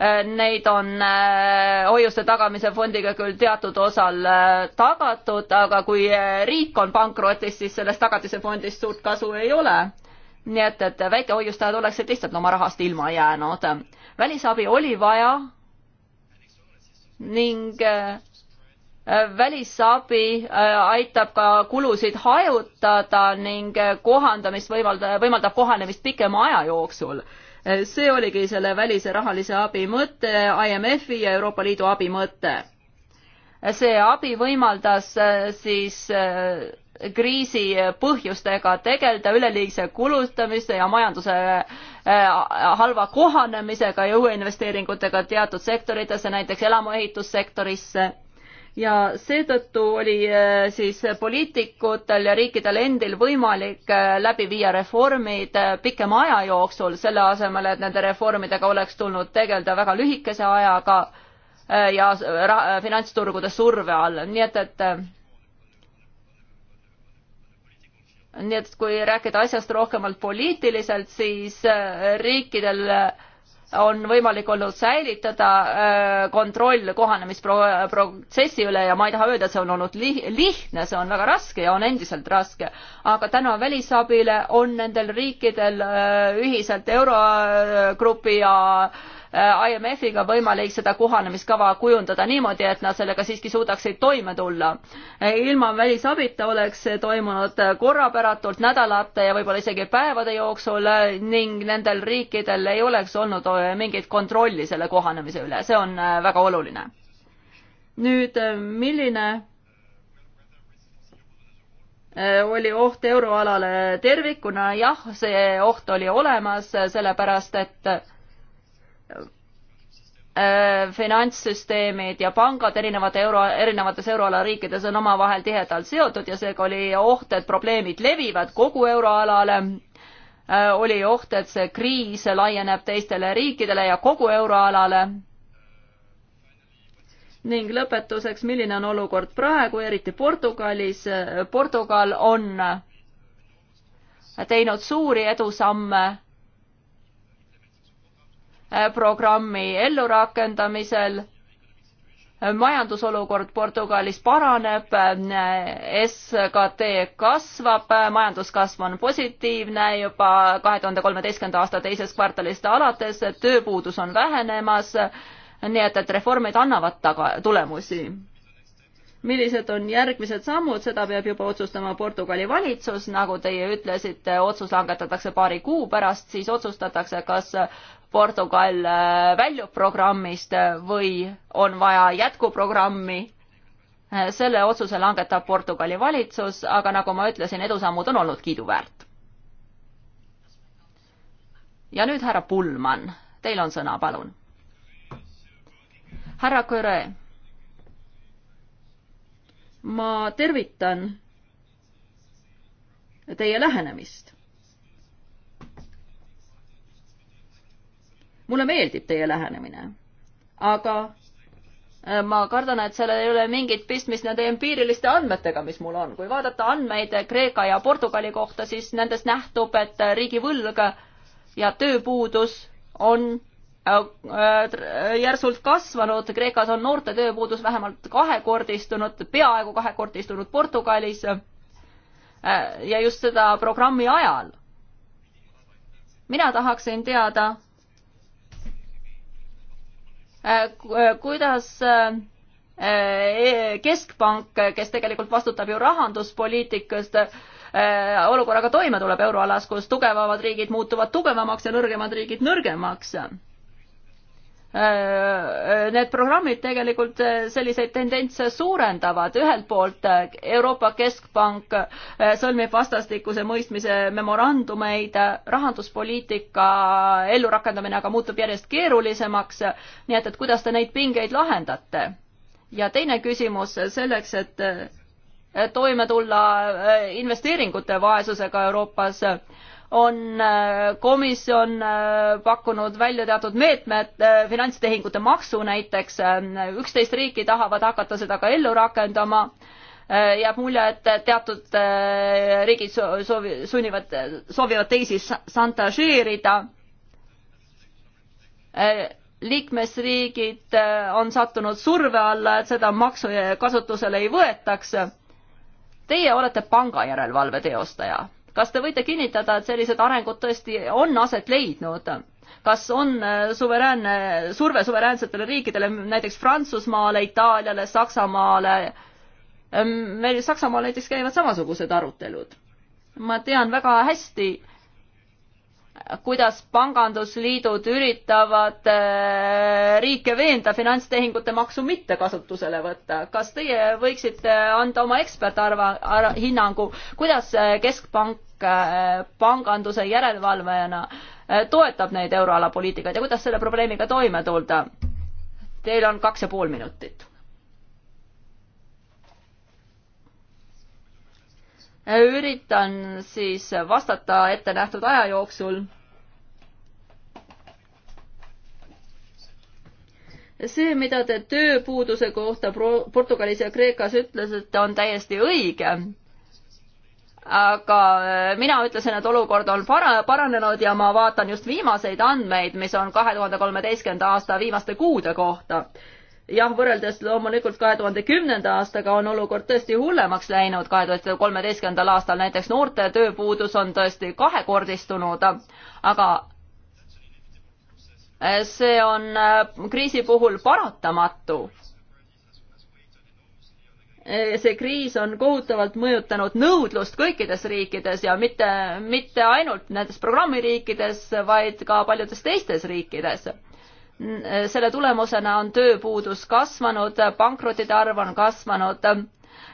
Äh, neid on äh, hoiuste tagamise fondiga küll teatud osal äh, tagatud, aga kui riik on pankrotis, siis sellest tagatise fondist suurt kasu ei ole. nii et, et väikehoiustajad oleksid lihtsalt oma rahast ilma jäänud. välisabi oli vaja ning välisabi aitab ka kulusid hajutada ning kohandamist võimaldab, võimaldab kohanemist pikema aja jooksul Eh, see oligi selle välise rahalise abi mõte, IMF-i ja Euroopa Liidu abi mõte. Eh, see abi võimaldas eh, siis kriisi põhjustega tegeleda, üleliigse kulutamise ja majanduse halva kohanemisega ja uuinvesteeringutega teatud sektoritesse, näiteks elamuehitussektorisse ja seetõttu oli eh, siis poliitikutel ja riikidel endil võimalik eh, läbi viia reformid eh, pikema aja jooksul, selle asemel, et nende reformidega oleks tulnud tegeleda väga lühikese ajaga ja finantsturgude surve all, nii et, et nii et kui rääkida asjast rohkemalt poliitiliselt, siis riikidel äh, on võimalik olnud säilitada äh, kontroll kohanemisprotsessi üle ja ma ei taha öelda, et see on olnud lihtne, see on väga raske ja on endiselt raske. aga tänu välisabile on nendel riikidel äh, ühiselt Eurogrupi ja Äh, IMF-iga võimalik seda kohanemiskava kujundada niimoodi, et nad sellega siiski suudaksid toime tulla. Äh, ilma välisabita oleks see toimunud korrapäratult nädalate ja võib-olla isegi päevade jooksul äh, ning nendel riikidel ei oleks olnud mingit kontrolli selle kohanemise üle, see on väga oluline. nüüd, milline oli oht euroalale tervikuna, jah, see oht oli olemas, sellepärast et Äh, finantssüsteemid ja pangad erinevad euro, erinevates euroala riikides on omavahel tihedalt seotud ja seega oli oht, et probleemid levivad kogu euroalale. Äh, oli oht, et see kriis laieneb teistele riikidele ja kogu euroalale. ning lõpetuseks, milline on olukord praegu, eriti Portugalis. Äh, Portugal on teinud suuri edusamme Äh, programmi ellurakendamisel. majandusolukord Portugalis paraneb, äh, SKT kasvab, äh, majanduskasv on positiivne juba kahe tuhande kolmeteistkümnenda aasta teisest kvartalist alates, tööpuudus on vähenemas, nii et, et reformid annavad taga, tulemusi millised on järgmised sammud, seda peab juba otsustama Portugali valitsus, nagu teie ütlesite, otsus langetatakse paari kuu pärast, siis otsustatakse, kas Portugal äh, väljub programmist või on vaja jätkuprogrammi. Äh, selle otsuse langetab Portugali valitsus, aga nagu ma ütlesin, edusammud on olnud kiiduväärt. ja nüüd härra Pullmann, teil on sõna, palun. härra Kõre ma tervitan teie lähenemist. mulle meeldib teie lähenemine, aga äh, ma kardan, et sellel ei ole mingit pistmist nende empiiriliste andmetega, mis mul on. kui vaadata andmeid Kreeka ja Portugali kohta, siis nendest nähtub, et riigivõlg ja tööpuudus on Äh, äh, järsult kasvanud, Kreekas on noorte tööpuudus vähemalt kahekordistunud, peaaegu kahekordistunud Portugalis äh, ja just seda programmi ajal. mina tahaksin teada, kuidas e-, keskpank, kes tegelikult vastutab ju rahanduspoliitikast, olukorraga toime tuleb euroalas, kus tugevamad riigid muutuvad tugevamaks ja nõrgemad riigid nõrgemaks Äh, äh, need programmid tegelikult äh, selliseid tendentse suurendavad. ühelt poolt Euroopa Keskpank sõlmib vastastikuse mõistmise memorandumeid, rahanduspoliitika ellurakendamine aga muutub järjest keerulisemaks, nii et, et kuidas te neid pingeid lahendate? ja teine küsimus selleks, et toime tulla investeeringute vaesusega Euroopas on äh, komisjon äh, pakkunud välja teatud meetmed äh, finantstehingute maksu näiteks, üksteist riiki tahavad hakata seda ka ellu rakendama jääb mulje, et teatud riigid soovi-, sunnivad, soovivad teisi šantažeerida. liikmesriigid on sattunud surve alla, et seda maksu kasutusele ei võetaks. Teie olete panga järelevalve teostaja kas te võite kinnitada, et sellised arengud tõesti on aset leidnud? kas on äh, suveräänne, surve suveräänsetele riikidele, näiteks Prantsusmaale, Itaaliale, Saksamaale? Ehm, meil Saksamaal näiteks käivad samasugused arutelud. ma tean väga hästi, kuidas pangandusliidud üritavad äh, riike veenda finantstehingute maksu mitte kasutusele võtta. kas teie võiksite anda oma ekspertarva, hinnangu, kuidas äh, Keskpank äh, panganduse järelevalvajana toetab neid euroala poliitikaid ja kuidas selle probleemiga toime tulda? Teil on kaks ja pool minutit. üritan siis vastata ettenähtud aja jooksul see, mida te tööpuuduse kohta Portugalis ja Kreekas ütlesite, on täiesti õige. aga äh, mina ütlesin, et olukord on para-, paranenud ja ma vaatan just viimaseid andmeid, mis on kahe tuhande kolmeteistkümnenda aasta viimaste kuude kohta jah, võrreldes loomulikult kahe tuhande kümnenda aastaga on olukord tõesti hullemaks läinud, kahe tuhande kolmeteistkümnendal aastal näiteks noorte tööpuudus on tõesti kahekordistunud, aga see on äh, kriisi puhul paratamatu. Äh, see kriis on kohutavalt mõjutanud nõudlust kõikides riikides ja mitte, mitte ainult nendes programmiriikides, vaid ka paljudes teistes riikides äh, selle tulemusena on tööpuudus kasvanud, pankrotide arv on kasvanud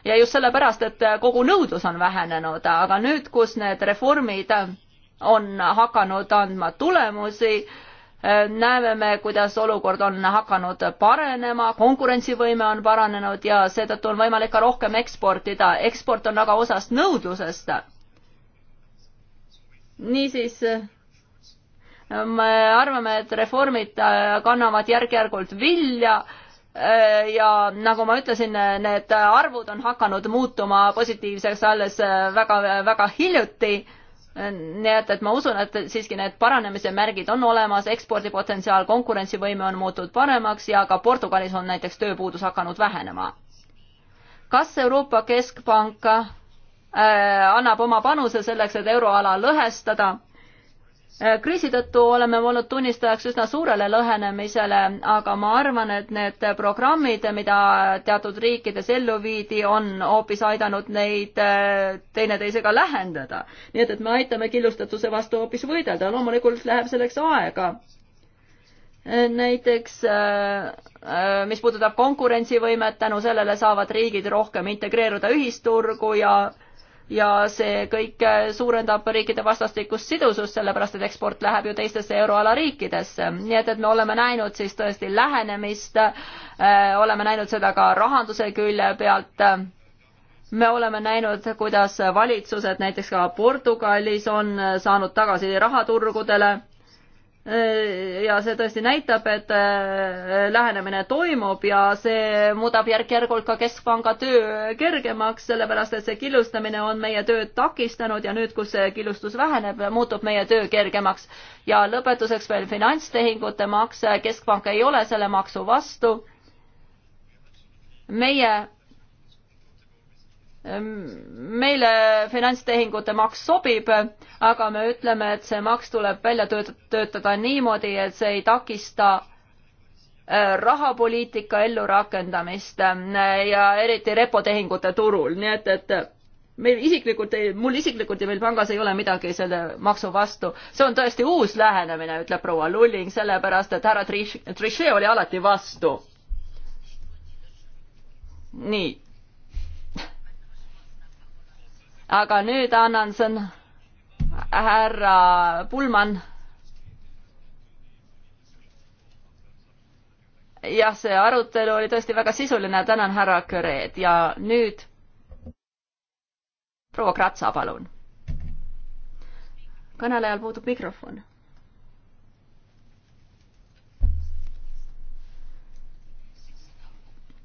ja just sellepärast, et kogu nõudlus on vähenenud, aga nüüd, kus need reformid on hakanud andma tulemusi, Äh, näeme me, kuidas olukord on hakanud parenema, konkurentsivõime on paranenud ja seetõttu on võimalik ka rohkem eksportida. eksport on aga osast nõudlusest. niisiis äh, me arvame, et reformid äh, kannavad järk-järgult vilja ja nagu ma ütlesin, need arvud on hakanud muutuma positiivseks alles väga-väga hiljuti nii et, et ma usun, et siiski need paranemise märgid on olemas, ekspordipotentsiaal, konkurentsivõime on muutunud paremaks ja ka Portugalis on näiteks tööpuudus hakanud vähenema. kas Euroopa Keskpank äh, annab oma panuse selleks, et euroala lõhestada? Äh, kriisi tõttu oleme olnud tunnistajaks üsna suurele lõhenemisele, aga ma arvan, et need programmid, mida teatud riikides ellu viidi, on hoopis aidanud neid äh, teineteisega lähendada. nii et, et me aitame killustatuse vastu hoopis võidelda, loomulikult läheb selleks aega. Äh, näiteks mis puudutab konkurentsivõimet, tänu sellele saavad riigid rohkem integreeruda ühisturgu ja ja see kõik suurendab riikide vastastikust sidusust, sellepärast et eksport läheb ju teistesse euroala riikidesse. nii et, et me oleme näinud siis tõesti lähenemist, äh, oleme näinud seda ka rahanduse külje pealt, me oleme näinud, kuidas valitsused näiteks ka Portugalis on saanud tagasi rahaturgudele Äh, ja see tõesti näitab, et äh, lähenemine toimub ja see muudab järk-järgult ka Keskpanga töö kergemaks, sellepärast et see killustamine on meie tööd takistanud ja nüüd, kus see killustus väheneb, muutub meie töö kergemaks. ja lõpetuseks veel finantstehingute maks, Keskpank ei ole selle maksu vastu. meie Ehm, meile finantstehingute maks sobib, aga me ütleme, et see maks tuleb välja töötada niimoodi, et see ei takista äh, rahapoliitika ellurakendamist äh, ja eriti repotehingute turul, nii et, et äh, meil isiklikult ei, mul isiklikult ja meil pangas ei ole midagi selle maksu vastu. see on tõesti uus lähenemine, ütleb proua Lulling, sellepärast et härra Trichet oli alati vastu. nii aga nüüd annan sõna härra Pullmann. jah, see arutelu oli tõesti väga sisuline, tänan härra Kõred ja nüüd proua Kratsa, palun. kõnelejal puudub mikrofon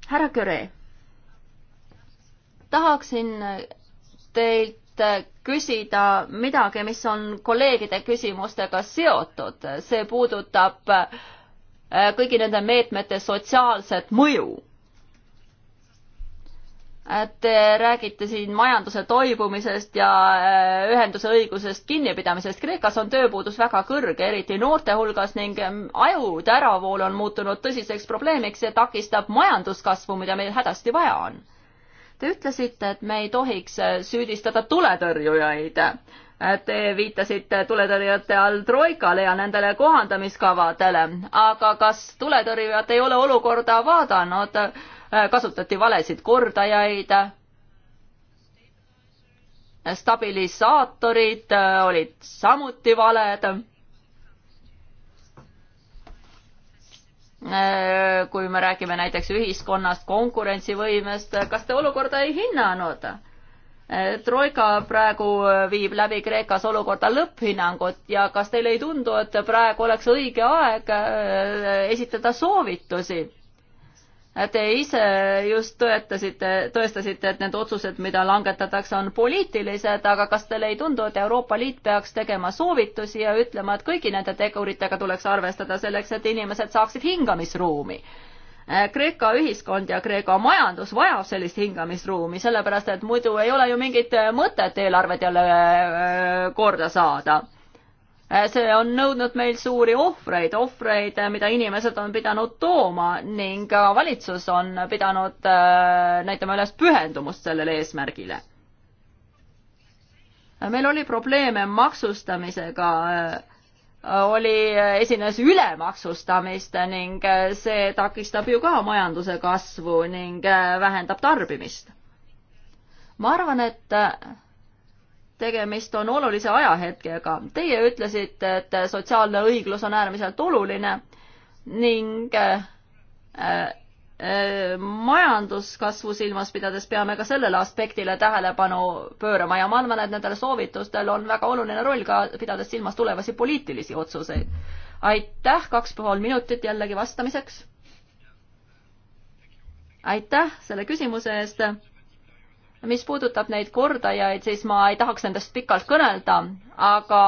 härra Köre, tahaksin teilt küsida midagi, mis on kolleegide küsimustega seotud. see puudutab äh, kõigi nende meetmete sotsiaalset mõju. Äh, te räägite siin majanduse toibumisest ja äh, ühenduse õigusest kinnipidamisest. Kreekas on tööpuudus väga kõrge, eriti noorte hulgas ning ähm, ajude äravool on muutunud tõsiseks probleemiks ja takistab majanduskasvu, mida meil hädasti vaja on Te ütlesite, et me ei tohiks äh, süüdistada tuletõrjujaid. Äh, te viitasite tuletõrjujate all Troikale ja nendele kohandamiskavadele, aga kas tuletõrjujad ei ole olukorda vaadanud, äh, kasutati valesid kordajaid, stabilisaatorid olid samuti valed Äh, kui me räägime näiteks ühiskonnast, konkurentsivõimest, kas te olukorda ei hinnanud? Äh, troika praegu viib läbi Kreekas olukorda lõpphinnangut ja kas teile ei tundu, et praegu oleks õige aeg äh, esitada soovitusi? Te ise just tõetasite, tõestasite, et need otsused, mida langetatakse, on poliitilised, aga kas teile ei tundu, et Euroopa Liit peaks tegema soovitusi ja ütlema, et kõigi nende teguritega tuleks arvestada selleks, et inimesed saaksid hingamisruumi? Kreeka ühiskond ja Kreeka majandus vajab sellist hingamisruumi, sellepärast et muidu ei ole ju mingit mõtet eelarved jälle äh, korda saada Äh, see on nõudnud meil suuri ohvreid, ohvreid, äh, mida inimesed on pidanud tooma ning ka valitsus on pidanud äh, näitama üles pühendumust sellele eesmärgile. meil oli probleeme maksustamisega, oli, esines ülemaksustamist ning see takistab ju ka majanduse kasvu ning vähendab tarbimist. ma arvan, et tegemist on olulise ajahetkega. Teie ütlesite, et sotsiaalne õiglus on äärmiselt oluline ning äh, äh, majanduskasvu silmas pidades peame ka sellele aspektile tähelepanu pöörama ja ma arvan, et nendel soovitustel on väga oluline roll ka pidades silmas tulevasi poliitilisi otsuseid. aitäh, kaks pool minutit jällegi vastamiseks. aitäh selle küsimuse eest mis puudutab neid kordajaid, siis ma ei tahaks nendest pikalt kõnelda, aga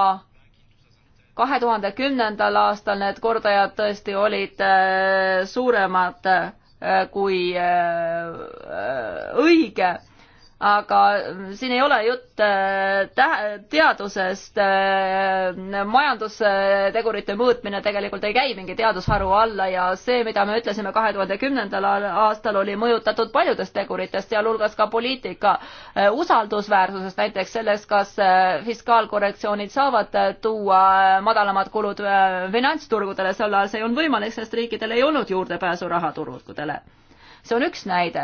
kahe tuhande kümnendal aastal need kordajad tõesti olid äh, suuremad äh, kui äh, õige aga siin ei ole jutt äh, teadusest. Äh, majandustegurite mõõtmine tegelikult ei käi mingi teadusharu alla ja see, mida me ütlesime kahe tuhande kümnendal aastal, oli mõjutatud paljudest teguritest, sealhulgas ka poliitika äh, usaldusväärsusest, näiteks sellest, kas fiskaalkorrektsioonid saavad tuua madalamad kulud finantsturgudele, sel ajal see ei olnud võimalik, sest riikidel ei olnud juurdepääsu rahaturgudele. see on üks näide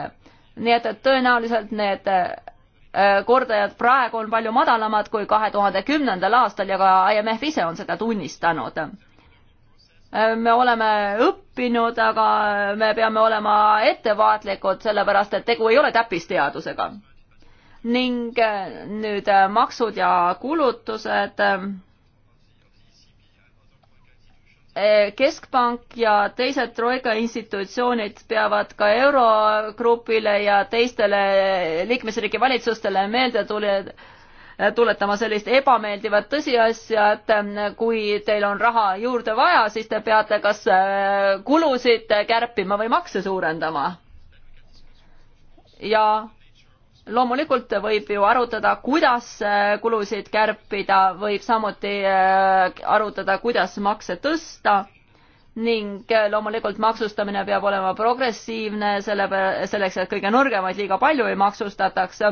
nii et, et tõenäoliselt need äh, kordajad praegu on palju madalamad kui kahe tuhande kümnendal aastal ja ka IMF ise on seda tunnistanud. Äh, me oleme õppinud, aga me peame olema ettevaatlikud, sellepärast et tegu ei ole täppisteadusega. ning äh, nüüd maksud ja kulutused Eh, keskpank ja teised Troika institutsioonid peavad ka Eurogrupile ja teistele liikmesriigi valitsustele meelde tule-, tuletama sellist ebameeldivat tõsiasja, et eh, kui teil on raha juurde vaja, siis te peate kas eh, kulusid kärpima või makse suurendama. ja loomulikult võib ju arutada, kuidas äh, kulusid kärpida, võib samuti äh, arutada, kuidas makse tõsta ning äh, loomulikult maksustamine peab olema progressiivne, selle, selleks, et kõige nõrgemaid liiga palju ei maksustataks.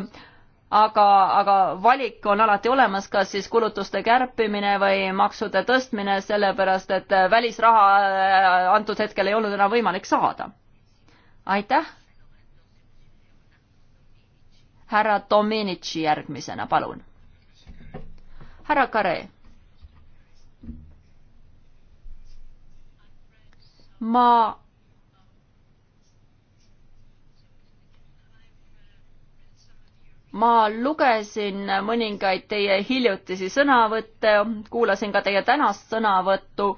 aga, aga valik on alati olemas, kas siis kulutuste kärpimine või maksude tõstmine, sellepärast et välisraha antud hetkel ei olnud enam võimalik saada. aitäh härra Domenici järgmisena, palun. härra Kare. ma ma lugesin mõningaid teie hiljutisi sõnavõtte, kuulasin ka teie tänast sõnavõttu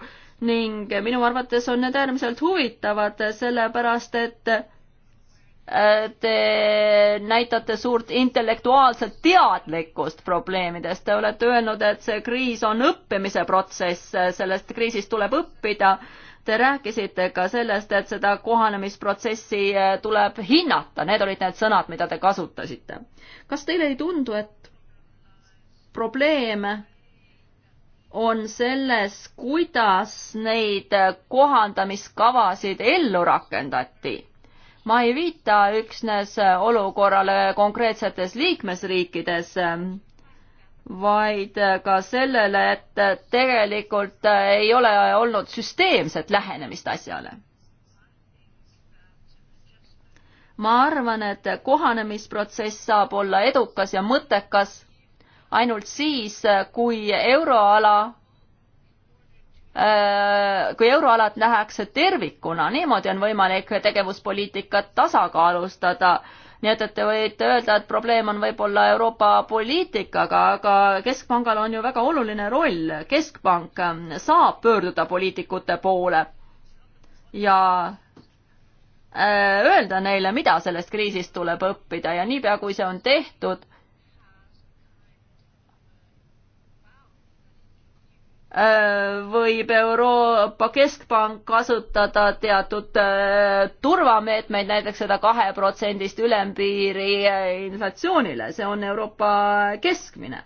ning minu arvates on need äärmiselt huvitavad, sellepärast et Äh, te näitate suurt intellektuaalset teadlikkust probleemidest, te olete öelnud, et see kriis on õppimise protsess, sellest kriisist tuleb õppida. Te rääkisite ka sellest, et seda kohanemisprotsessi äh, tuleb hinnata, need olid need sõnad, mida te kasutasite. kas teile ei tundu, et probleem on selles, kuidas neid kohandamiskavasid ellu rakendati? ma ei viita üksnes äh, olukorrale konkreetsetes liikmesriikides, ähm, vaid äh, ka sellele, et äh, tegelikult ei ole olnud süsteemset lähenemist asjale. ma arvan, et kohanemisprotsess saab olla edukas ja mõttekas ainult siis, kui euroala Äh, kui euroalad nähakse tervikuna, niimoodi on võimalik tegevuspoliitikat tasakaalustada. nii et, et te võite öelda, et probleem on võib-olla Euroopa poliitikaga, aga Keskpangal on ju väga oluline roll, Keskpank ähm, saab pöörduda poliitikute poole ja äh, öelda neile, mida sellest kriisist tuleb õppida ja niipea, kui see on tehtud, Äh, võib Euroopa Keskpank kasutada teatud äh, turvameetmeid, näiteks seda kaheprotsendist ülempiiri äh, inflatsioonile, see on Euroopa keskmine.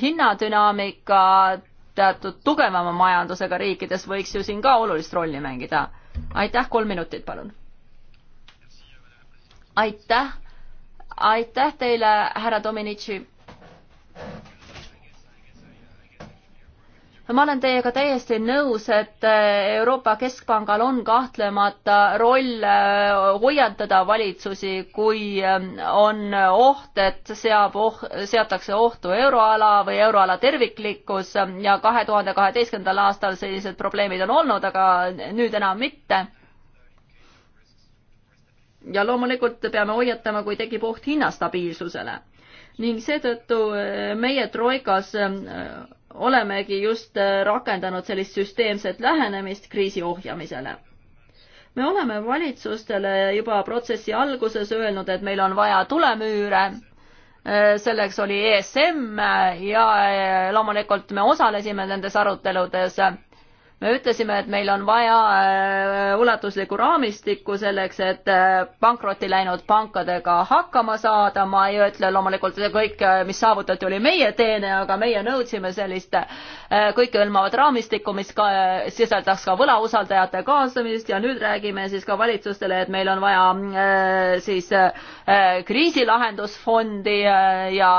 hinnadünaamika teatud tugevama majandusega riikides võiks ju siin ka olulist rolli mängida. aitäh, kolm minutit, palun. aitäh, aitäh teile, härra Dominici ma olen teiega täiesti nõus, et äh, Euroopa Keskpangal on kahtlemata roll äh, hoiatada valitsusi, kui ähm, on oht, et seab oh-, seatakse ohtu euroala või euroala terviklikkus ja kahe tuhande kaheteistkümnendal aastal sellised probleemid on olnud, aga nüüd enam mitte. ja loomulikult peame hoiatama, kui tekib oht hinnastabiilsusele ning seetõttu äh, meie troikas olemegi just äh, rakendanud sellist süsteemset lähenemist kriisi ohjamisele. me oleme valitsustele juba protsessi alguses öelnud, et meil on vaja tulemüüre, äh, selleks oli ESM ja äh, loomulikult me osalesime nendes aruteludes me ütlesime, et meil on vaja äh, ulatuslikku raamistikku selleks, et äh, pankrotti läinud pankadega hakkama saada, ma ei ütle loomulikult kõik, äh, mis saavutati, oli meie teene, aga meie nõudsime sellist kõikehõlmavat raamistikku, mis ka sisaldaks ka võlausaldajate kaasamist ja nüüd räägime siis ka valitsustele, et meil on vaja siis kriisilahendusfondi ja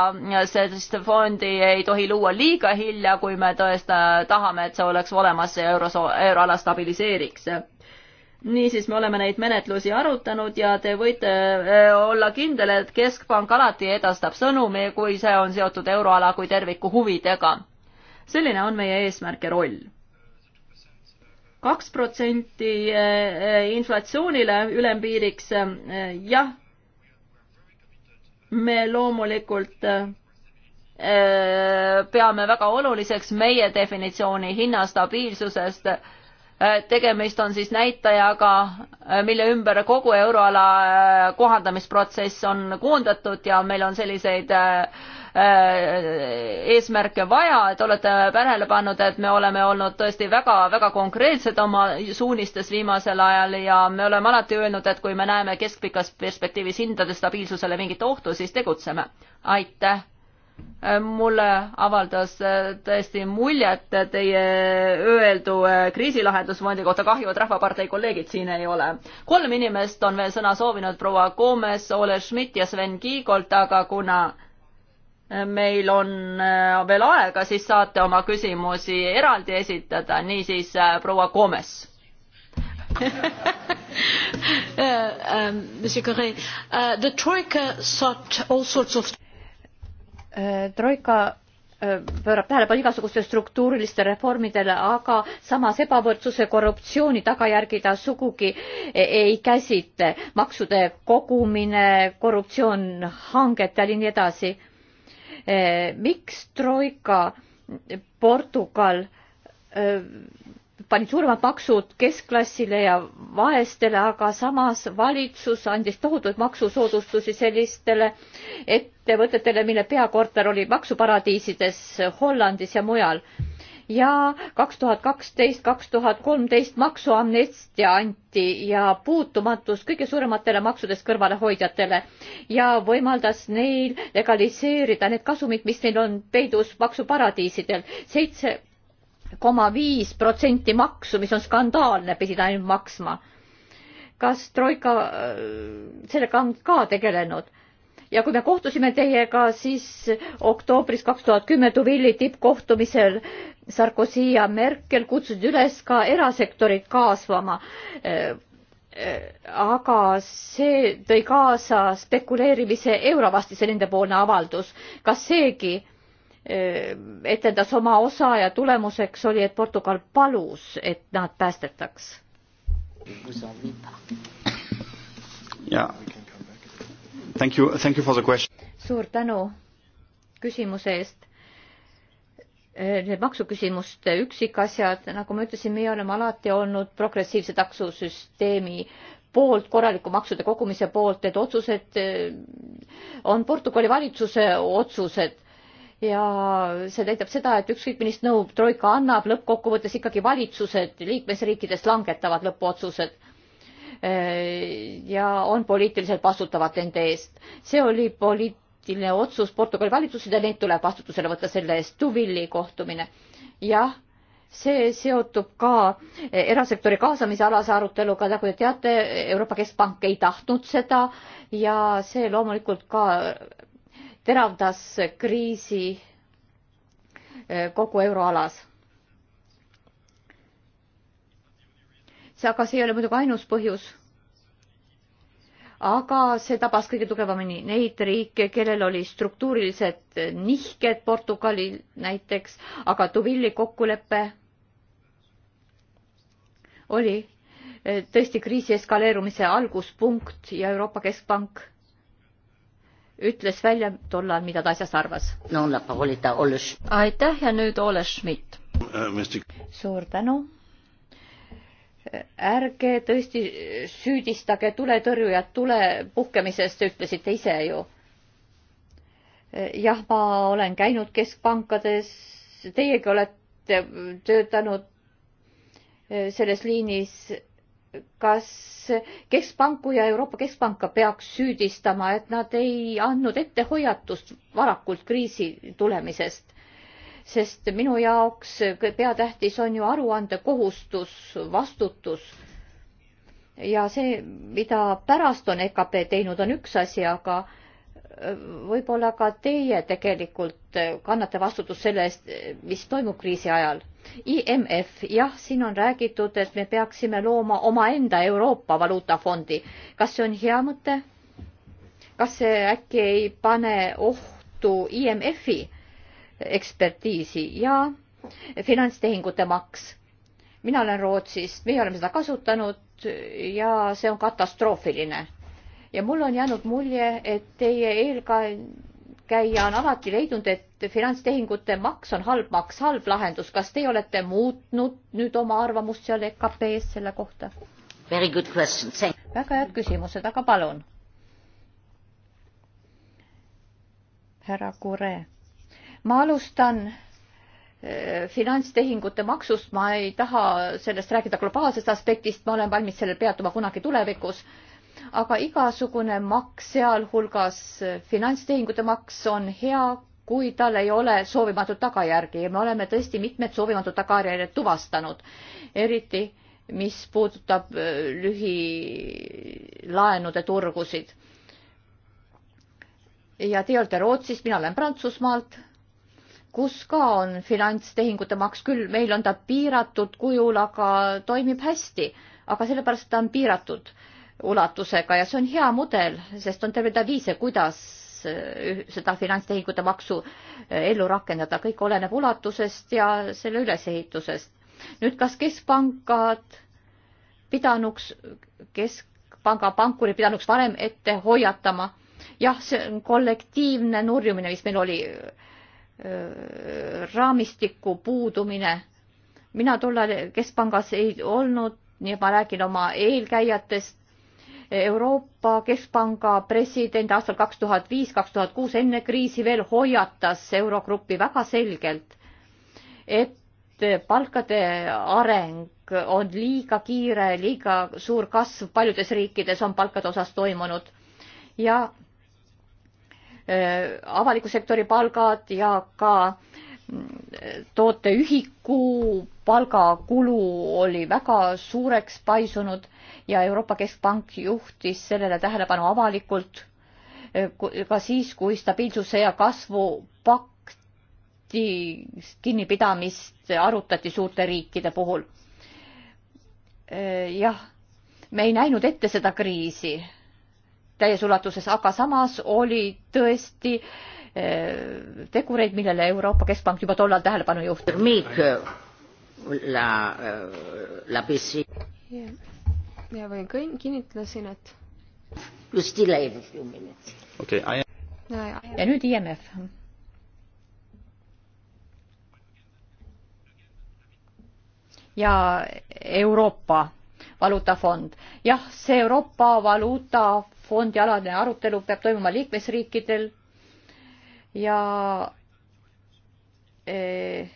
sellist fondi ei tohi luua liiga hilja, kui me tõesti tahame, et see oleks olemas euro, euroala stabiliseeriks niisiis, me oleme neid menetlusi arutanud ja te võite äh, olla kindel, et Keskpank alati edastab sõnumi, kui see on seotud euroala kui terviku huvidega. selline on meie eesmärk ja roll. kaks protsenti äh, inflatsioonile ülempiiriks, äh, jah, me loomulikult Äh, peame väga oluliseks meie definitsiooni hinnastabiilsusest. Äh, tegemist on siis näitajaga, äh, mille ümber kogu euroala kohandamisprotsess on koondatud ja meil on selliseid eesmärke vaja, et olete tähele pannud, et me oleme olnud tõesti väga-väga konkreetsed oma suunistes viimasel ajal ja me oleme alati öelnud, et kui me näeme keskpikas perspektiivis hindade stabiilsusele mingit ohtu, siis tegutseme. aitäh mulle avaldas äh, tõesti muljet teie öeldu äh, kriisilahendusfondi kohta, kahju, et Rahvapartei kolleegid siin ei ole. kolm inimest on veel sõna soovinud, proua Gomes, Ole Schmidt ja Sven Kiigolt, aga kuna äh, meil on veel aega, siis saate oma küsimusi eraldi esitada, niisiis proua Gomes uh, um, Monsieur Correa, uh, the Troika sought all sorts of Äh, troika äh, pöörab tähelepanu igasugustele struktuurilistele reformidele, aga samas ebavõrdsuse, korruptsiooni tagajärgi ta sugugi e-, ei käsita. maksude kogumine, korruptsioon hangetel ja nii edasi. Äh, miks troika Portugal panid suuremad maksud keskklassile ja vaestele, aga samas valitsus andis tohutuid maksusoodustusi sellistele ettevõtetele, mille peakorter oli maksuparadiisides Hollandis ja mujal. ja kaks tuhat kaksteist, kaks tuhat kolmteist maksuamnestia anti ja puutumatus kõige suurematele maksudest kõrvalehoidjatele ja võimaldas neil legaliseerida need kasumid, mis neil on peidus maksuparadiisidel. seitse koma viis protsenti maksu, mis on skandaalne, pidid ainult maksma. kas Troika äh, sellega on ka tegelenud? ja kui me kohtusime teiega, siis oktoobris kaks tuhat kümme Tuvilli tippkohtumisel Sarkozy ja Merkel kutsusid üles ka erasektorit kaasvama. Äh, äh, aga see tõi kaasa spekuleerimise euro vastu, see nendepoolne avaldus. kas seegi etendas oma osa ja tulemuseks oli, et Portugal palus, et nad päästetaks. jaa. Thank you, thank you for the question. suur tänu küsimuse eest. Need maksuküsimuste üksikasjad, nagu ma ütlesin, meie oleme alati olnud progressiivse taksusüsteemi poolt, korraliku maksude kogumise poolt, need otsused eh, on Portugali valitsuse otsused ja see näitab seda, et ükskõik millist nõu Troika annab, lõppkokkuvõttes ikkagi valitsused liikmesriikides langetavad lõppotsused äh, ja on poliitiliselt vastutavad nende eest. see oli poliitiline otsus Portugali valitsused ja neid tuleb vastutusele võtta selle eest. Tuvilli kohtumine. jah, see seotub ka erasektori kaasamise alase aruteluga, nagu te teate, Euroopa Keskpank ei tahtnud seda ja see loomulikult ka teravdas kriisi eh, kogu euroalas. see, aga see ei ole muidugi ainus põhjus. aga see tabas kõige tugevamini neid riike, kellel oli struktuurilised eh, nihked, Portugalil näiteks, aga Tuvilli kokkulepe oli eh, tõesti kriisi eskaleerumise alguspunkt ja Euroopa Keskpank ütles välja tollal, mida ta asjast arvas. aitäh ja nüüd Ole Schmidt. Äh, suur tänu. ärge tõesti süüdistage tuletõrjujat tule puhkemisest, te ütlesite ise ju. jah, ma olen käinud keskpankades, teiegi olete töötanud selles liinis kas Keskpanku ja Euroopa Keskpanka peaks süüdistama, et nad ei andnud ette hoiatust varakult kriisi tulemisest? sest minu jaoks peatähtis on ju aruandekohustus, vastutus ja see, mida pärast on EKP teinud, on üks asi, aga võib-olla ka teie tegelikult kannate vastutust selle eest, mis toimub kriisi ajal. IMF, jah, siin on räägitud, et me peaksime looma omaenda Euroopa valuutafondi. kas see on hea mõte? kas see äkki ei pane ohtu IMF-i ekspertiisi ja finantstehingute maks? mina olen Rootsist, meie oleme seda kasutanud ja see on katastroofiline ja mul on jäänud mulje, et teie eelkäija on alati leidnud, et finantstehingute maks on halb maks, halb lahendus. kas teie olete muutnud nüüd oma arvamust seal EKP-s selle kohta? väga head küsimused, aga palun. härra Kure, ma alustan äh, finantstehingute maksust, ma ei taha sellest rääkida globaalsest aspektist, ma olen valmis sellel peatuma kunagi tulevikus aga igasugune maks, sealhulgas finantstehingute maks on hea, kui tal ei ole soovimatut tagajärgi ja me oleme tõesti mitmed soovimatud tagajärjed tuvastanud, eriti mis puudutab äh, lühilaenude turgusid. ja teie olete Rootsist, mina olen Prantsusmaalt kus ka on finantstehingute maks küll, meil on ta piiratud kujul, aga toimib hästi, aga sellepärast ta on piiratud ulatusega ja see on hea mudel, sest on terve rida viise, kuidas eh, seda finantstehingute maksu eh, ellu rakendada, kõik oleneb ulatusest ja selle ülesehitusest. nüüd, kas keskpangad pidanuks, keskpanga pankurid pidanuks varem ette hoiatama? jah, see on kollektiivne nurjumine, mis meil oli, eh, raamistiku puudumine. mina tollal keskpangas ei olnud, nii et ma räägin oma eelkäijatest, Euroopa Keskpanga president aastal kaks tuhat viis, kaks tuhat kuus enne kriisi veel hoiatas Eurogrupi väga selgelt, et palkade areng on liiga kiire, liiga suur kasv paljudes riikides on palkade osas toimunud ja äh, avaliku sektori palgad ja ka mm, tooteühiku palgakulu oli väga suureks paisunud ja Euroopa Keskpank juhtis sellele tähelepanu avalikult eh, ka siis, kui stabiilsuse ja kasvu pakti kinnipidamist arutati suurte riikide puhul. Eh, jah, me ei näinud ette seda kriisi täies ulatuses, aga samas oli tõesti eh, tegureid, millele Euroopa Keskpank juba tollal tähelepanu juhtis ja võin kõn-, kinnitasin, et. Just delay a few minutes. okei okay,, I am. ja, ja. ja nüüd IMF. ja Euroopa valuutafond. jah, see Euroopa valuutafondi alane arutelu peab toimuma liikmesriikidel ja eh,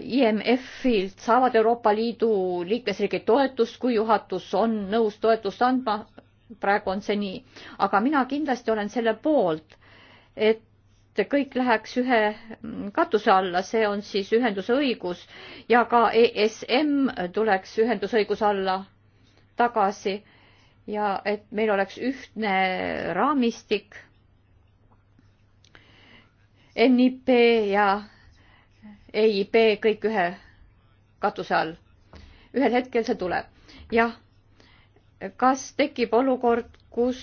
IMF-ilt saavad Euroopa Liidu liikmesriigid toetust, kui juhatus on nõus toetust andma. praegu on see nii, aga mina kindlasti olen selle poolt, et kõik läheks ühe katuse alla, see on siis ühenduse õigus ja ka ESM tuleks ühendusõiguse alla tagasi ja et meil oleks ühtne raamistik NIP ja EIB kõik ühe katuse all. ühel hetkel see tuleb. jah, kas tekib olukord, kus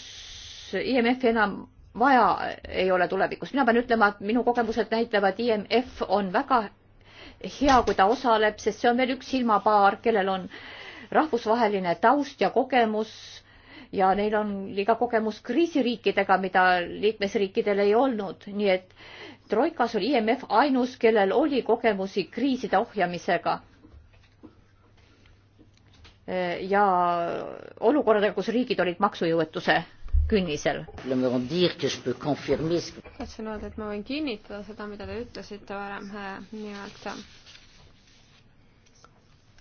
IMF-i enam vaja ei ole tulevikus. mina pean ütlema, et minu kogemused näitavad, IMF on väga hea, kui ta osaleb, sest see on veel üks silmapaar, kellel on rahvusvaheline taust ja kogemus ja neil on liiga kogemus kriisiriikidega, mida liikmesriikidel ei olnud, nii et Troikas oli IMF ainus, kellel oli kogemusi kriiside ohjamisega. ja olukordadega, kus riigid olid maksujõuetuse künnisel. tahtsin öelda, et ma võin kinnitada seda, mida te ütlesite varem, äh, nimelt äh,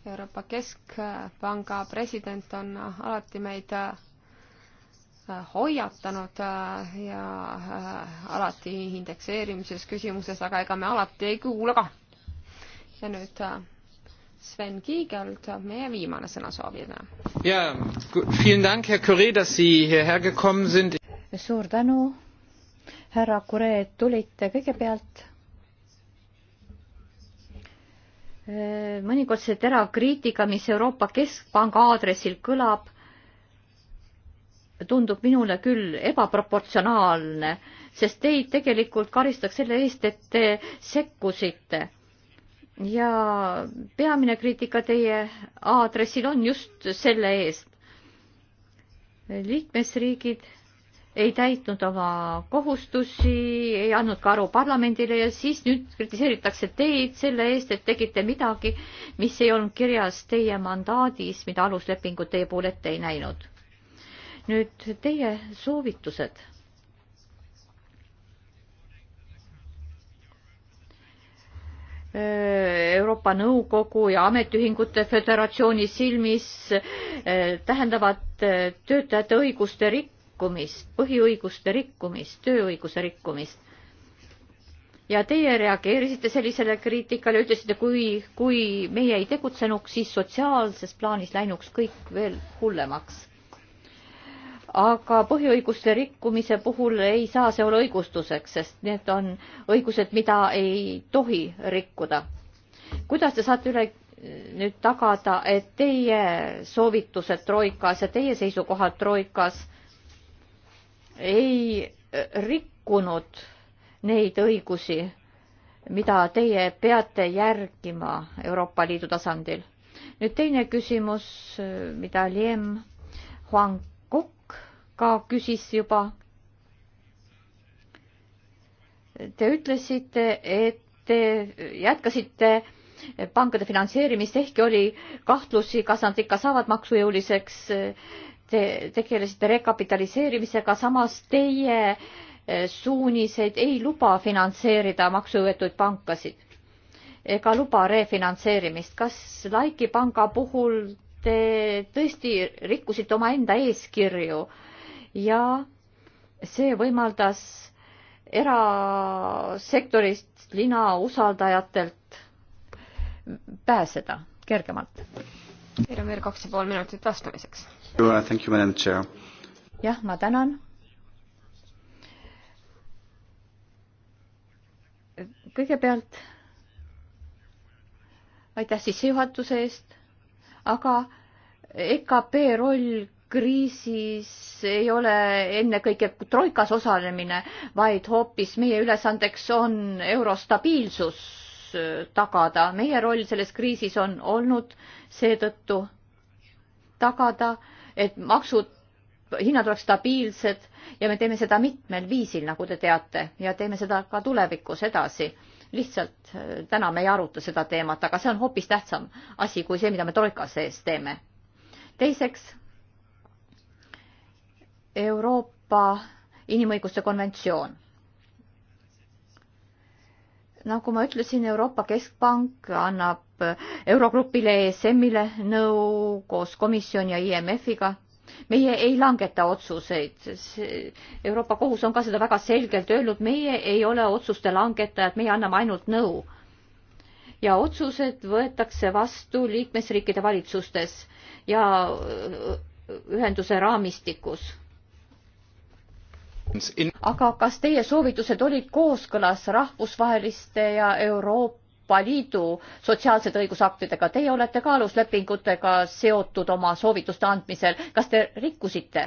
Euroopa Keskpanga president on alati meid äh, hoiatanud äh, ja äh, alati indekseerimises küsimuses, aga ega me alati ei kuula ka. ja nüüd äh, Sven Kiigelt meie viimane sõnasoovija. jaa, vielen Dank, Herr Curie, dass Sie hierher gekommen sind. suur tänu, härra Curie, et tulite kõigepealt mõnikord see terav kriitika, mis Euroopa Keskpanga aadressil kõlab, tundub minule küll ebaproportsionaalne, sest teid tegelikult karistaks selle eest, et te sekkusite. ja peamine kriitika teie aadressil on just selle eest. liikmesriigid ei täitnud oma kohustusi, ei andnud ka aru parlamendile ja siis nüüd kritiseeritakse teid selle eest, et tegite midagi, mis ei olnud kirjas teie mandaadis, mida aluslepingud teie puhul ette ei näinud nüüd teie soovitused. Euroopa Nõukogu ja Ametiühingute Föderatsiooni silmis eh, tähendavad eh, töötajate õiguste rikkumist, põhiõiguste rikkumist, tööõiguse rikkumist ja teie reageerisite sellisele kriitikale, ütlesite, kui, kui meie ei tegutsenuks, siis sotsiaalses plaanis läinuks kõik veel hullemaks aga põhiõiguste rikkumise puhul ei saa see olla õigustuseks, sest need on õigused, mida ei tohi rikkuda. kuidas te saate üle eh, nüüd tagada, et teie soovitused Troikas ja teie seisukohad Troikas ei eh, rikkunud neid õigusi, mida teie peate järgima Euroopa Liidu tasandil? nüüd teine küsimus, eh, mida Liem Huang ka küsis juba. Te ütlesite, et te jätkasite pankade finantseerimist, ehkki oli kahtlusi, kas nad ikka saavad maksujõuliseks. Te tegelesite rekapitaliseerimisega, samas teie eh, suuniseid ei luba finantseerida maksuvõetud pankasid ega luba refinantseerimist. kas Laiki panga puhul te tõesti rikkusite omaenda eeskirju äh, ja see võimaldas erasektorist lina usaldajatelt pääseda kergemalt. Teil on veel kaks ja pool minutit vastamiseks. Uh, jah, ma tänan. kõigepealt aitäh sissejuhatuse eest, aga EKP roll kriisis ei ole ennekõike troikas osalemine, vaid hoopis meie ülesandeks on euro stabiilsus tagada. meie roll selles kriisis on olnud seetõttu tagada, et maksud, hinnad oleks stabiilsed ja me teeme seda mitmel viisil, nagu te teate, ja teeme seda ka tulevikus edasi lihtsalt äh, täna me ei aruta seda teemat, aga see on hoopis tähtsam asi kui see, mida me troika sees teeme. teiseks Euroopa inimõiguste konventsioon. nagu ma ütlesin, Euroopa Keskpank annab Eurogrupile, ESM-ile nõu koos komisjoni ja IMF-iga. meie ei langeta otsuseid. Euroopa Kohus on ka seda väga selgelt öelnud, meie ei ole otsuste langetajad, meie anname ainult nõu. ja otsused võetakse vastu liikmesriikide valitsustes ja ühenduse raamistikus aga kas teie soovitused olid kooskõlas rahvusvaheliste ja Euroopa Liidu sotsiaalsete õigusaktidega, teie olete ka aluslepingutega seotud oma soovituste andmisel, kas te rikkusite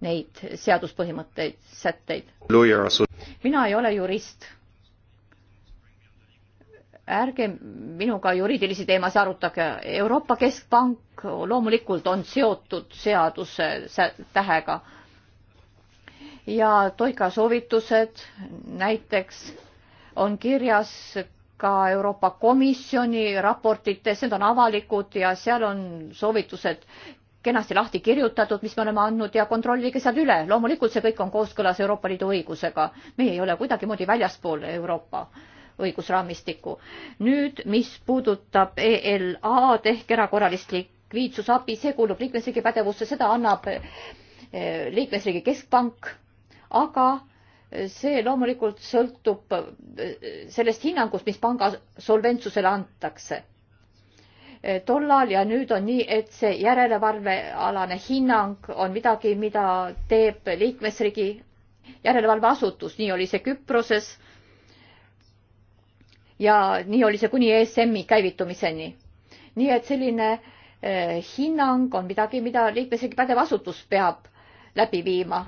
neid seaduspõhimõtteid, sätteid? mina ei ole jurist. ärge minuga juriidilisi teemasid arutage, Euroopa Keskpank loomulikult on seotud seaduse tähega ja Toika soovitused näiteks on kirjas ka Euroopa Komisjoni raportites, need on avalikud ja seal on soovitused kenasti lahti kirjutatud, mis me oleme andnud ja kontrollige seal üle. loomulikult see kõik on kooskõlas Euroopa Liidu õigusega. meie ei ole kuidagimoodi väljaspool Euroopa õigusraamistikku. nüüd, mis puudutab ELA-d ehk erakorralist likviidsusabi, see kuulub liikmesriigi pädevusse, seda annab eh, liikmesriigi keskpank aga see loomulikult sõltub eh, sellest hinnangust, mis panga solventsusele antakse. Eh, tollal ja nüüd on nii, et see järelevalvealane hinnang on midagi, mida teeb liikmesriigi järelevalveasutus, nii oli see Küproses ja nii oli see kuni ESM-i käivitumiseni. nii et selline eh, hinnang on midagi, mida liikmesriigi pädev asutus peab läbi viima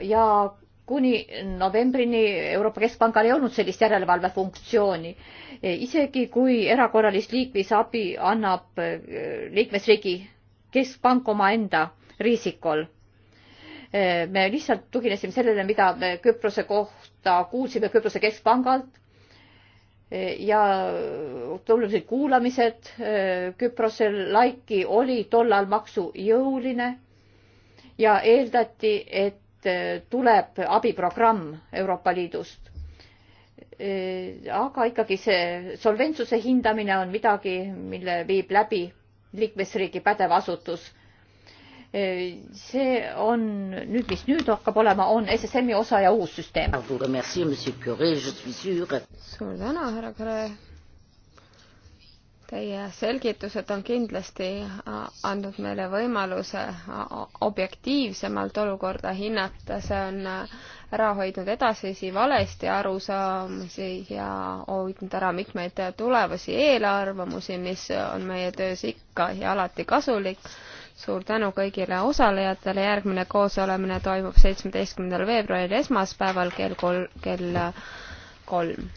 ja kuni novembrini Euroopa Keskpangal ei olnud sellist järelevalvefunktsiooni. isegi kui erakorralist liiklusabi annab äh, liikmesriigi keskpank omaenda riisikol. Äh, me lihtsalt tuginesime sellele, mida me Küprose kohta kuulsime Küprose keskpangalt äh, ja tulemused kuulamised Küprosel, laiki oli tollal maksujõuline ja eeldati, et eh, tuleb abiprogramm Euroopa Liidust. Eh, aga ikkagi see solventsuse hindamine on midagi, mille viib läbi liikmesriigi pädev asutus eh, see on nüüd, mis nüüd hakkab olema, on SSM-i osa ja uus süsteem. suur tänu, härra Kare, Teie selgitused on kindlasti äh, andnud meile võimaluse äh, objektiivsemalt olukorda hinnata, see on äh, ära hoidnud edasisi valesti arusaamisi ja hoidnud ära mitmeid tulevasi eelarvamusi, mis on meie töös ikka ja alati kasulik. suur tänu kõigile osalejatele, järgmine koosolemine toimub seitsmeteistkümnendal veebruaril esmaspäeval kell kolm, kell kolm.